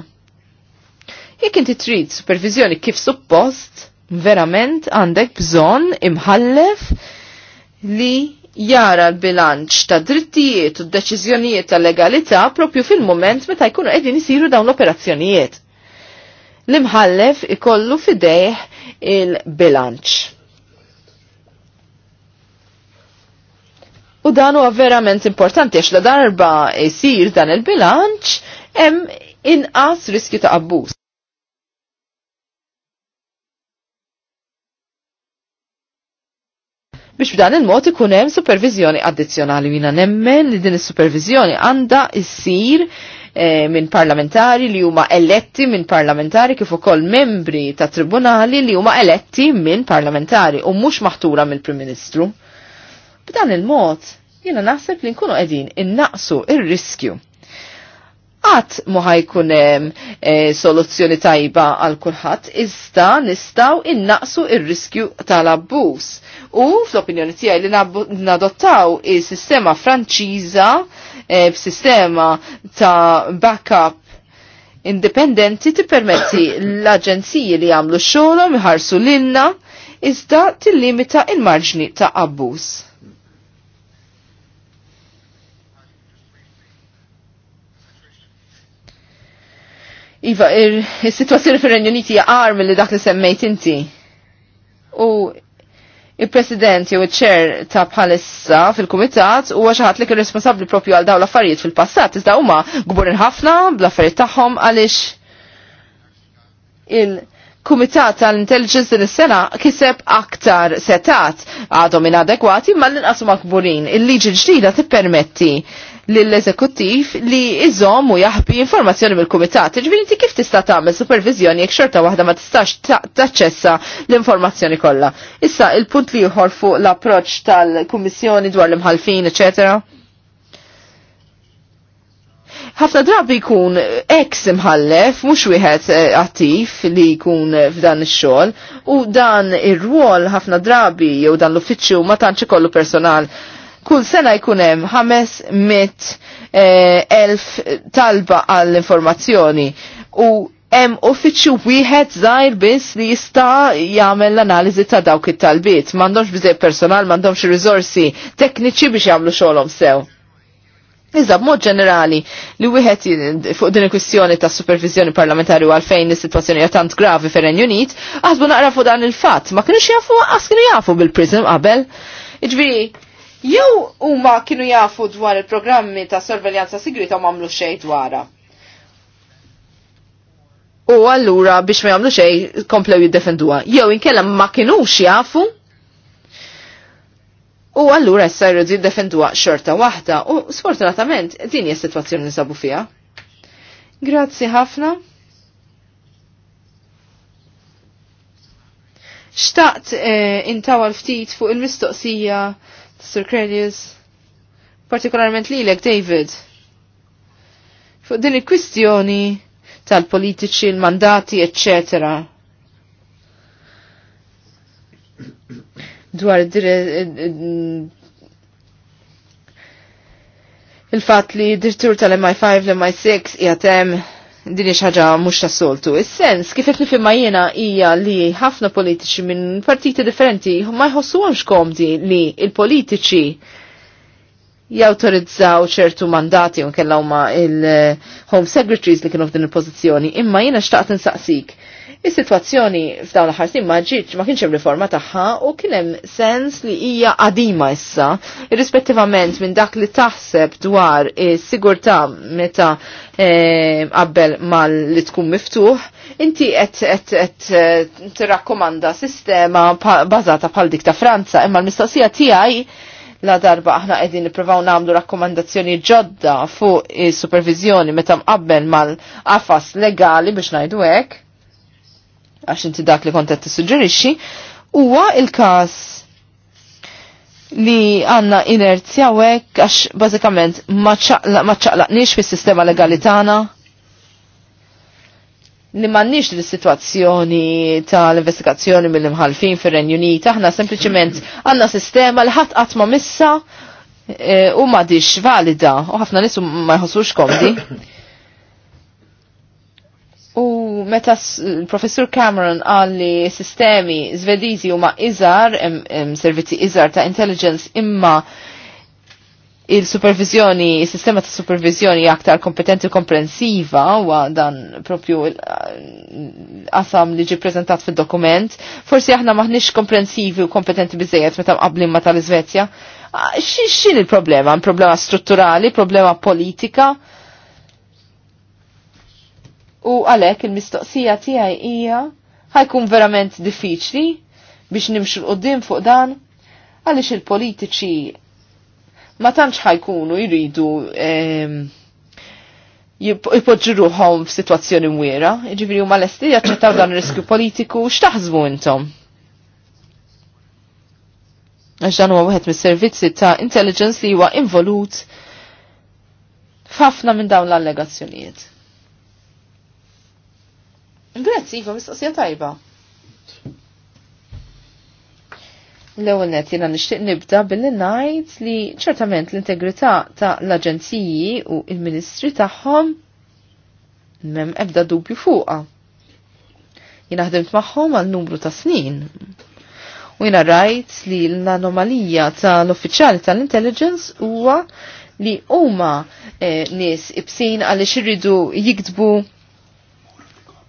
Jekk inti trid supervizjoni kif suppost, verament għandek bżonn imħallef li jara l-bilanċ ta' drittijiet u d-deċiżjonijiet ta' legalità propju fil-moment meta jkunu qegħdin isiru dawn l-operazzjonijiet l-imħallef ikollu fidejh il-bilanċ. U dan huwa verament importanti għax la darba jsir dan il-bilanċ hemm inqas riski ta' abbuż. biex b'dan il-mod ikun hemm supervizjoni addizzjonali mina nemmen li din is-supervizjoni għandha issir Eh, minn parlamentari li huma eletti minn parlamentari kif ukoll membri ta' tribunali li huma eletti minn parlamentari u mhux maħtura mill-Prim Ministru. B'dan il-mod jiena naħseb li nkunu qegħdin innaqsu ir-riskju. Għat muħajkun e, eh, soluzzjoni tajba għal kulħadd, iżda nistaw innaqsu ir-riskju tal-abbuż. U fl-opinjoni tiegħi li nadottaw is-sistema Franċiża b'sistema e, ta' backup indipendenti tippermetti l-aġenziji li jagħmlu xogħolhom iħarsu lilna iżda tillimita il-marġni ta' abbuż. Iva, il-situazzjoni fil-Renju Uniti hija li dak li semmejt inti. U il-President jew iċ-ċer ta' bħalissa fil-Kumitat huwa xi ħadd li kien responsabbli propju għal dawn l-affarijiet fil-passat, iżda huma gburin ħafna bl-affarijiet tagħhom għaliex il-Kumitat tal-Intelligence din is-sena kiseb aktar setat għadhom inadekwati ma l-inqas ma kburin. Il-liġi ġdida tippermetti lill-eżekuttiv li iżom u jaħbi informazzjoni mill-kumitat. Ġifieri kif tista' tagħmel supervizjoni jekk xorta waħda ma tistax taċċessa l-informazzjoni kollha. Issa il-punt li jħor fuq l-approċċ tal-Kummissjoni dwar l-imħalfin, eċetera. Ħafna drabi jkun ex imħallef, mhux wieħed eh, attiv li jkun f'dan ix-xogħol, u dan ir-rwol ħafna drabi jew dan l-uffiċċju ma tantx ikollu personal Kull sena jkun hemm 500,000 eh, talba għall informazzjoni u hemm uffiċċju wieħed żgħir biss li jista' jagħmel l-analiżi ta' dawk it-talbiet. M'għandhomx biżej personal, m'għandhomx riżorsi tekniċi biex jagħmlu xogħolhom sew. Iżda b'mod ġenerali li wieħed fuq din il-kwistjoni ta' supervizjoni parlamentari u għalfejn is-sitwazzjoni hija tant gravi fir-Renju Unit, aħsbu naqra fuq dan il-fatt, ma kienux jafu għas kienu jafu bil-prism qabel. Iġviri, jew huma kienu jafu dwar il-programmi ta' sorveljanza sigrita u mamlu xej dwarha. U allura biex ma jagħmlu xejn komplew jiddefenduha. Jew inkella ma kinux jafu U allura issa jridu jiddefenduha xorta waħda u sfortunatament din hija s-sitwazzjoni li sabu fiha. Grazzi ħafna. Xtaqt eh, ftit fuq il-mistoqsija Sir Crelius, partikolarment lilek David. Fuq din il-kwistjoni tal-politiċi, il-mandati, eccetera. Dwar il-fat li dirtur tal-MI5, l-MI6 jgħatem din ħaġa mhux ta' soltu. Is-sens kif qed nifhimha jiena hija li ħafna politiċi minn partiti differenti ma jħossuhomx komdi li il-politiċi jawtorizzaw ċertu mandati unkella kella huma il-Home Secretaries li kienu f'din il-pożizzjoni, imma jiena xtaqt insaqsik Is-sitwazzjoni f'dawn l-aħħar snin ma ġietx ma kienx hemm riforma tagħha u kien hemm sens li hija qadima issa, irrispettivament minn dak li taħseb dwar is-sigurtà meta eh, qabel mal li tkun miftuħ, inti qed tirrakkomanda sistema bażata bħal dik ta' Franza, imma l-mistoqsija tiegħi la darba aħna qegħdin nippruvaw nagħmlu rakkomandazzjoni ġodda fuq is-supervizjoni meta mqabbel mal-qafas legali biex ngħidu hekk għax inti dak li kontet tissuġġerixxi, huwa il-każ li għanna inerzja hekk għax bażikament ma ċaqlaqniex fis-sistema legali tagħna li nix li situazzjoni tal-investigazzjoni mill-imħalfin fir renju Unit, aħna sempliciment għanna sistema li ħadd qatt missa eh, u ma dix valida u ħafna nisu ma jħossux komdi meta professur Cameron għal li sistemi zvedizi huma izar, servizzi izar ta' intelligence imma il-supervizjoni, il-sistema ta' supervizjoni aktar kompetenti u komprensiva u dan propju qasam li ġi prezentat fil-dokument, forsi aħna maħnix komprensivi u kompetenti bizzejet meta mqablin ma tal-Izvezja. Ah, Xin il-problema? Problema strutturali, problema politika? U għalek il-mistoqsija tiegħi hija ħajkun verament diffiċli biex nimxu l-qoddim fuq dan għaliex il-politiċi ma tantx ħajkunu jridu jipoġġu ruħhom f'sitwazzjoni mwiera, jiġifieri huma lesti jaċċettaw dan riskju politiku x'taħsbu intom? Għax dan huwa wieħed mis-servizzi ta' intelligence li huwa involut f'ħafna minn dawn l-allegazzjonijiet. Grazzi, Iva, mistoqsija tajba. L-ewwel net jiena nixtieq nibda billi ngħid li ċertament l-integrità ta' l-aġenziji u l-ministri tagħhom m'hemm ebda dubju fuqha. Jiena ħdimt magħhom għal numru ta' snin. U jiena rajt li l-anomalija tal-uffiċjali tal-intelligence huwa li huma eh, nies ibsin għaliex iridu jiktbu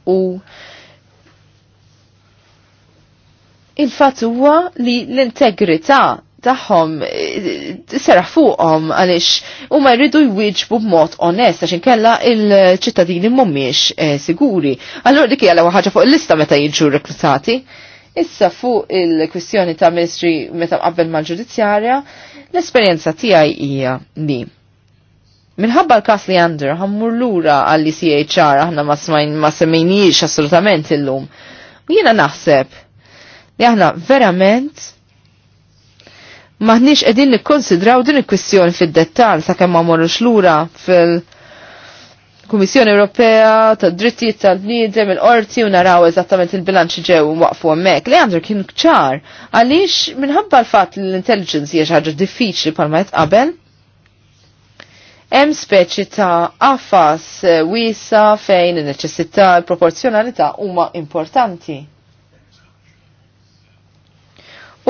u il-fatt huwa li l-integrità tagħhom eh, sera fuqhom għaliex huma jridu jwieġbu b'mod onest għax inkella il-ċittadini mhumiex eh, siguri. Allura dik hija ħaġa fuq il-lista meta jiġu reklutati. Issa fuq il-kwistjoni ta' ministri meta qabel mal-ġudizzjarja, l-esperjenza tiegħi hija li Minħabba l-kas li għandur, għammur l-ura għalli CHR, aħna ma smajn ma semmejnijiex assolutament illum. U jena naħseb li aħna verament maħniċ edin nikkonsidraw din il-kwistjoni fil-dettal sa' kemm għamurux l-ura fil- Kummissjoni Ewropea ta' drittijiet tal-bniedem il-qorti u naraw eżattament il-bilanċi ġew waqfu hemmhekk. għandur kien ċar għaliex minħabba l-fatt li l-intelligence jiex ħaġa diffiċli palma qed qabel hemm speċi ta' affas eh, wisa fejn in-neċessità l-proporzjonalità huma importanti.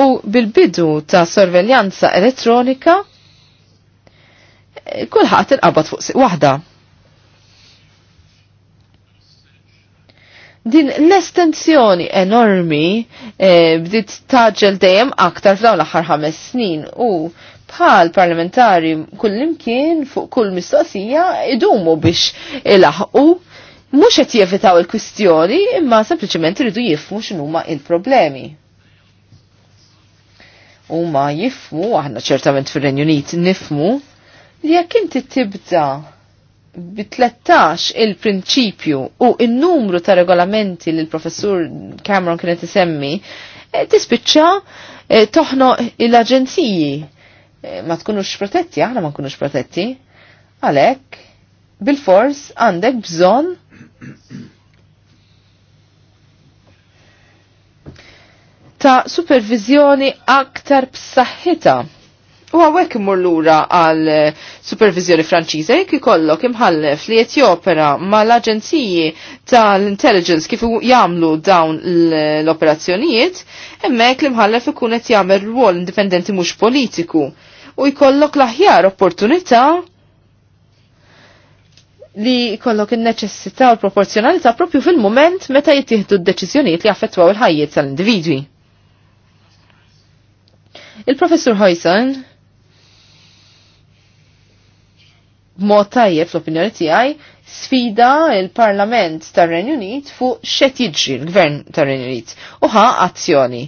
U bil-bidu ta' sorveljanza elettronika eh, kulħadd inqabad fuq siq waħda. din l-estenzjoni enormi eh, bdiet taġġel dejjem aktar f'dawn l-aħħar ħames snin u bħal parlamentari kullimkien fuq kull mistoqsija idumu biex ilaħqu mhux qed jevitaw il-kwistjoni imma sempliċement iridu jifmu x'inhuma il-problemi. Huma jifmu aħna ċertament fir-Renju Unit nifmu li jekk inti tibda bi 13 il-prinċipju u il-numru ta' regolamenti li l-professur Cameron kienet isemmi, eh, tispiċċa eh, toħno l-aġenziji ma tkunux protetti, aħna ma nkunux protetti. Għalek, bil-fors għandek bżon ta' supervizjoni aktar b'saħħita. U għawek immur lura għal supervizjoni franċiża jekk ikollok imħallef li qed jopera mal-aġenziji tal-intelligence kif jagħmlu dawn l-operazzjonijiet, hemmhekk l-imħallef ikun qed jagħmel rwol indipendenti mhux politiku u jkollok l-aħjar opportunità li kollok il neċessita u l-proporzjonalità propju fil-moment meta jittieħdu d-deċiżjonijiet li affettwaw il ħajiet tal-individwi. Il-professur Hoyson B'mod tajjeb fl-opinjoni tiegħi sfida il-Parlament tar-Renju Unit fuq xed jiġri l-Gvern tar-Renju Unit u ħa azzjoni.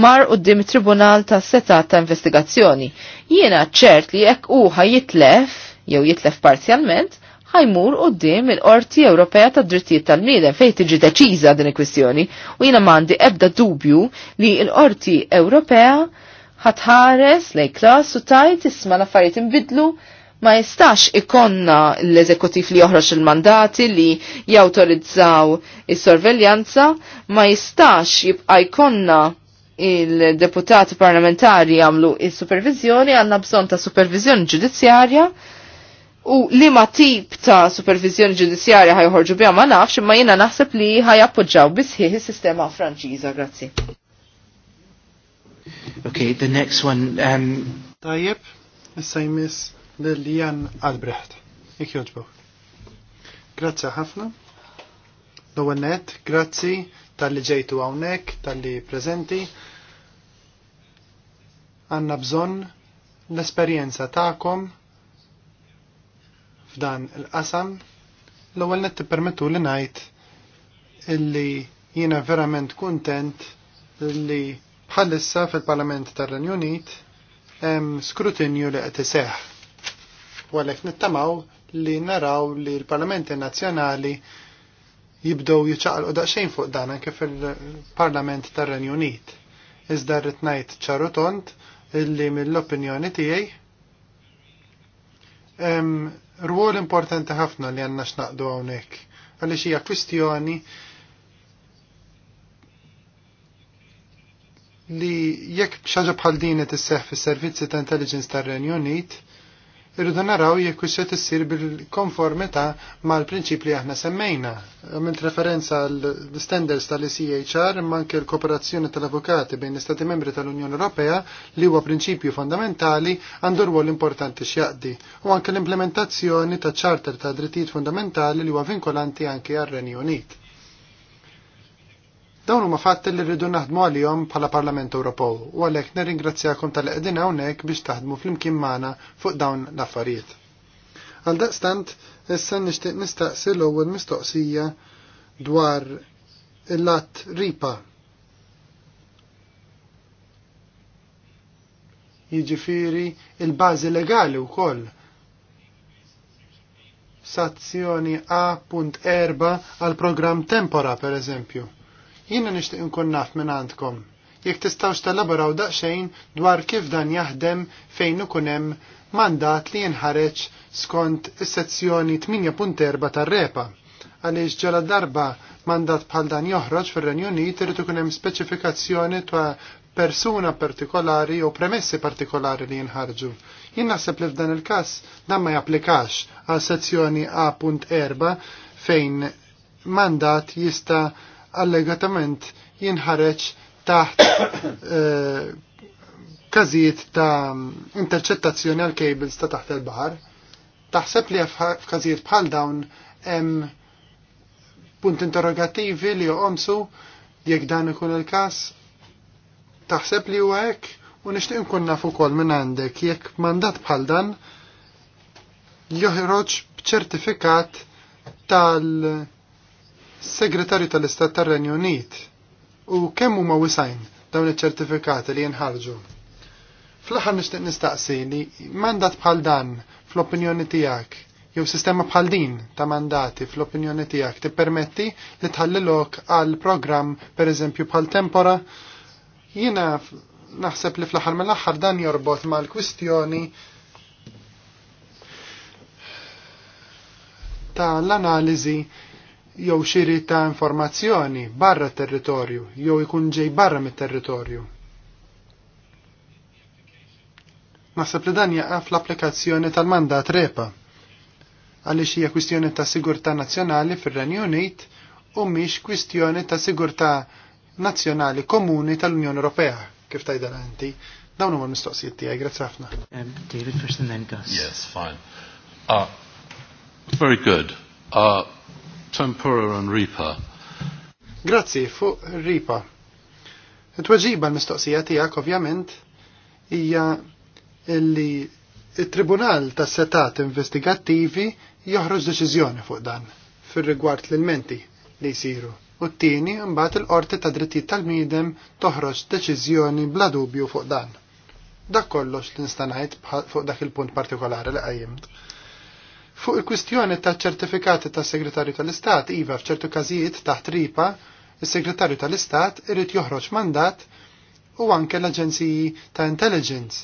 Mar qudiem tribunal ta' seta ta' investigazzjoni. Jiena ċert li jekk u jitlef, jew jitlef parzjalment, ħajmur qudiem il-Qorti Ewropea ta' Drittijiet tal-Miedem fejn tiġi deċiża din il-kwistjoni u jiena m'għandi ebda dubju li l-Qorti Ewropea ħatħares lejn klas u tajt isma' l-affarijiet inbidlu ma jistax ikonna l-eżekutif li joħroġ il-mandati li jawtorizzaw is-sorveljanza, ma jistax jibqa ikonna il-deputati parlamentari għamlu il-supervizjoni, għanna bżon ta' supervizjoni ġudizzjarja, u li ma tip ta' supervizjoni ġudizzjarja ħajħorġu bija ma nafx, imma jina naħseb li ħajappoġġaw bisħiħ il-sistema franċiża, grazzi. Okay, the next one. Um... Tajjeb, issa jmiss Lilian Albrecht. Ik joġbu. Grazzi ħafna. Dowennet, grazzi tal-li ġejtu għawnek, tal-li prezenti. Għanna bżon l-esperienza ta'kom f'dan il-qasam. L-ewwel net tippermettu li ngħid illi jiena verament kuntent li bħalissa fil-Parlament tar-Renju Unit hemm skrutinju li qed iseħħ u għalek nittamaw li naraw li l-Parlamenti Nazzjonali jibdow jiċaqalqu daqsxejn fuq dan anke fil-Parlament tar-Renju Unit. Iżda rrid ngħid ċaru tont illi mill-opinjoni tiegħi rwol importanti ħafna li għanna xnaqdu għonek. Għalli xija kwistjoni li jekk xaġa bħal din tisseħ fis servizzi ta' intelligence tar renju Unit, irridu naraw jekk se tissir bil-konformità mal li aħna semmejna. Għamilt referenza l-standards tal-ECHR imma anke l-kooperazzjoni tal-avukati bejn l-Stati membri tal-Unjoni Ewropea li huwa prinċipju fondamentali għandu rwol importanti x'jaqdi u anke l-implementazzjoni ta' ċarter ta' drittijiet fundamentali li huwa vinkolanti anke għar-Renju Unit. Dawn huma fatti li rridu naħdmu għalihom bħala Parlament Ewropew u għalhekk nirringrazzjakom tal-qegħdin hawnhekk biex taħdmu flimkien magħna fuq dawn l-affarijiet. Għal daqstant, issa nixtieq nistaqsi l-ewwel mistoqsija dwar il-lat ripa. Jiġifieri il-bażi legali wkoll sazzjoni A.4 għal program tempora per eżempju. Jiena nixtieq inkun naf minn għandkom. Jekk tistgħux talaboraw daqsxejn dwar kif dan jaħdem fejn ikun hemm mandat li jinħareġ skont is-sezzjoni 8.4 tar-repa. Għaliex ġala darba mandat bħal dan joħroġ fir-Renju Unit irid ikun hemm speċifikazzjoni ta' persuna partikolari u premessi partikolari li jinħarġu. Jien naħseb li f'dan il-każ dan ma japplikax għal sezzjoni A.4 fejn mandat jista' allegatament jinħareġ taħt eh, każijiet ta' interċettazzjoni għal cables ta' taħt il-bahar. Taħseb li f'każijiet bħal dawn hemm punt interrogativi li joqomsu jekk dan ikun il-każ. Taħseb li huwa hekk u nixtieq nkun naf ukoll minn għandek jekk mandat bħal dan joħroġ b'ċertifikat tal- segretarju tal-Istat tar-Renju Unit u kemm huma wisajn dawn iċ-ċertifikati li jinħarġu. Fl-aħħar nixtieq nistaqsi li mandat bħal dan fl-opinjoni tiegħek jew sistema bħal din ta' mandati fl-opinjoni tiegħek tippermetti li tħallilok għal programm pereżempju bħal tempora jiena naħseb li fl-aħħar mill-aħħar dan jorbot mal-kwistjoni ta' l-analiżi jew xiri ta' informazzjoni barra territorju jew ikun ġej barra mit-territorju. sab li dan jaqaf l applikazzjoni tal-mandat repa għaliex hija kwistjoni ta' sigurtà nazzjonali fir-Renju Unit u mhix kwistjoni ta' sigurtà nazzjonali komuni tal-Unjoni Ewropea kif tajdan inti. Dawn huma l-mistoqsijiet tiegħi, grazzi ħafna. Um, David first and then Gus. Yes, fine. Uh, very good. Uh, tempura and ripa. Grazzi, fuq ripa. It-tweġiba l-mistoqsija tijak, ovvjament, hija illi il-Tribunal tas setat investigattivi joħroġ deċiżjoni fuq dan fir-rigward l-menti li jisiru. U t-tieni mbagħad il-Qorti ta' Drittijiet tal-Miedem toħroġ deċiżjoni bla dubju fuq dan. Dak kollox li nista' ngħid fuq dak il-punt partikolari li qajjimt. Fuq il-kwistjoni ta' ċertifikati ta' segretarju tal-Istat, iva f'ċertu każijiet taħt ripa, il-segretarju tal-Istat irid joħroġ mandat u anke l-Aġenziji ta' Intelligence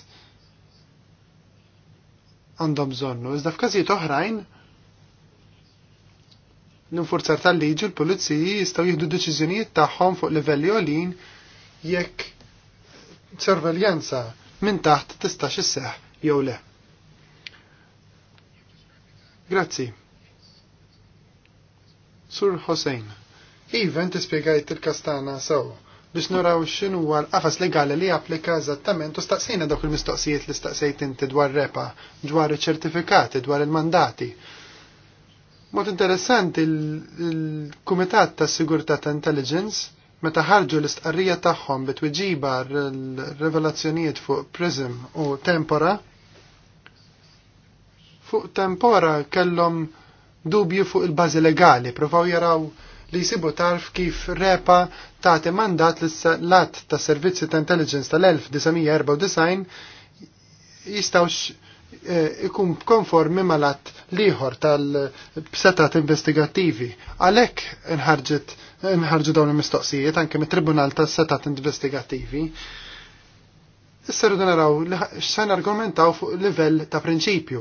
għandhom bżonnu. Iżda f'każijiet oħrajn l-infurzar tal-liġi l-pulizzi jistgħu jieħdu deċiżjonijiet tagħhom fuq livelli għolin jekk sorveljanza minn taħt tistax isseħ jew le. Grazzi. Sur Hossein. Iva, inti spiegajt il-kastana sew biex nuraw xinu għal l-qafas legali li applika eżattament u staqsejna dawk il-mistoqsijiet li staqsejt inti dwar repa, dwar iċ-ċertifikati, dwar il-mandati. Mod interessanti il-Kumitat tas Sigurtà ta' Intelligence meta ħarġu l-istqarrija tagħhom bitwiġiba r-revelazzjonijiet fuq Prism u Tempora fuq tempora kellhom dubju fuq il-bażi legali, provaw jaraw li jisibu tarf kif repa tagħti mandat l-lat ta' servizzi ta' intelligence tal-1994 jistawx eh, ikun konformi mal-att liħor tal-setat investigativi. Għalek nħarġet nħarġu dawn il-mistoqsijiet anke mit-Tribunal tas-Setat Investigattivi. Issa rridu naraw x'għan argumentaw fuq livell ta' prinċipju.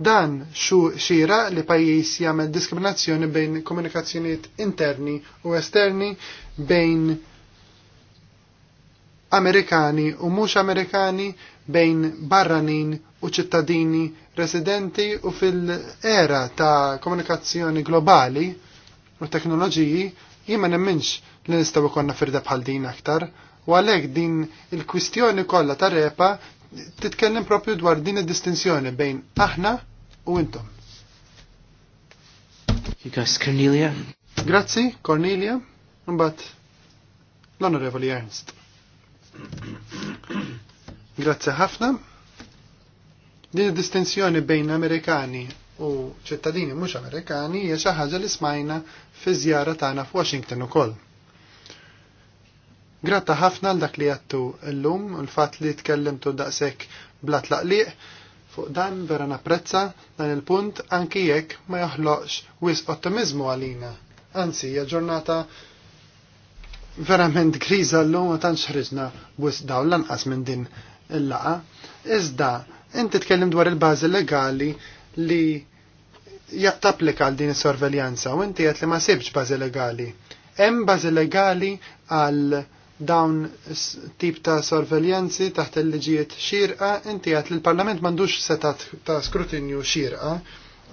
Dan xu xira li pajis jagħmel diskriminazzjoni bejn komunikazzjonijiet interni u esterni bejn Amerikani u mhux Amerikani bejn barranin u ċittadini residenti u fil-era ta' komunikazzjoni globali u teknoloġiji jiema nemminx li nistgħu konna firda bħal din aktar u għalhekk din il-kwistjoni kollha ta' repa titkellem propju dwar din id-distinzjoni bejn aħna u intom. You guys, Cornelia. Grazzi, Cornelia. Mbatt, l-Onorevoli Ernst. Grazzi ħafna. Din id-distinzjoni bejn Amerikani u ċittadini mhux Amerikani hija xi ħaġa li smajna fi żjara tagħna f'Washington ukoll Gratta ħafna l dak li għattu l-lum, l-fat li tkellimtu daqsek blat laqliq, fuq dan vera napprezza dan il-punt anki jekk ma joħloqx wis ottimizmu għalina. Anzi, hija ġurnata verament griża l-lum u tantx ħriġna wis daw lanqas minn din il-laqa. Iżda, inti tkellim dwar il-bażi legali li jattaplika għal din is-sorveljanza u inti qed li ma sibx bażi legali. Hemm bażi legali għal dawn tip ta' sorveljenzi taħt il-liġijiet xirqa inti għat li l-Parlament mandux setat ta' skrutinju xirqa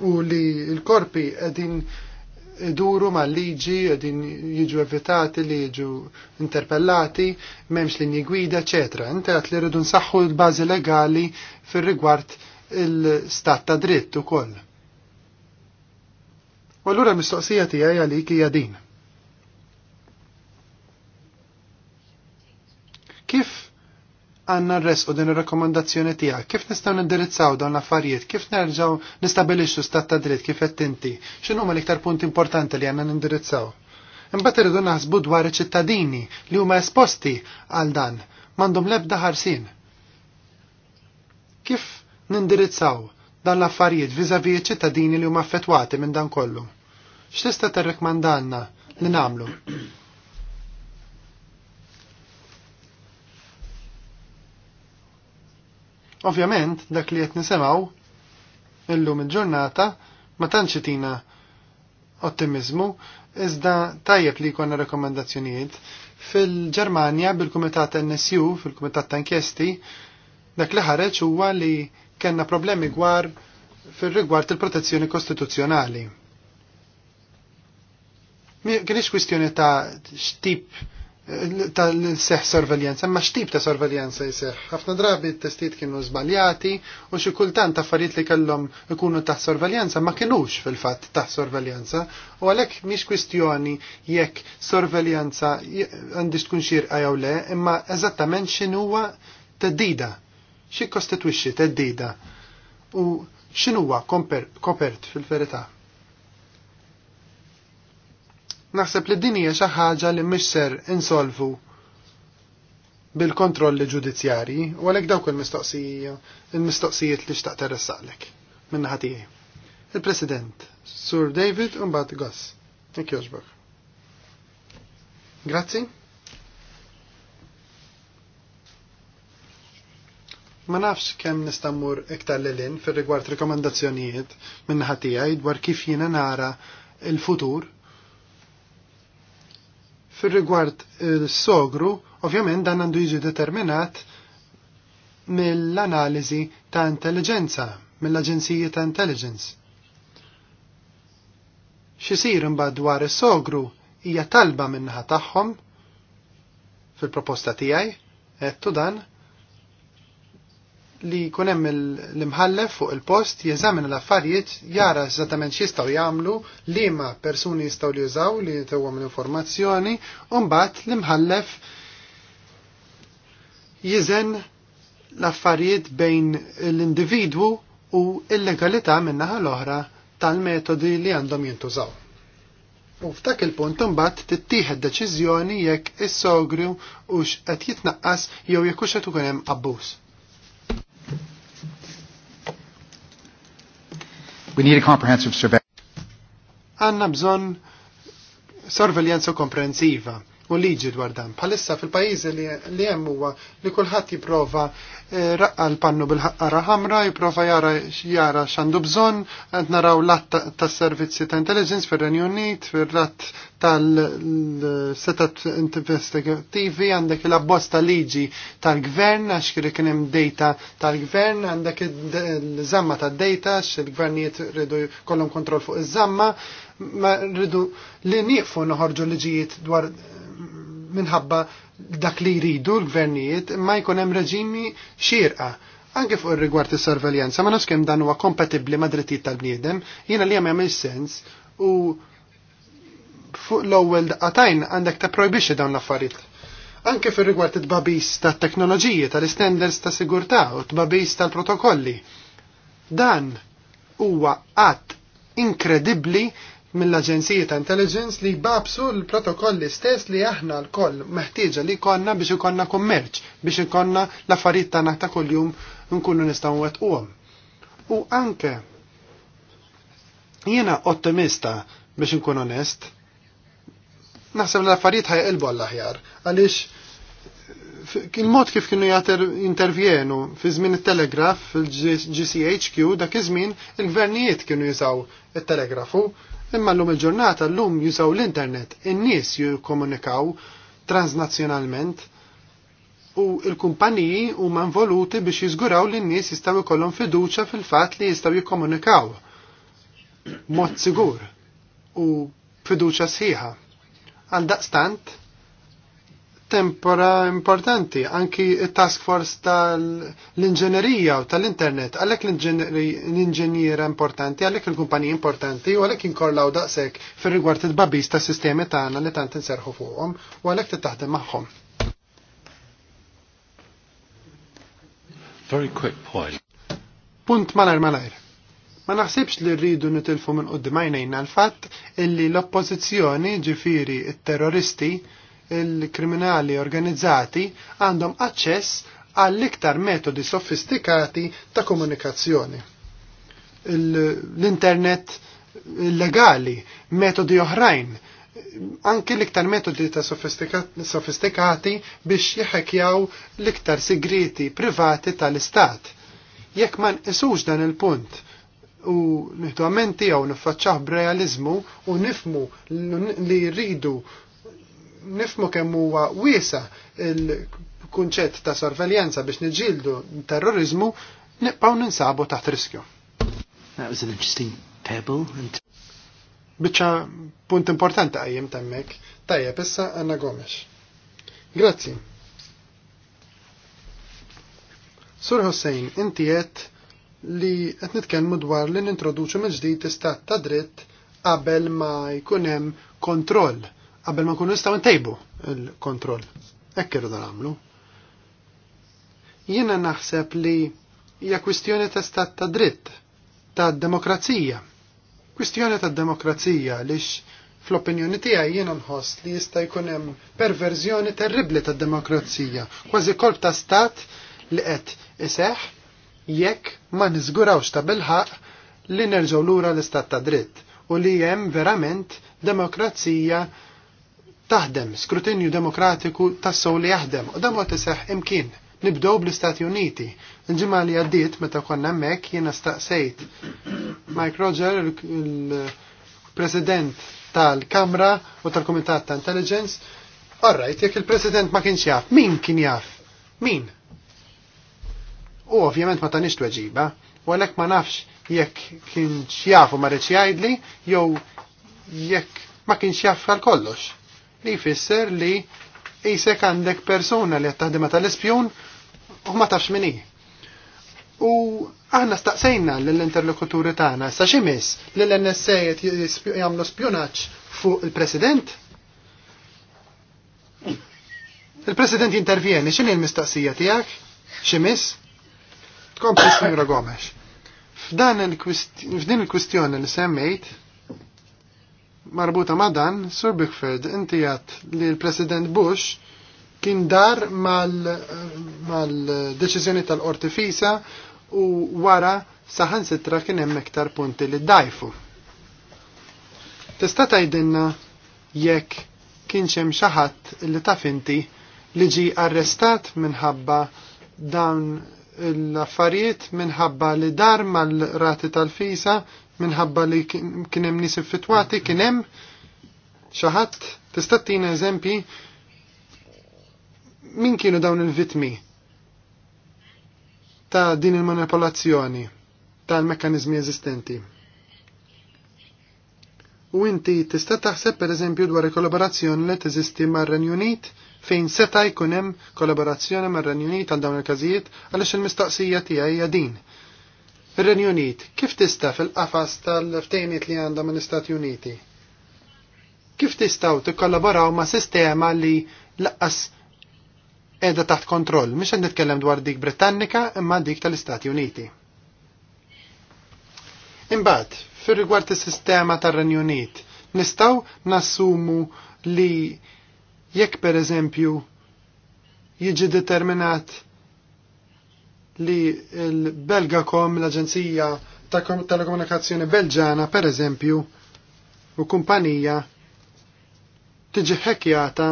u li l-korpi edin iduru ma' liġi edin jiġu evitati li jiġu interpellati memx li gwida ċetra. Inti għat li rridu saħħu l-bazi legali fil rigward il-stat ta' dritt u koll. U l-ura mistoqsija tijaj għalik hija din Kif għanna res u din il-rekomandazzjoni tija, kif nistaw nindirizzaw dawn l-affarijiet, kif nerġaw nistabilixu stat ta' dritt, kif tinti, xinu ma l-iktar punt importanti li għanna nindirizzaw. Imbat irridu naħsbu dwar ċittadini li huma esposti għal dan, mandum lebda ħarsin. Kif nindirizzaw dan l-affarijiet vizavi ċittadini li huma affettwati minn dan kollu? X'tista' tirrekmandanna li namlu? Ovvjament, dak li qed nisimgħu illum il-ġurnata ma tantx ottimizmu, iżda tajjeb li jkollna rekomendazzjonijiet. Fil-Ġermanja bil-Kumitat NSU, fil-Kumitat ta' Inkjesti, dak li ħareġ huwa li kellna problemi gwar fil-rigward il-protezzjoni kostituzzjonali. Kienx kwistjoni ta' x'tip tal-seħ sorveljanza, ma xtib ta' sorveljanza jiseħ. ħafna drabi t-testijiet kienu zbaljati u xi kultant affarijiet li kellhom ikunu ta' sorveljanza ma kienux fil-fatt ta' sorveljanza u għalhekk mhix kwistjoni jekk sorveljanza għandix tkun xir għajaw le, imma eżattament x'inhuwa teddida, xi t-dida u x'inhuwa kopert fil-verità. Naħseb li din hija xi ħaġa li mhix ser insolvu bil-kontrolli ġudizzjarji u għalhekk dawk il-mistoqsija il-mistoqsijiet li xtaq terressaqlek minn ħatijie. Il-President, Sur David Umbad Goss. Jekk jogħġbok. Grazzi. Ma nafx kemm nista' mmur iktar lilin fir-rigward rekomandazzjonijiet minn ħatijaj dwar kif jiena nara il-futur Fil-rigward il-sogru, ovvjament dan għandu jiġi determinat mill-analizi ta' intelligenza, mill-aġenziji ta' intelligence. Xisir imbad dwar is-sogru hija talba minnaħa tagħhom fil-proposta tiegħi, għettu dan, li kunem l-imħallef fuq il-post jeżamina l-affarijiet jara eżattament x'jistgħu jagħmlu liema persuni jistgħu li jużaw li jtewhom l-informazzjoni u mbagħad l-imħallef jiżen l-affarijiet bejn l-individwu u l-legalità min-naħa l-oħra tal-metodi li għandhom jintużaw. U f'dak il-punt imbagħad tittieħed deċiżjoni jekk is-sogru hux qed jitnaqqas jew jekk hux qed ikun hemm abbuż. We need a comprehensive surveillance. Għanna bżon sorveljanza komprensiva u liġi dwar dan. Palissa fil-pajizi li hemm li kullħat jiprofa Eh, raqqa l-pannu bil-ħaqqara ħamra, jiprofa jara jara xandu bżon, għed naraw l-att ta' servizzi ta' intelligence fir renju Unit, fir rat tal-setat investigativi, għandek il-abbosta liġi tal-gvern, għax kiri kienem data tal-gvern, għandek il-zamma ta' data, għax il-gvernijiet rridu kollum kontrol fuq iż-zamma, ma rridu li nieqfu noħorġu liġijiet dwar minħabba dak li jridu l-gvernijiet ma jkun hemm reġimi xirqa. Anke fuq ir-rigward is-sorveljanza ma nafx kemm dan huwa kompatibbli ma' drittijiet tal-bniedem, jiena li hemm jagħmel sens u fuq l-ewwel daqatajn għandek ta' projbixxi dawn l-affarijiet. Anke fir-rigward it-tbabis tat-teknoloġiji, tal-standards ta' sigurtà u tbabis tal-protokolli. Dan huwa qatt inkredibbli mill aġenzija ta' Intelligence li babsu l-protokolli stess li aħna l-koll meħtieġa li konna biex ikonna kummerċ, biex ikonna l-affarijiet tagħna ta' kuljum nkunu nistgħu wettquhom. U anke jiena ottimista biex nkun onest, naħseb l-affarijiet ħajqilbu għall-aħjar għaliex il-mod kif kienu jater intervjenu fi żmien it-telegraf fil-GCHQ dak iż-żmien il-gvernijiet kienu jużaw it-telegrafu Imma l-lum il-ġurnata l-lum jużaw l-internet, in-nies jikkomunikaw transnazzjonalment u l-kumpaniji huma voluti biex jiżguraw li n-nies jistgħu jkollhom fiduċja fil-fatt li jistgħu jikkomunikaw mod sigur u fiduċja sħiħa. Għal daqstant, tempora importanti, anki task force tal-inġenerija u tal-internet, għalek l-inġenjera importanti, għalek il-kumpanija importanti, u għalek inkorlaw daqsek fil rigward il-babis ta' sistemi tagħna li tant inserħu fuqhom, u għalek tittaħdem magħhom. Very quick point. Punt malajr malajr. Ma naħsibx li rridu nitilfu minn qoddim għajnejna l-fatt illi l-oppozizjoni ġifiri il-terroristi il il terroristi il-kriminali organizzati għandhom aċċess għall-iktar metodi sofistikati ta' komunikazzjoni. L-internet legali, metodi oħrajn, anki l-iktar metodi ta' sofistikati biex jħekjaw l-iktar sigriti privati tal-istat. Jekk man isux dan il-punt, u nħidu għamenti għaw nifacċaħ b-realizmu u nifmu li rridu nifmu kemm huwa wiesa il-kunċett ta' sorveljanza biex niġildu terrorizmu nibqgħu ninsabu taħt riskju. That was an interesting pebble. And... Biċċa punt importanti qajjem temmek. Tajjeb issa Anna Gomes. Grazzi. Sur Hossein, inti qed li qed nitkellmu dwar li nintroduċu mill-ġdid istat ta' dritt qabel ma jkun hemm kontroll qabel ma nkunu nistgħu ntejbu il-kontroll. Hekk irridu nagħmlu. Jiena naħseb li hija kwistjoni ta' stat ta' dritt, ta' demokrazija. Kwistjoni ta' demokrazija lix fl-opinjoni tiegħi jiena nħoss li jista' jkun hemm perverżjoni terribli tad demokrazija, kważi kolb ta' stat li qed iseħħ jekk ma niżgurawx ta' bilħaq li nerġgħu lura l-istat ta' dritt u li hemm verament demokrazija taħdem skrutinju demokratiku tassow li jaħdem u damu tiseħ imkien. Nibdow bl-Istati Uniti. Nġimma li għaddit meta konna mek jena staqsejt. Mike Roger, il-president tal-Kamra u tal-Komitat ta' Intelligence, orrajt, jekk il-president ma kienx jaf, min kien jaf? Min? U ovvjament ma tanix tweġiba, u għalek ma nafx jekk kienx jafu ma reċi jgħidli, jew jekk ma kienx jaf għal kollox li jfisser li jisek għandek persona li għattaħdima tal-espjon u ma tafx minni. U aħna staqsejna l-interlokuturi tagħna sa ximis li l-NSA jagħmlu spjunaġġ fuq il-President? Il-President jintervjeni, x'inhi l-mistaqsija tiegħek? Ximis? Tkompli Sinjura Gomes. F'dan il-kwistjoni li semmejt, marbuta ma' dan, Sur Bickford, inti għat li l-President Bush kien dar mal-deċizjoni mal tal-qorti fisa u wara saħan sitra kien hemm iktar punti li dajfu. Tista' tgħidilna jekk kien hemm xi ħadd li taf inti li ġi arrestat minħabba dawn l-affarijiet minħabba li dar mal-rati tal-fisa minħabba li kien hemm nies iffitwati, kien hemm xi ħadd tista' tina eżempji min kienu dawn il-vitmi ta' din il-manipolazzjoni tal-mekkaniżmi eżistenti. U inti tista' taħseb pereżempju dwar il-kollaborazzjoni li teżisti mar-Renju Unit fejn seta' jkun hemm kollaborazzjoni mar-Renju Unit għal dawn il-każijiet għaliex il-mistoqsija tiegħi hija din Ir-Renju Unit, kif tista' fil-qafas tal ftejniet li għandha minn Istati Uniti? Kif tistaw tikkollaboraw ma' sistema li laqqas edha taħt kontroll, mhux qed nitkellem dwar dik Britannika imma dik tal-Istati Uniti. Imbagħad, fir-rigward is-sistema tar-Renju Unit, nistgħu nassumu li jekk pereżempju jiġi determinat li l-Belgacom, l-Aġenzija ta' Telekomunikazzjoni Belġana, per eżempju, u kumpanija tiġi ħekjata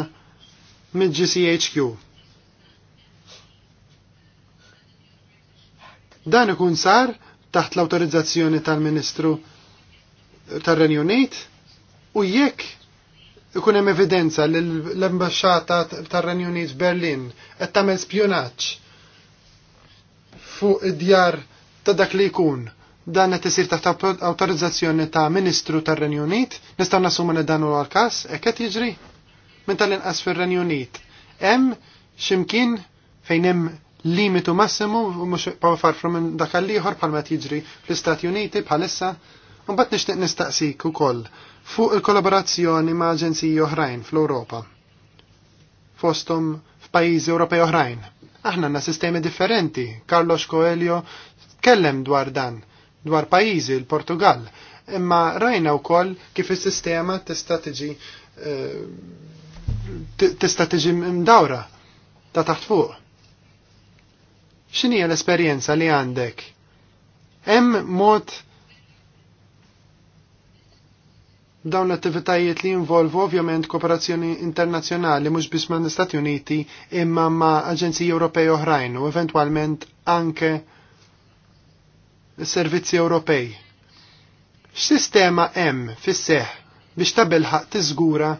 mill-GCHQ. Dan ikun sar taħt l-autorizzazzjoni tal-Ministru tar-Renju Unit u jekk ikun hemm evidenza li l-Ambasċata tar-Renju Unit Berlin qed tagħmel spjunaġġ fuq id-djar ta' dak li jkun dan qed isir taħt awtorizzazzjoni ta' Ministru tar-Renju Unit, nistgħu nassumu li dan huwa l-każ hekk qed jiġri minn tal-inqas fir-Renju Unit. Hemm x'imkien fejn hemm limitu massimu u mhux far from dak għal ieħor bħalma jiġri fl-Istati Uniti bħalissa. Mbagħad nixtieq nistaqsik ukoll fuq il-kollaborazzjoni ma' aġenziji oħrajn fl-Ewropa. Fosthom f'pajjiżi Ewropej oħrajn Aħna għandna sistemi differenti. Carlos Coelho tkellem dwar dan, dwar pajjiżi l-Portugal. Imma rajna wkoll kif is-sistema tista' tiġi eh, tista' tiġi mdawra ta' taħt fuq. X'inhi l-esperjenza li għandek? Hemm mod Dawn l-attivitajiet li jinvolvu ovvjament kooperazzjoni internazzjonali mhux biss ma' Stati istati Uniti imma ma' aġenziji Ewropej oħrajn u eventwalment anke servizzi Ewropej. X'sistema hemm fis-seħ biex tabelħaq tiżgura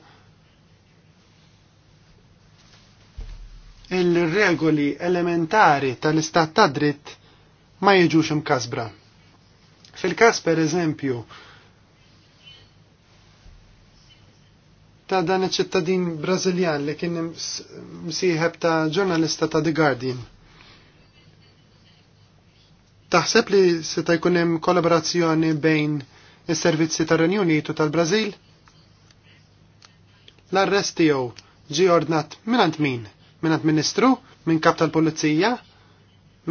il-regoli elementari tal-istat ta' dritt ma jiġux imkasbra. Fil-kas per eżempju ta' dan iċ-ċittadin Brażiljan li kien msieħeb ta' ġurnalista ta' The Guardian. Taħseb li seta' jkun hemm kollaborazzjoni bejn is-servizzi tar-Renju Unitu tal-Brażil? L-arrest tiegħu ġie ordnat mingħand min? Mingħand Ministru? Minn kap tal-Pulizija?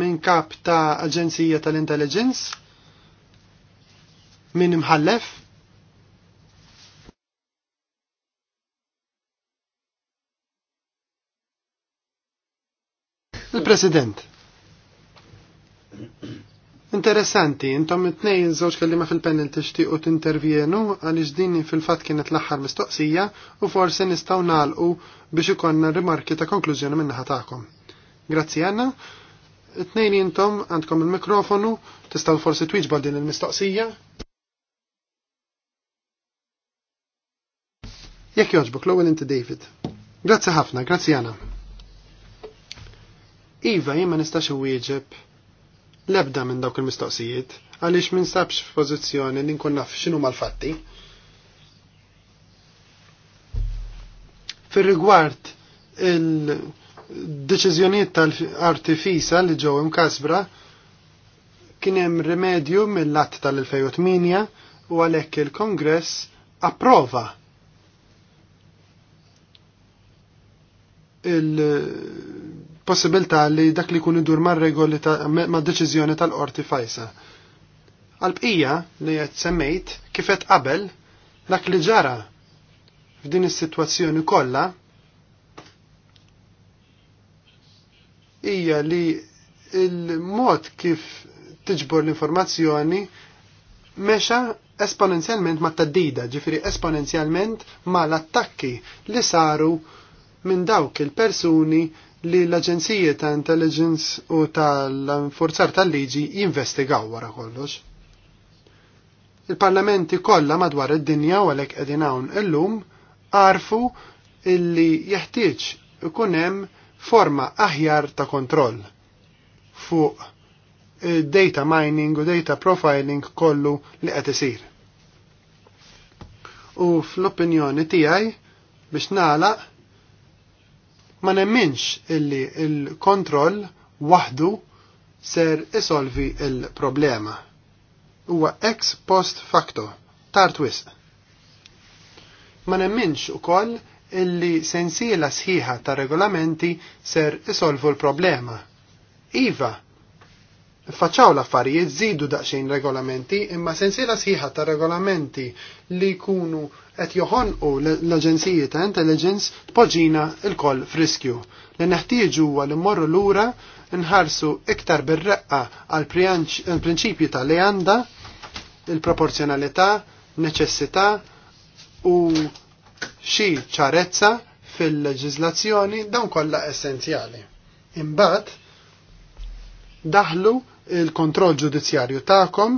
Minn kap ta' Aġenzija tal-Intelligence? Min imħallef? Il-President. Interessanti, intom it tnejn żewġ kellima fil-panel tixtiequ tintervjenu għaliex din fil-fatt kienet l-aħħar mistoqsija u forsi nistgħu nagħlqu biex ikollna rimarki ta' konklużjoni min-naħa tagħkom. Grazzi Anna. it tnejn intom għandkom il-mikrofonu, tistgħu forsi twiġbal din il-mistoqsija. Jekk jogħġbok l-ewwel inti David. Grazzi ħafna, grazzi Anna. Iva, jien ma nistax wieġeb lebda minn dawk il-mistoqsijiet, għaliex minn sabx f'pożizzjoni li nkun naf x'inhu mal-fatti. Fir-rigward il-deċiżjonijiet tal-artifisa li ġew imkasbra kien hemm rimedju mill-att tal-2008 u għalhekk il-Kongress approva il possibilità li dak li kun idur mar-regoli ma' deċiżjoni tal-qorti fajsa. Għalbqija li qed semmejt kifet qabel dak li ġara f'din is-sitwazzjoni kollha hija li il-mod kif tiġbor l-informazzjoni mexa esponenzjalment ma' taddida, ġifiri esponenzjalment ma' l-attakki li saru minn dawk il-persuni li l aġenzija ta' Intelligence u tal-Forzar tal-Liġi jinvestigaw wara kollox. Il-parlamenti kollha madwar id-dinja u għalhekk qegħdin hawn illum għarfu illi jeħtieġ ikun hemm forma aħjar ta' kontroll fuq data mining u data profiling kollu li qed isir. U fl-opinjoni tiegħi biex nagħlaq ma nemminx illi il-kontroll wahdu ser isolvi il-problema. Huwa ex post facto, tart wisq. Ma nemminx ukoll illi sensiela sħiħa ta' regolamenti ser isolvu l-problema. Iva, faċċaw l-affarijiet, zidu daqsxejn regolamenti, imma sensiela sħiħa ta' regolamenti li jkunu qed u l-Aġenziji ta' Intelligence poġina il koll friskju. Li neħtieġu huwa li mmorru lura nħarsu iktar bir-reqqa għal prinċipju ta' li il-proporzjonalità, neċessità u xi ċarezza fil-leġiżlazzjoni dawn kollha essenzjali. Imbagħad daħlu il-kontroll ġudizzjarju tagħkom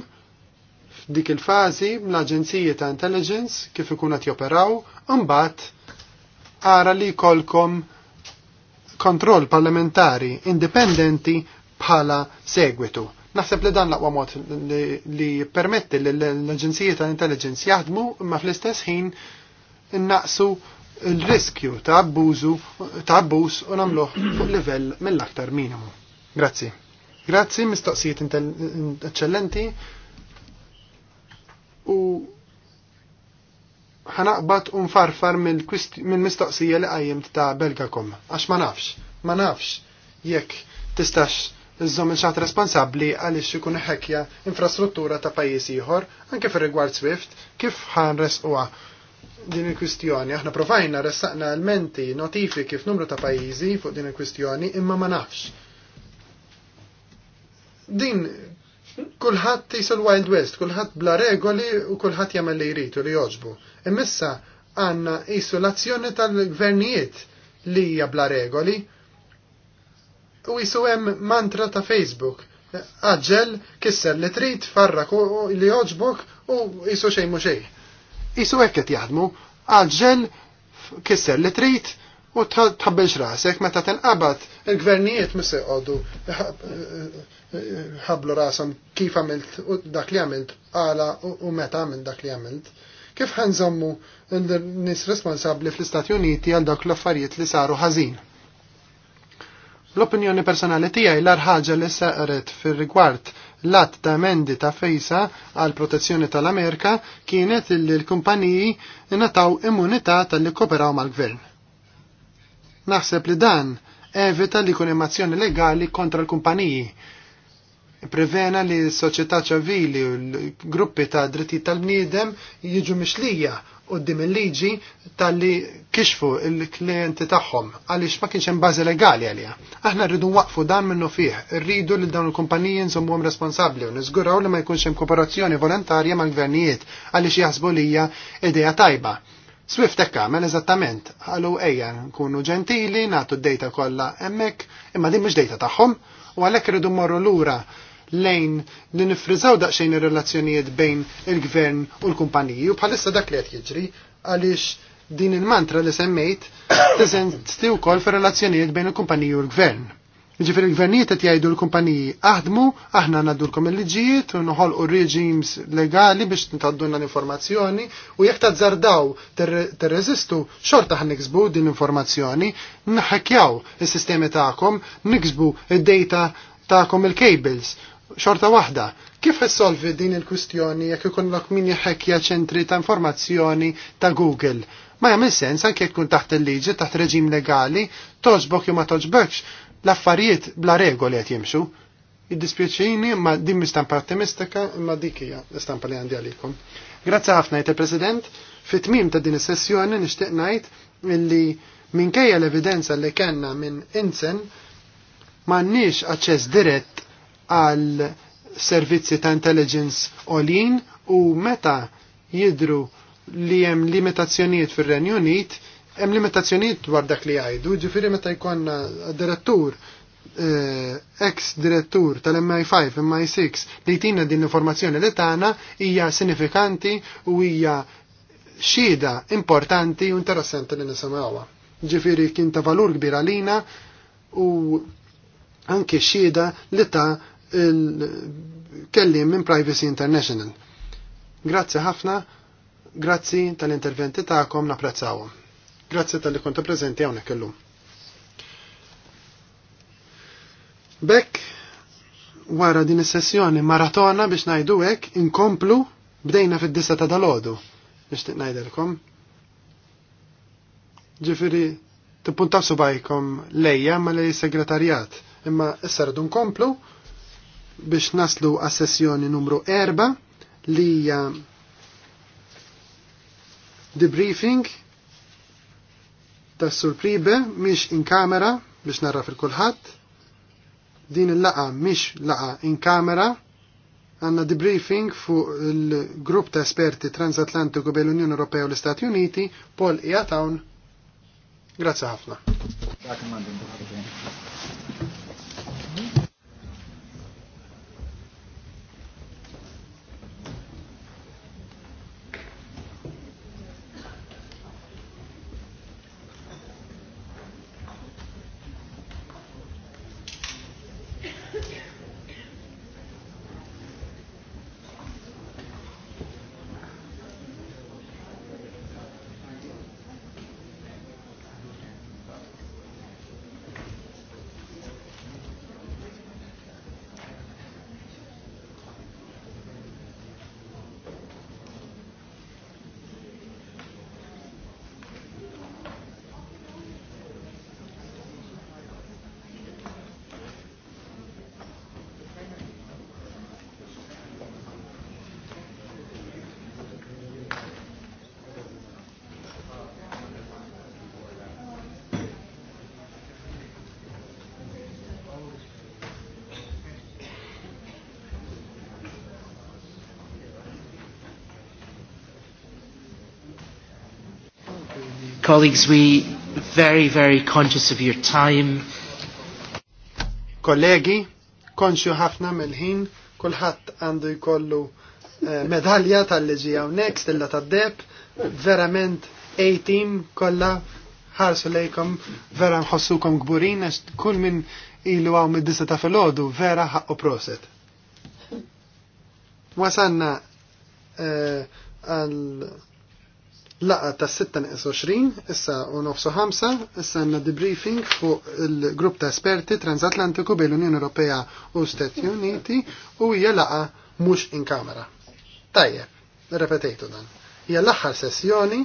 f'dik il-fażi mill-aġenziji ta' intelligence kif ikun qed joperaw imbagħad ara li jkollkom kontroll parlamentari indipendenti bħala segwitu. Naħseb li dan laqwa mod li permetti li l-aġenziji ta' intelligence jaħdmu imma fl-istess ħin innaqsu il-riskju ta' abbużu ta' abbuż u nagħmluh fuq livell mill-aktar minimu. Grazzi. Grazzi, mistoqsijiet eccellenti u ħanaqbad farfar mill-mistoqsija li għajjem ta' Belgakom, għax ma nafx, ma nafx jekk tistax iżżomm il-xaħat responsabbli għaliex ikun ħekja infrastruttura ta' pajjiż ieħor, anke fir-rigward Swift, kif ħanresquha din il-kwistjoni. Aħna provajna ressaqna notifi notifiki f'numru ta' pajjiżi fuq din il-kwistjoni, imma ma nafx din kulħadd jisal Wild West, kulħadd bla regoli u kulħadd jagħmel li jrid u li joġbu. Imissa għandna isolazzjoni l-azzjoni tal-gvernijiet li hija bla regoli u jisu hemm mantra ta' Facebook aġġel kisser li trid farrak li joġbok u jisu xejn mhu xejn. Isu hekk qed jaħdmu, aġġel kisser li trid u tħabbeġ rasek meta tinqabad il-gvernijiet mis jqogħdu eh, eh, eh, ħablu rashom kif għamilt u dak li għamilt għala u meta għamilt dak li għamilt. Kif ħanżommu n-nis responsabbli fl-Istati Uniti għal dak l-affarijiet li saru ħażin? L-opinjoni personali tiegħi l ħaġa li saqret fir-rigward l-att ta' emendi ta' fejsa għal protezzjoni tal-Amerika kienet li l-kumpaniji nataw immunità tal-li koperaw mal-gvern Naħseb li dan evita li kun emazzjoni legali kontra l-kumpaniji. Prevena li s-soċjetà ċavili u l-gruppi ta' dritti tal-bniedem jiġu mixlija qoddim il-liġi tal-li kixfu il-klienti tagħhom għaliex ma kienx hemm bażi legali għalija. Aħna rridu waqfu dan minnu fih, rridu li dawn il-kumpaniji nżommuhom responsabbli u niżguraw li ma jkunx hemm kooperazzjoni volontarja mal-gvernijiet għaliex jaħsbu li hija idea tajba Swift hekk għamel eżattament, għalu ejja nkunu ġentili, nagħtu d-data kollha hemmhekk, imma din mhux data tagħhom, u għalhekk morru mmorru lura lejn li nifrizaw daqsxejn ir-relazzjonijiet bejn il-gvern u l-kumpaniji u bħalissa dak li qed jiġri għaliex din il-mantra li semmejt tiżen wkoll fir-relazzjonijiet bejn il-kumpaniji u l-gvern. Ġifir il-gvernijiet qed jgħidu l-kumpaniji aħdmu, aħna naddulkom il-liġijiet u noħolqu reġims legali biex ntadduna l-informazzjoni u jekk tazzardaw terreżistu xorta ħan niksbu din l-informazzjoni, nħakjaw is-sistemi tagħkom, niksbu id-data tagħkom il-cables xorta waħda. Kif issolvi din il-kwistjoni jekk ikollok min jeħekja ċentri ta' informazzjoni ta' Google? Ma jagħmel sens anke jkun taħt il-liġi, taħt reġim legali, toġbok jew ma toġbokx L-affarijiet bla regoli qed jimxu. id dispieċini ma din mistampa ottimistika imma dik hija l-istampa li għandi għalikom. Grazzi ħafna jt president fit-tmim ta' din is-sessjoni nixtieq ngħid illi minkejja l-evidenza li kellna minn Insen m'għandniex aċċess dirett għal servizzi ta' intelligence olin u meta jidru li hemm limitazzjonijiet fir-Renju Unit hemm limitazzjonijiet dwar dak li jgħidu, ġifieri meta jkollna direttur eh, ex direttur tal-MI5, MI6 li jtina din informazzjoni li tagħna hija sinifikanti u hija xhieda importanti u interessanti li nisimgħuha. Ġifieri kien ta' valur kbir għalina u anke xhieda li ta' kellim minn Privacy International. Grazzi ħafna, grazzi tal-interventi tagħkom napprezzawhom. Grazzi tal-li konta prezenti għawna kellum. Bekk, wara din is-sessjoni maratona biex najdu hekk inkomplu bdejna fid-disa ta' dalodu. Nixtieq ngħidilkom. Ġifieri tippuntaw subajkom lejja ma lej segretarjat. Imma issa dun nkomplu biex naslu għas-sessjoni numru 4 li hija debriefing tas surpribe miex in kamera biex narra fil-kulħadd. Din il-laqa miex laqa in kamera. Għanna debriefing fuq il-grupp ta' esperti transatlantiku bejn l-Unjoni Ewropea u l-Istati Uniti, Paul Iatawn. Grazzi ħafna. Colleagues, we very, very conscious of your time. Kollegi, konxju ħafna mill-ħin, kulħadd għandu jkollu eh, medalja tal-liġi hawnhekk, stilla tad-deb, verament A-team kollha ħarsu lejkom vera nħossukom gburin għax kull minn ilu għaw mid-disa ta' filgħodu vera ħaqqu proset. Wasanna eh, għal uh, laqa ta' 26 issa u nofsu 5 issa għanna debriefing fuq il-grupp ta' esperti transatlantiku bejn l-Unjoni Ewropea u Stati Uniti u hija laqa mhux in kamera. Tajjeb, repetejtu dan. Hija l-aħħar sessjoni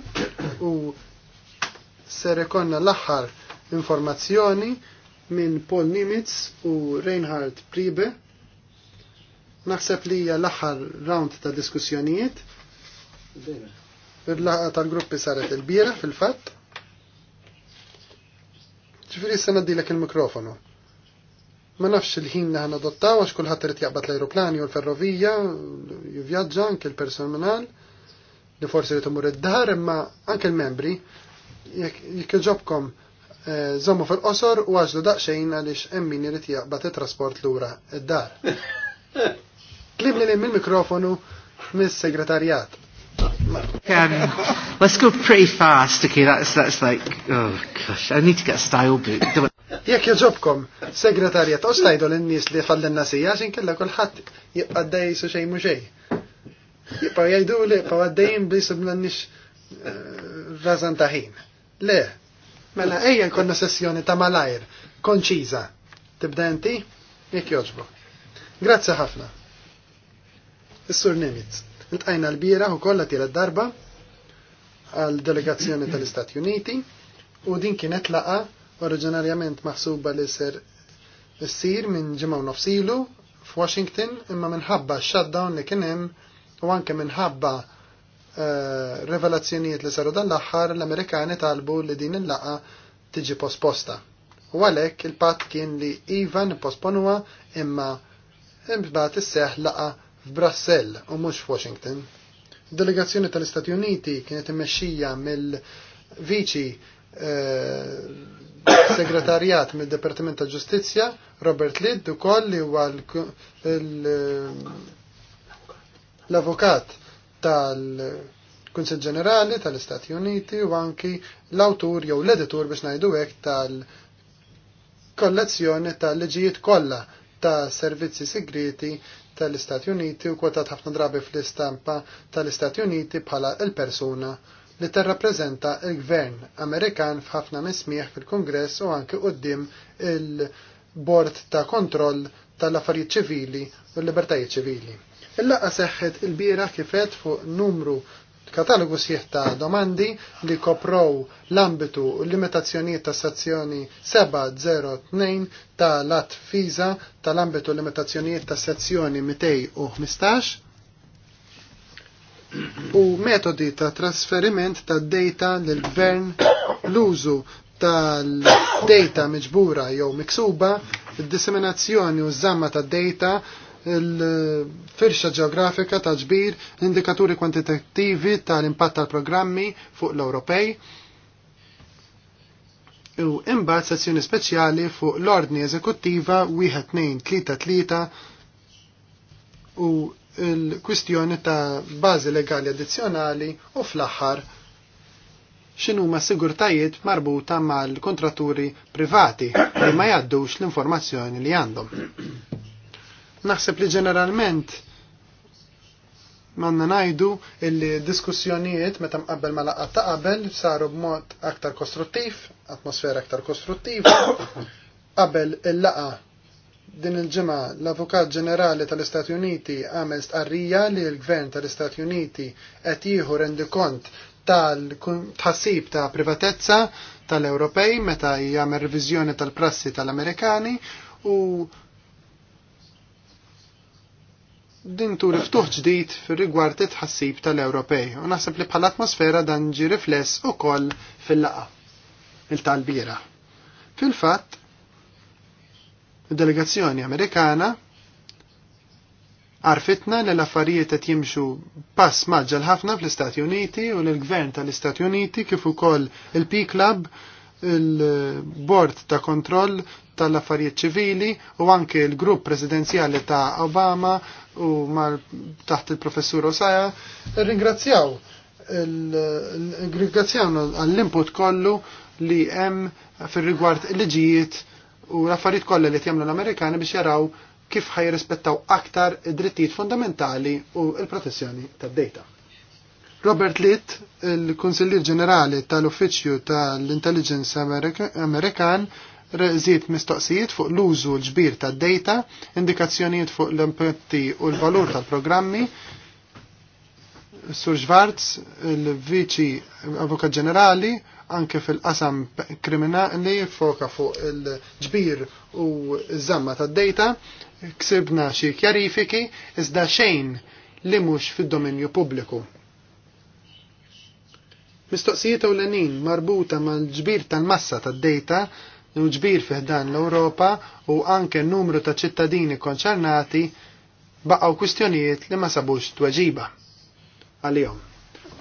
u ser ikonna l-aħħar informazzjoni minn Paul Nimitz u Reinhard Pribe. Naħseb li hija l-aħħar round ta' diskussjonijiet. Il-laqa tal-gruppi saret il-bira fil-fatt. ċifiri s-sena dilek il-mikrofonu. Ma nafx il-ħin li ħana għax kullħat irid jaqbad l-aeroplani u l-ferrovija, jivvjaġġa anke l-personal li forsi rrit umur id-dar imma anke l-membri jekk ġobkom Zommu eh, fil-qosor u għaxdu daqsxejn għaliex hemm min irid jaqbad it-trasport lura id-dar. Klibni li mill-mikrofonu mis-segretarjat. Um, let's go pretty fast, okay, that's, that's like, oh gosh, I need to get a style book. Jek joġobkom, segretarja ta' ostajdu l-nis li fallin nasija, xin kella kullħat jibqa d dej su xej muxej. Jibqa jajdu li jibqa għaddejn bli sublannix eh, razan taħin. Le, mela ejja konna sessjoni ta' malajr, konċiza. Tibda inti? Jek joġbok. Grazie ħafna. Is-sur Nemitz. Ntqajna l-bira u kolla tira darba għal delegazzjoni tal-Istati Uniti u din kienet laqa oriġinarjament maħsuba li ser issir minn ġimaw nofsilu f'Washington imma minħabba shutdown li kien hemm u anke minħabba eh, revelazzjonijiet li saru dan l-aħħar l-Amerikani talbu li din il-laqa tiġi posposta. U għalhekk il pat kien li Ivan posponua imma imbagħad seħ laqa' f'Brassell u mhux f'Washington. Delegazzjoni tal-Istati Uniti kienet imexxija mill-viċi eh, segretarjat mill departiment ta' Ġustizzja, Robert Lidd, ukoll li huwa l-avukat tal-Kunsill Ġenerali tal-Istati Uniti u anki l-awtur jew l-editur biex ngħidu hekk tal-kollezzjoni tal-liġijiet kollha ta' servizzi segreti tal-Istati Uniti u kwotat ħafna drabi fl-istampa tal-Istati Uniti bħala il-persuna li tarrappreżenta il-Gvern Amerikan f'ħafna mismieħ fil-Kongress u anke qudiem il-Bord ta' Kontroll tal-Affarijiet Ċivili u l-Libertajiet Ċivili. il seħħet il-bira kifet fuq numru Katalogu sieħ ta' domandi li koprow l-ambitu u limitazzjonijiet ta' sezzjoni 702 ta' lat fiza tal-ambitu limitazzjonijiet ta' sezzjoni 215 u metodi ta' trasferiment ta' data l-gvern l-użu tal-data miġbura jew miksuba, id-disseminazzjoni u żamma ta' data il-firxa ġeografika ta' ġbir, indikaturi kwantitattivi tal-impatt tal-programmi fuq l-Ewropej, u imbagħad sezzjoni speċjali fuq l-ordni eżekuttiva 1233 u l-kwistjoni ta' bażi legali addizzjonali u fl-aħħar xinu ma sigurtajiet marbuta mal-kontraturi privati li ma jaddux l-informazzjoni li għandhom. Naħseb li ġeneralment manna najdu illi diskussjonijiet meta mqabbel ma laqgħat ta' qabel saru b'mod aktar kostruttiv, atmosfera aktar kostruttiva. Qabel il-laqa din il-ġimgħa l-Avukat Ġenerali tal-Istati Uniti għamel stqarrija li l-Gvern tal-Istati Uniti qed jieħu rendikont tal-tħassib ta' privatezza tal-Ewropej meta jagħmel reviżjoni tal-prassi tal-Amerikani u din tur ftuħ ġdid fir-rigward it-ħassib tal-Ewropej u naħseb li bħala atmosfera dan ġi rifless ukoll fil-laqa il-talbira. Fil-fatt, id delegazzjoni Amerikana Arfitna li l-affarijiet qed jimxu pass maġġel ħafna fl-Istati Uniti u l-Gvern tal-Istati Uniti kif ukoll il-P-Club il-Bord ta' Kontroll tal-Affarijiet Ċivili u anke l-Grupp Presidenzjali ta' Obama u mal taħt il-Professur Osaja ringrazzjaw ringrazzjaw għall-input kollu li hemm fil rigward liġijiet u l-affarijiet kollha li jagħmlu l-Amerikani biex jaraw kif ħajrispettaw aktar id-drittijiet fundamentali u l-protezzjoni tad-dejta. Robert Litt, il-Konsillir Ġenerali tal-Uffiċju tal-Intelligence Amerikan, reżiet mistoqsijiet fuq l-użu l-ġbir ta' data, indikazzjonijiet fuq l-impetti u l-valur tal-programmi. Sur Schwarz, il-Viċi Avokat Ġenerali, anke fil-qasam kriminali foka fuq il-ġbir u zamma ta' data, ksibna xie kjarifiki, iżda xejn li mhux fid-dominju pubbliku. Mistoqsijiet ewlenin marbuta mal-ġbir tal-massa tad-data u ġbir fiħdan l-Ewropa u anke n-numru ta' ċittadini konċernati baqgħu kwistjonijiet li ma sabux tweġiba għalihom.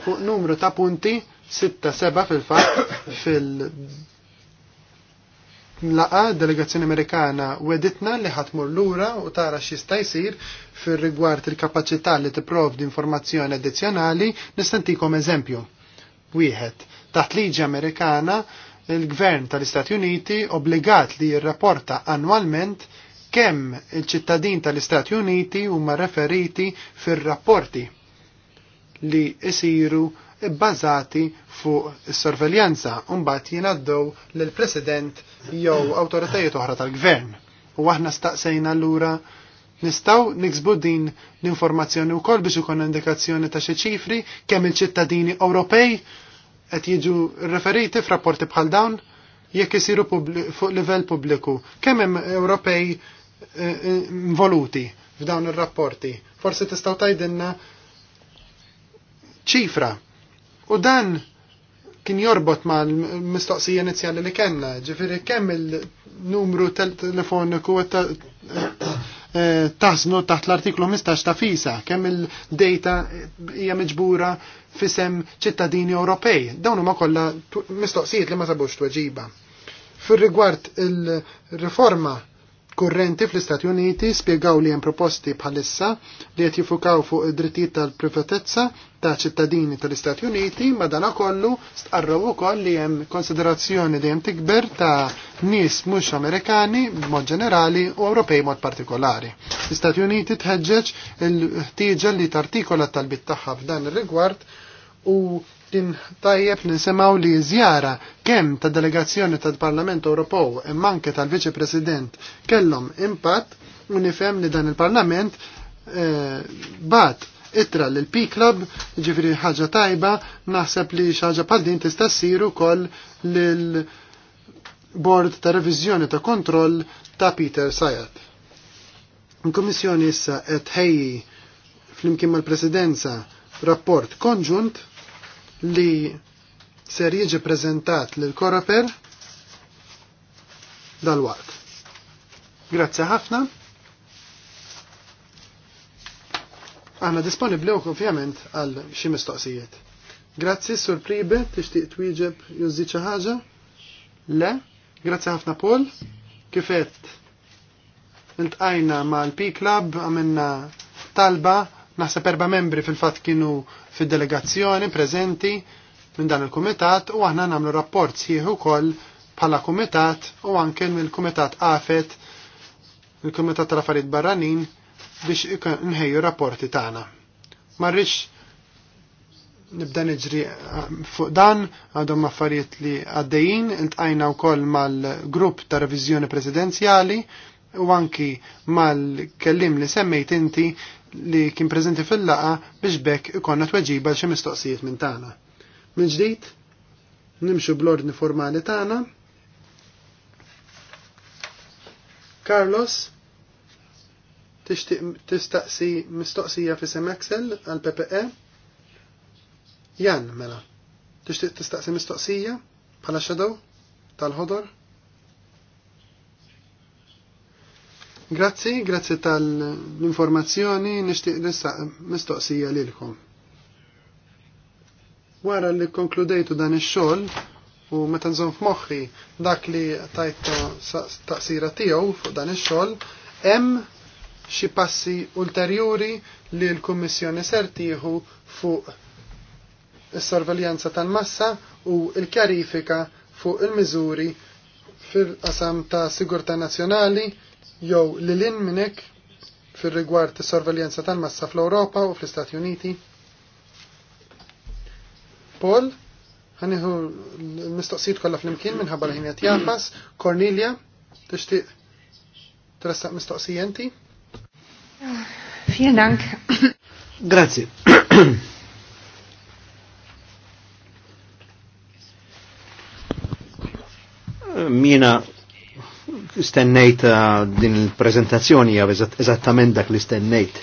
Fuq numru ta' punti 6-7 fil-fatt fil laqa delegazzjoni Amerikana weditna li ħatmur lura u tara x'jista' jsir fir-rigward il-kapaċità li tipprovdi informazzjoni addizzjonali nistantikom eżempju wieħed. Taħt liġi Amerikana, il-Gvern tal-Istati Uniti obbligat li jirrapporta annwalment kemm il-ċittadin tal-Istati Uniti huma referiti fir-rapporti li isiru bbażati fuq is-sorveljanza u mbagħad jingħaddew lill-President jew awtoritajiet oħra tal-Gvern. U aħna staqsejna allura Nistaw niksbu din l-informazzjoni u kol biex ikun indikazzjoni ta' xi ċifri kemm il-ċittadini Ewropej qed jiġu referiti f'rapporti bħal dawn jekk isiru fuq livell pubbliku. Kemm hemm Ewropej eh, eh, involuti f'dawn ir-rapporti. Forsi tistgħu tgħidilna ċifra. U dan kien jorbot ma l-mistoqsija inizjali li kellna, ġifiri kemm il-numru telefoniku Eh, taħsnu taħt l-artiklu 15 ta' fisa kemm il-data hija miġbura fisem ċittadini Ewropej. Dawn huma kollha mistoqsijiet li ma sabux tweġiba. Fir-rigward il-riforma kurrenti fl-Istati Uniti spiegaw li hemm proposti bħalissa li qed jifukaw fuq id-drittijiet tal-privatezza ta' ċittadini tal-Istati Uniti, madanakollu stqarraw koll li hemm konsiderazzjoni dejjem tikber ta' nies mhux Amerikani b'mod ġenerali u Ewropej mod partikolari. L-Istati Uniti tħeġġeġ il-ħtieġa li tartikola tal-bit tagħha f'dan ir-rigward u Din tajjeb ninsemaw li żjara kemm ta' delegazzjoni tal-Parlament Ewropew imma anke tal-Viċi President kellhom impatt u nifhem li dan il-Parlament eh, bat itra l p Club, ġifri ħaġa tajba, naħseb li xaġa pal din tista' ssiru kol l-Bord ta' Revizjoni ta' Kontroll ta' Peter Sayat. il komissjoni issa qed ħejji flimkien mal-Presidenza rapport konġunt li ser jiġi prezentat lil koraper dal wart Grazzi ħafna. Għanna disponibli u ovvjament għal xi mistoqsijiet. Grazzi, Surpribe, Pribe, tixtieq twieġeb jużi xi ħaġa? Le, grazzi ħafna Paul. Kifet intqajna mal-P Club għamilna talba Naħseb erba membri fil-fatt kienu fid-delegazzjoni preżenti minn dan il-kumitat u aħna nagħmlu rapport sieħu ukoll bħala kumitat u anke mill-kumitat għafet il-kumitat tal-affarijiet barranin biex nħejju rapporti tagħna. Marriċ nibda nġri eh, fuq dan, għadhom affarijiet li għaddejjin, iltqajna wkoll mal-grupp ta' revizjoni presidenzjali u anki mal-kellim li semmejt inti li kien preżenti fil-laqa biex bekk ikonna tweġiba xi mistoqsijiet minn tagħna. Minn ġdid, nimxu bl-ordni formali tagħna. Carlos, tistaqsi mistoqsija fi Excel għal PPE? Jan, mela, tixtieq tistaqsi mistoqsija bħala shadow tal-ħodor? Grazzi, grazzi tal-informazzjoni, nishtiq mistoqsija lilkom. Wara li konkludejtu dan ix-xogħol u meta nżomm f'moħħi dak li tajtu taqsira tiegħu fuq dan ix-xogħol, hemm xi passi ulterjuri li l-Kummissjoni ser tieħu fuq is-sorveljanza tal-massa u l-kjarifika fuq il-miżuri fil-qasam ta' sigurtà nazzjonali jew lilin minnek fil-rigward is-sorveljenza tal-massa fl-Ewropa u fl-Istati Uniti. Paul, għaniħu l-mistoqsijiet kollha flimkien minħabba l-ħin qed Cornelia, tixtieq tressaq mistoqsija inti? Vielen Dank. Grazie. Mina stennejt eh, din il-prezentazzjoni għav eżattament dak li stennejt.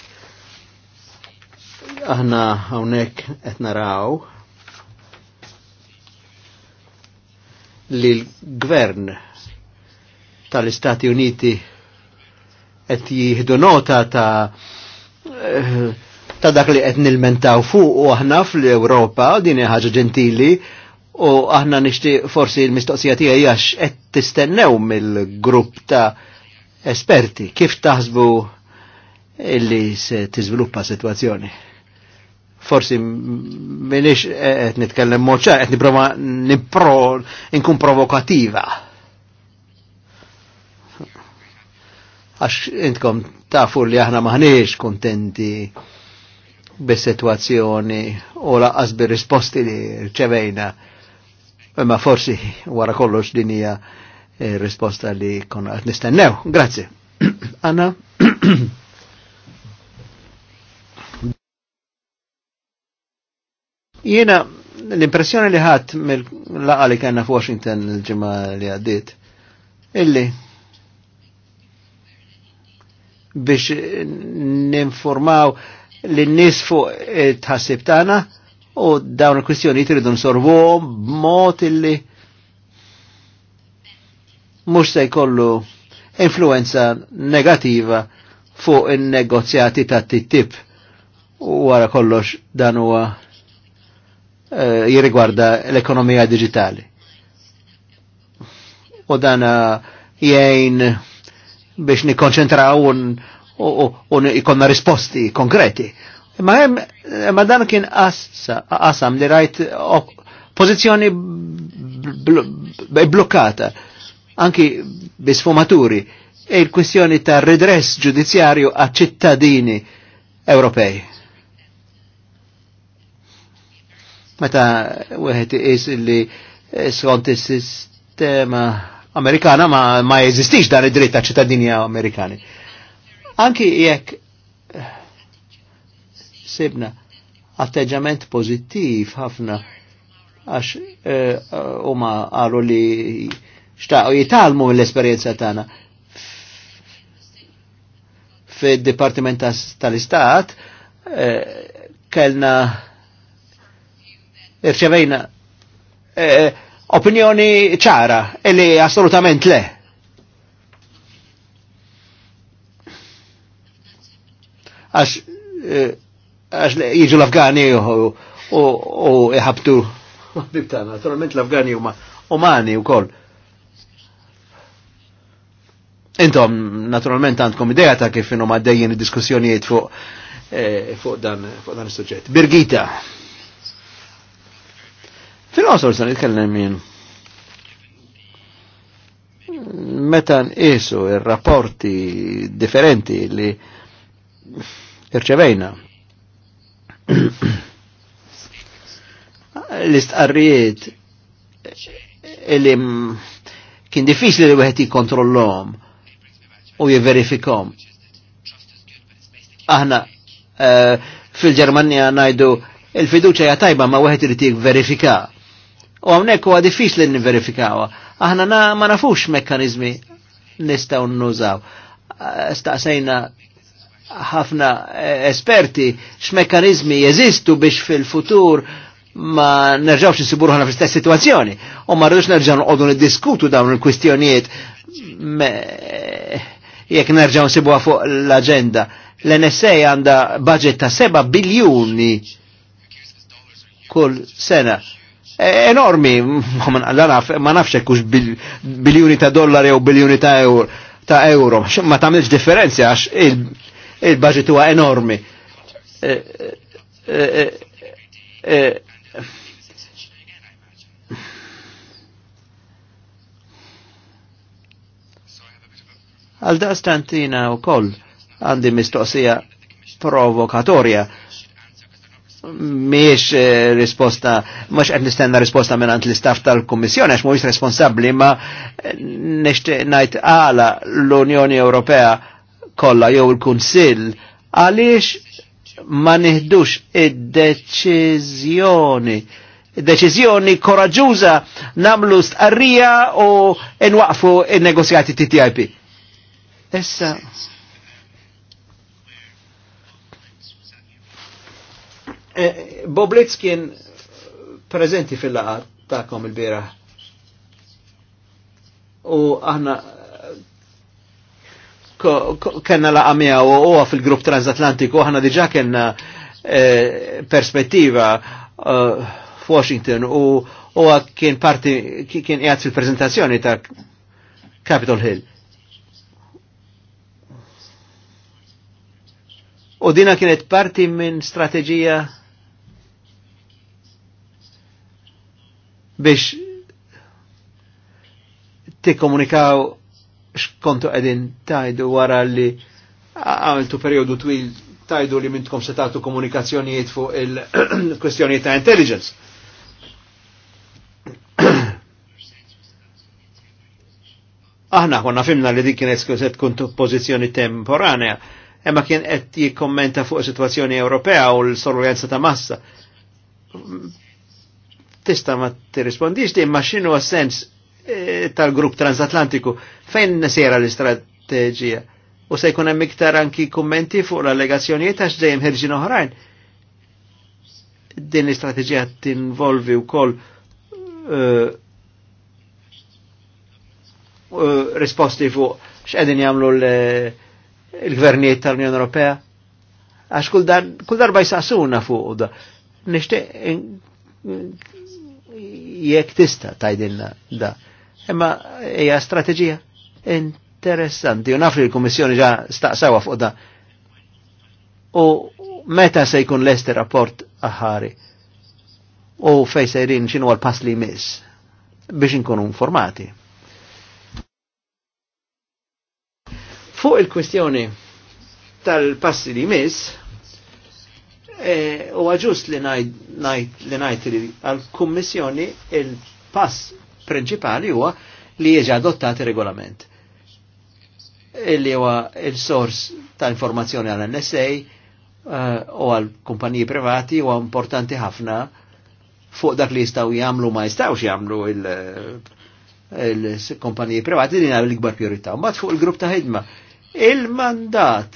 Aħna hawnhekk qed naraw li l-gvern tal-Istati Uniti qed jieħdu nota ta' eh, ta' dak li qed nilmentaw fuq u aħna fl-Ewropa din hija ħaġa ġentili u aħna nishti forsi l-mistoqsija tiegħi għax qed tistennew mill-grupp ta' esperti kif taħsbu illi se tiżviluppa situazzjoni. Forsi minix qed nitkellem moċa, qed nipprova nippro inkun provokativa. Għax intkom tafu li aħna maħniex kontenti bis-sitwazzjoni u laqqas bir-risposti li rċevejna ma forsi wara kollox din hija eh, risposta li konna qed nistennew. Grazzi. Anna. Jiena l-impressjoni li ħadd mill-laqa li kellna f'Washington il-ġimgħa li għaddiet illi biex ninformaw lin nies fuq tħassib tagħna u dawn il-kwistjoni tridu nsorvuhom b'mod illi mhux se jkollu influenza negativa fuq in-negozjati ta' TTIP u wara kollox dan huwa e, l-ekonomija digitali. U dan eh, jgħin biex nikkonċentraw u ikonna risposti konkreti Ma hemm ma dan kien qasam li rajt pożizzjoni blokkata anki bi sfumaturi e il-kwistjoni ta' redress ġudizzjarju għat ċittadini Ewropej. Meta wieħed is li e, skont is-sistema Amerikana ma, ma jeżistix dan id-dritt ta' ċittadini Amerikani. Anki jekk sibna atteġament pozittiv ħafna għax eh, eh, huma e, għalu li xtaqo jitalmu l esperienza tagħna fid-Dipartiment tal-Istat eh, kellna irċevejna opinjoni ċara li assolutament le. Għax jiġu l-Afgani u iħabtu bibtana. Naturalment l-Afgani huma umani kol. Intom naturalment għandkom ideja ta' kif inhom għaddejjin id-diskussjonijiet fuq eh, fuq dan il dan Birgita. Fil-qosor san jitkellem jien meta nqisu il rapporti differenti li irċevejna L-istqarrijiet li kien diffiċli li wieħed jikkontrollhom u jiverifikhom. Aħna eh, fil-Ġermanja ngħidu il-fiduċa hija tajba ma wieħed irid jikverifika. U hawnhekk huwa diffiċli li nivverifikawha. Aħna ma nafux mekkaniżmi nistgħu nnużaw. Eh, staqsejna ħafna eh, esperti x'mekkaniżmi jeżistu biex fil-futur ma nerġawx nsiburu ħana fl-istess situazzjoni. U ma rridux nerġaw nqogħdu niddiskutu dawn il-kwistjonijiet eh, jekk nerġaw nsibuha fuq l-aġenda. L-NSA għandha budget ta' 7 biljuni kull sena. E, enormi, ma nafx hekk biljuni ta' dollari u biljuni ta' euro ta' euro, ma tamilx differenzja għax il-budget huwa enormi. E, e, e, Għal daqstantina u koll għandi mistoqsija provokatorja miex risposta, mux għed nistenna risposta minn għant l-istaff tal-Kommissjoni, għax mux responsabli, ma nishtiq najt għala l-Unjoni Ewropea Kolla jew il-Kunsill għaliex ma nieħdux id-deċiżjoni deċiżjoni koraġuża namlu stqarrija u nwaqfu il-negozjati TTIP. Issa. Eh, Boblitz kien prezenti fil-laqa ta'kom il-bira. U aħna kena laqa miegħu u fil-grupp transatlantiku aħna diġà kena eh, perspettiva eh, f'Washington u huwa kien parti kien qiegħed fil-preżentazzjoni ta' Capitol Hill. U dina kienet parti minn strategija? biex tikkomunikaw xkontu għedin tajdu wara li għamiltu periodu twil tajdu li mintkom se tagħtu komunikazzjonijiet fuq il-kwestjonijiet ta' intelligence. Aħna konna fimna li dik kienet se tkun pożizzjoni temporanea, imma kien qed jikkommenta fuq situazzjoni Ewropea u l-sorveljanza ta' massa. Tista ma tirrispondix di, ma xinu sens E, tal-grupp transatlantiku. Fejn nesera l-istrateġija? U se jkun hemm iktar anki kummenti fuq l-allegazzjonijiet għax dejjem ħerġin oħrajn. Din l-istrateġija tinvolvi wkoll uh, risposti fuq x'qegħdin jagħmlu l-gvernijiet tal-Unjoni Ewropea. Għax kull darba jisaqsuna fuq da. Nixtieq jekk tista' tajdilna da imma hija strateġija interessanti. U nafri l-Kummissjoni ġa staqsawa fuq da. U meta se jkun lest rapport aħari? U fej sejrin xinu għal-pass li jmiss biex nkunu informati. Fuq il-kwestjoni tal-passi li jmiss, e, u għaġust li najt li għal-Kummissjoni il-pass prinċipali huwa li jiġi adottat regolament illi huwa il-sors ta' informazzjoni għal NSA eh, u għal kumpaniji privati huwa importanti ħafna fuq dak li jistaw jagħmlu ma jistawx jamlu il-kumpaniji privati li għal l-ikbar priorità. Mbagħad fuq il-grupp ta' ħidma. Il-mandat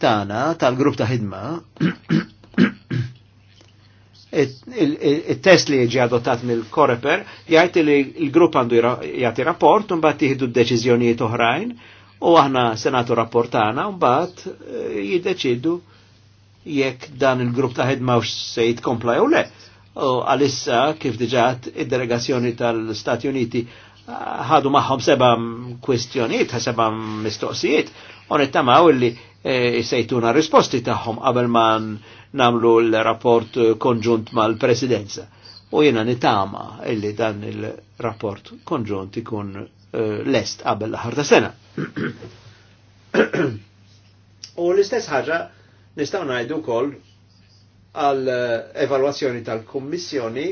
tagħna tal-grupp ta' ħidma il-test li ġi adottat mill-Koreper jgħajt li l-grupp għandu jagħti rapport bat jihdu d deċiżjonijiet oħrajn u aħna senatu rapportana un mbagħad eh, jiddeċidu jekk dan il-grupp ta' mawx se jitkompla jew le. Għalissa kif diġat id-delegazzjoni tal-Stati Uniti eh, ħadu maħħom seba kwestjoniet, seba mistoqsijiet, u nittamaw illi e, sejtuna risposti taħħom qabel ma namlu l-rapport eh, konġunt mal-presidenza. U jena nitama illi dan il-rapport konġunt ikun eh, lest qabel l-ħar ta' sena. U l-istess ħaġa nistaw najdu kol għal eh, evaluazzjoni tal-Kommissjoni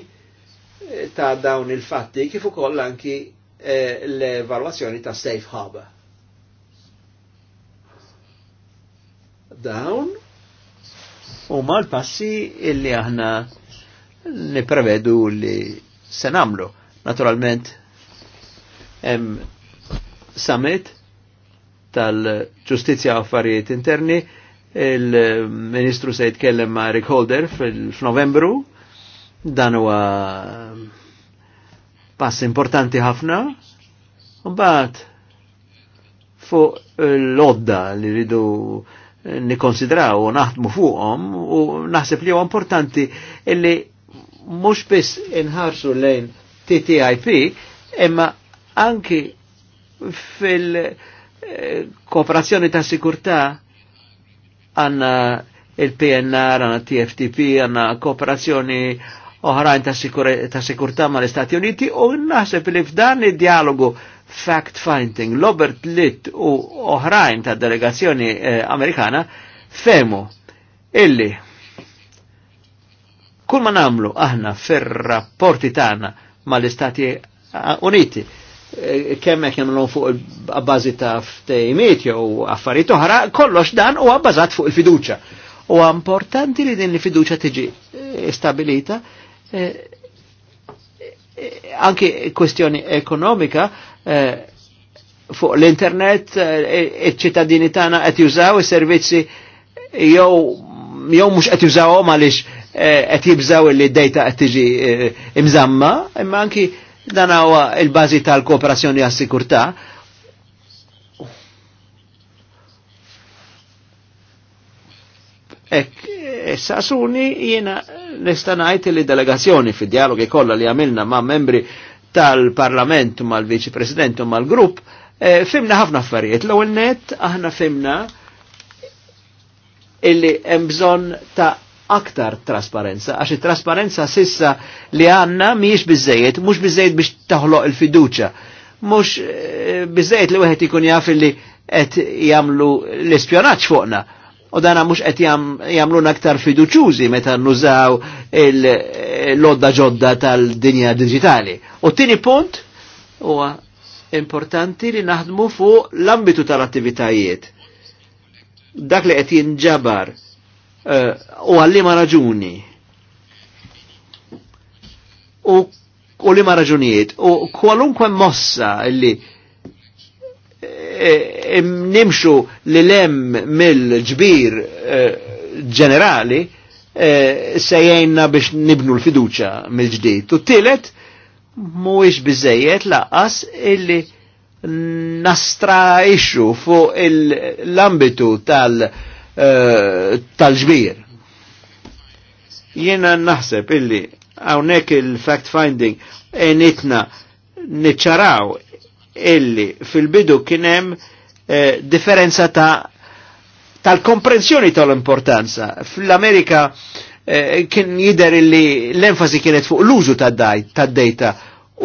ta' dawn il-fatti kif ukoll anki l evaluazzjoni ta' Safe Harbor. Dawn u l passi illi aħna niprevedu li se Naturalment, em summit tal-ġustizja affarijiet interni, il-ministru se jitkellem ma' Rick Holder f'Novembru, dan huwa pass importanti ħafna, u bat fuq l-odda li ridu nikonsidraw u naħdmu fuqhom u naħseb li huwa importanti illi mhux biss inħarsu lejn TTIP imma anki fil-kooperazzjoni eh, ta' sikurtà għanna il-PNR, għanna TFTP, għanna kooperazzjoni oħrajn ta' sikurtà ma' l-Istati Uniti u naħseb li f'dan id-dialogu fact-finding. Robert Litt u oħrajn ta' delegazzjoni eh, Amerikana femu illi kull ma namlu aħna fir-rapporti tagħna mal-Istati eh, Uniti eh, kemm hekk jagħmlu fuq bażi ta' ftejmiet jew affarijiet oħra, kollox dan huwa bbażat fuq il-fiduċja. U importanti li din il-fiduċja tiġi eh, stabilita anke kwestjoni ekonomika Eh, fuq l-internet eh, il ċittadini tana għet jużaw il servizzi jow jew mhux qed jużawhom għaliex għet eh, jibżaw li d-dejta għet tiġi imżamma, imma anki dan huwa il-bazi tal-kooperazzjoni għas sikurta Ek, sasuni jena nistanajt il delegazzjoni fid dialogi kolla li għamilna ma' membri tal-Parlament mal-Viċi President u mal-Grupp, e, fimna ħafna affarijiet. L-ewwel net aħna fimna illi hemm bżonn ta' aktar trasparenza, għax trasparenza sissa li għanna miex bizzejiet, mux bizzejiet biex taħloq il-fiduċa, mux e, bizzejiet li wieħed ikun jaf li qed jagħmlu l espionaċ fuqna u dana mux qed jagħmlu aktar fiduċjużi meta nużaw eh, l-odda ġodda tal-dinja digitali. U tini punt huwa importanti li naħdmu fuq l-ambitu tal-attivitajiet. Dak li qed jinġabar eh, u ma raġuni. U u li ma raġunijiet, u kwalunkwe mossa li E, e, nimxu li lem mill-ġbir e, ġenerali sejjajna biex nibnu l-fiduċa mill-ġdijt. U t-tilet, muwix bizzejiet laqqas illi nastraixxu fuq l-ambitu tal-ġbir. Jiena naħseb illi hawnhekk il-fact finding enitna niċċaraw illi fil-bidu kienem eh, differenza ta' tal-komprensjoni tal-importanza. Fl-Amerika eh, kien jider illi l-enfasi kienet fuq l-użu tad-data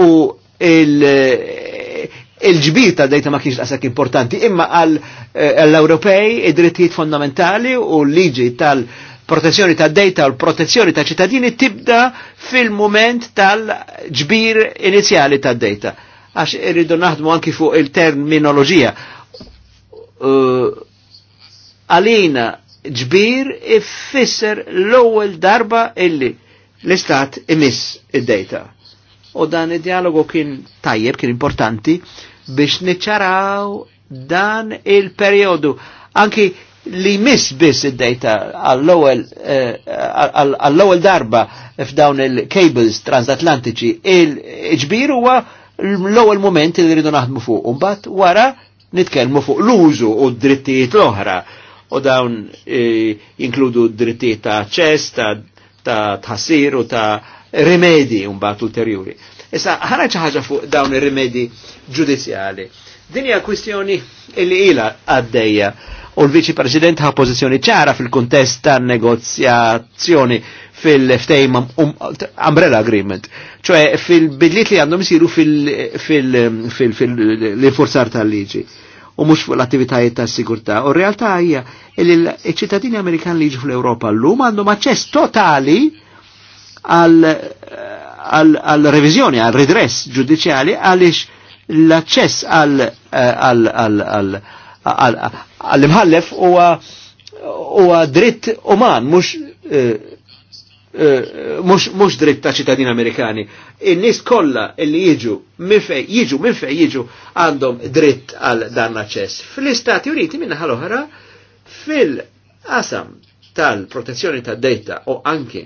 u eh, il-ġbir ta' dejta ma kienx qasak importanti, imma eh, għall-Ewropej id-drittijiet fondamentali u l-liġi tal-protezzjoni ta' data u l-protezzjoni ta' ċittadini tibda fil-moment tal-ġbir inizjali ta' dejta għax irridu naħdmu anki fuq il-terminoloġija. Għalina uh, ġbir ifisser l-ewwel darba illi l-istat imiss id-dejta. U dan id-dialogu kien tajjeb, kien importanti biex niċċaraw dan il-periodu. Anki li miss biss id-data għall-ewwel eh, darba f'dawn il-cables transatlantiċi il-ġbir huwa l-ewwel moment li rridu naħdmu fuq, u mbagħad wara nitkellmu fuq l-użu u d-drittijiet l-oħra. U dawn e, jinkludu d-drittijiet ta' ċess, ta' tħassir u ta' rimedi mbagħad ulterjuri. Issa ħana ħaġa fuq dawn ir-rimedi ġudizzjali. Din hija kwistjoni li ila għaddejja u l-Viċi President ħa pożizzjoni ċara fil-kuntest ta' negozjazzjoni fil-ftejm um, umbrella agreement, ċoħe fil-bidliet li għandhom jisiru fil-forzar tal-liġi u mux fuq l-attivitajiet ta' sigurtà U realtà hija li l-ċittadini Amerikan li fil fl l llum għandhom aċċess totali għal revizjoni, għal redress ġudiċjali għaliex l-aċċess għall-imħallef huwa dritt uman, mhux eh, Eh, mux dritt ta' ċittadini Amerikani. In-nies kollha li jiġu minn jiġu minn jiġu għandhom dritt għal dan l-aċċess. Fl-Istati Uniti minna ħal-oħra fil-qasam tal-protezzjoni tad-dejta u anke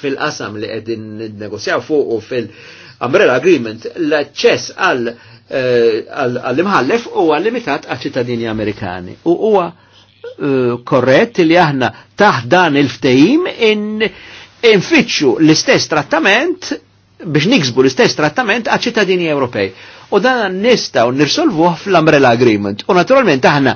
fil-qasam li qegħdin negozjaw fuq u fil-Umbrella Agreement l-aċċess għal eh, għall-imħallef u għall-limitat għal ċittadini Amerikani. U huwa eh, korrett li aħna taħdan il-ftehim in infittxu l-istess trattament biex niksbu l-istess trattament għal ċittadini Ewropej. U dan nistaw nirsolvuh fl-umbrella agreement. U naturalment aħna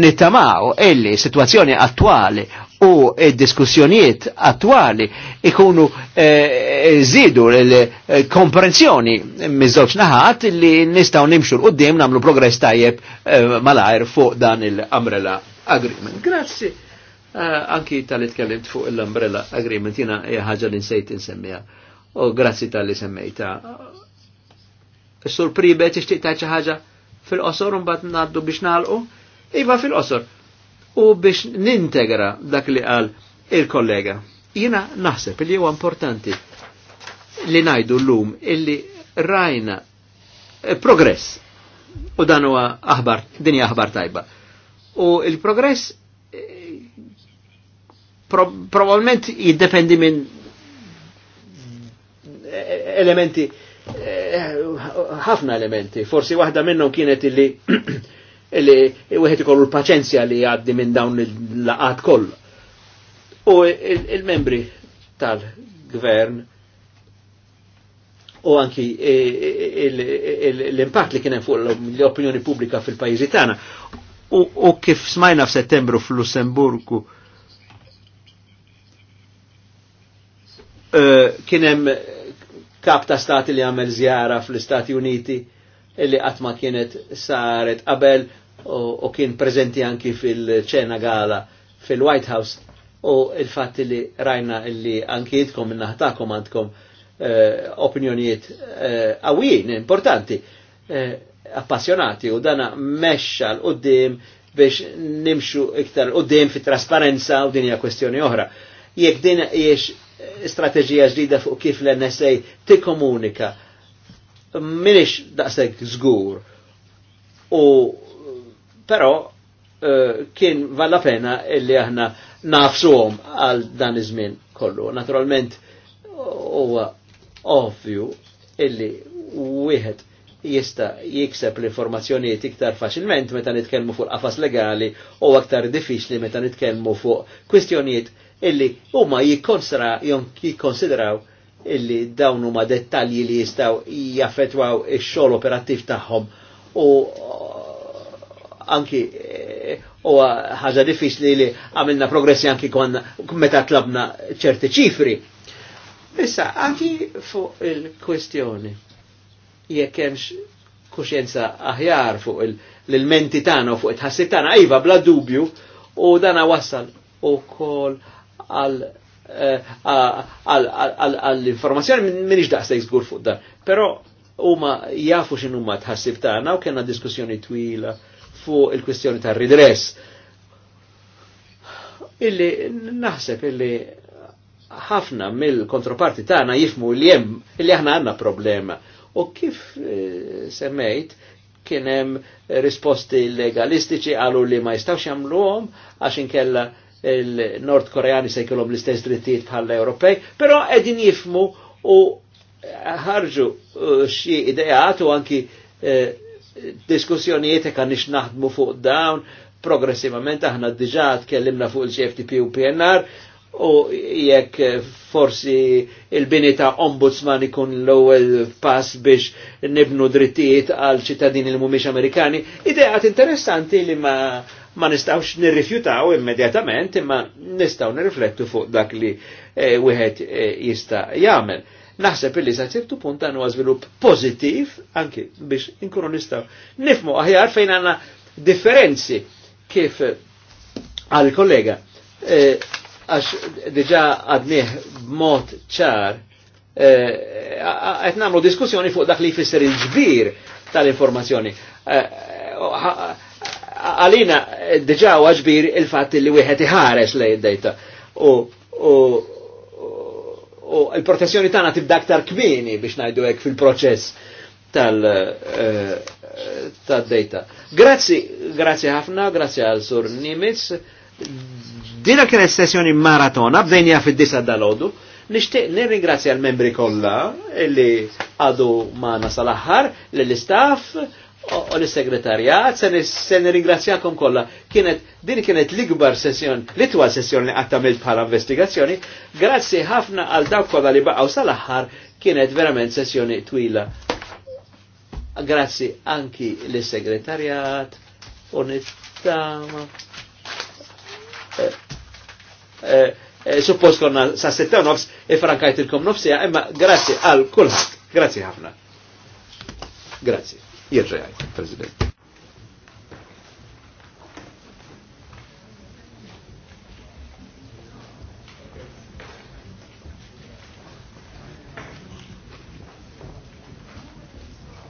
nittamaw illi situazzjoni attuali u diskussjonijiet attuali ikunu e zidu l-komprensjoni miż-żewġ naħat li nistaw nimxu l-qoddim namlu progress tajjeb eh, malajr fuq dan il-umbrella agreement. Grazzi. Eh, anki tal-li tkellimt fuq l-umbrella agreement jina eh, ħaġa li nsejt insemmija. U grazzi tal-li semmejta. Sur pribet ixtiq ta' ħaġa fil-qosor un bat naddu biex nalqu, iva fil-qosor. U biex nintegra dak li qal il-kollega. Jina naħseb li huwa importanti li najdu l-lum illi rajna eh, progress. U dan huwa aħbar, dinja aħbar tajba. U il-progress probabilment jiddependi minn elementi eh, ħafna elementi, forsi waħda minnhom kienet illi illi wieħed ikollu l-paċenzja li għaddi minn dawn il-laqat koll. U il-membri tal-gvern u anki eh, l-impatt li kienem fuq l-opinjoni pubblika fil-pajjiżi tagħna. U kif smajna f'Settembru fl-Lussemburgu kienem kap ta' stati li għamel zjara fl-Istati Uniti illi għatma kienet saret qabel u kien prezenti anki fil-ċena gala fil-White House u il-fatti li rajna illi anki jitkom minnaħtakom għandkom eh, opinjonijiet għawin, importanti, eh, appassjonati u dana mexxa l-qoddim biex nimxu iktar l-qoddim fit-trasparenza u dinja kwestjoni oħra. Jek din jiex strateġija ġdida fuq kif l-NSA tikkomunika. Minix daqseg żgur. U però eh, kien valla pena illi aħna nafsuhom għal dan iż-żmien kollu. Naturalment huwa ovvju illi wieħed jista jikseb l-informazzjonijiet iktar faċilment meta nitkellmu fuq qafas legali u aktar diffiċli meta nitkellmu fuq kwistjonijiet illi huma jikkonsra jikkonsidraw illi dawn huma dettalji li jistgħu jaffetwaw ix-xogħol operattiv tagħhom u uh, anki u uh, ħaġa diffiċli li għamilna progressi anki kon meta tlabna ċerti ċifri. Issa, anki fuq il-kwestjoni, jekk hemmx kuxjenza aħjar fuq il menti tagħna u fuq it-ħassi iva bla dubju, u dana wassal u kol għall-informazzjoni eh, minix daqseg zgur fuq dan. Pero huma jafu x'in huma tħassib tagħna u kellna diskussjoni twila fuq il-kwestjoni tar ridress Illi naħseb illi ħafna mill-kontroparti tagħna jifmu li hemm illi aħna għandna problema. U kif eh, semmejt, kien hemm risposti legalistiċi għalu li ma jistawx jagħmluhom għax inkella il-Nord Koreani se jkollhom l-istess drittijiet bħal Ewropej, però qegħdin jifmu u ħarġu uh, xi ideat u anki uh, diskussjonijiet jekk għandix naħdmu fuq dawn progressivament aħna diġà tkellimna fuq il-CFTP u PNR u jekk uh, forsi il-bini ta' ombudsman ikun l-ewwel pass biex nibnu drittijiet għal ċittadini li mhumiex Amerikani, ideat interessanti li ma' ma nistawx nirrifjutaw immedjatament imma nistaw nirriflettu fuq dak li eh, wieħed eh, jista' jagħmel. Naħseb illi sa ċertu punt għandu żvilupp pożittiv anki biex inkunu nistgħu nifmu aħjar fejn għandna differenzi kif għal kollega eh, għax e, diġa għadnieh b'mod ċar qed nagħmlu diskussjoni fuq dak li jfisser il-ġbir tal-informazzjoni għalina diġa għaġbir il-fat li wieħed iħares lej id-dejta. U il-protezzjoni tagħna tibda aktar kmini biex ngħidu hekk fil-proċess tal-dejta. Eh, grazzi, grazzi ħafna, grazzi għal Sur Nimitz. Dina kienet sessjoni maratona, bdejnija fid-disa dal-ħodu. Nishtiq nirringrazzja l-membri kollha li għadu maħna sal-aħħar, l-istaff, u l-segretarjat, se nirringrazzjakom kolla, Kienet din kienet l-ikbar sessjon, l-itwal sessjoni għattamilt bħala investigazzjoni, grazzi ħafna għal dawk kolla li baqaw sal-aħħar kienet verament sessjoni twila. Grazzi anki l-segretarjat, unittama. Eh, eh, eh, suppost konna sa' setta nofs, e frankajtilkom nofsija, imma grazzi għal kulħat, Grazzi ħafna. Grazie. Jirġa President.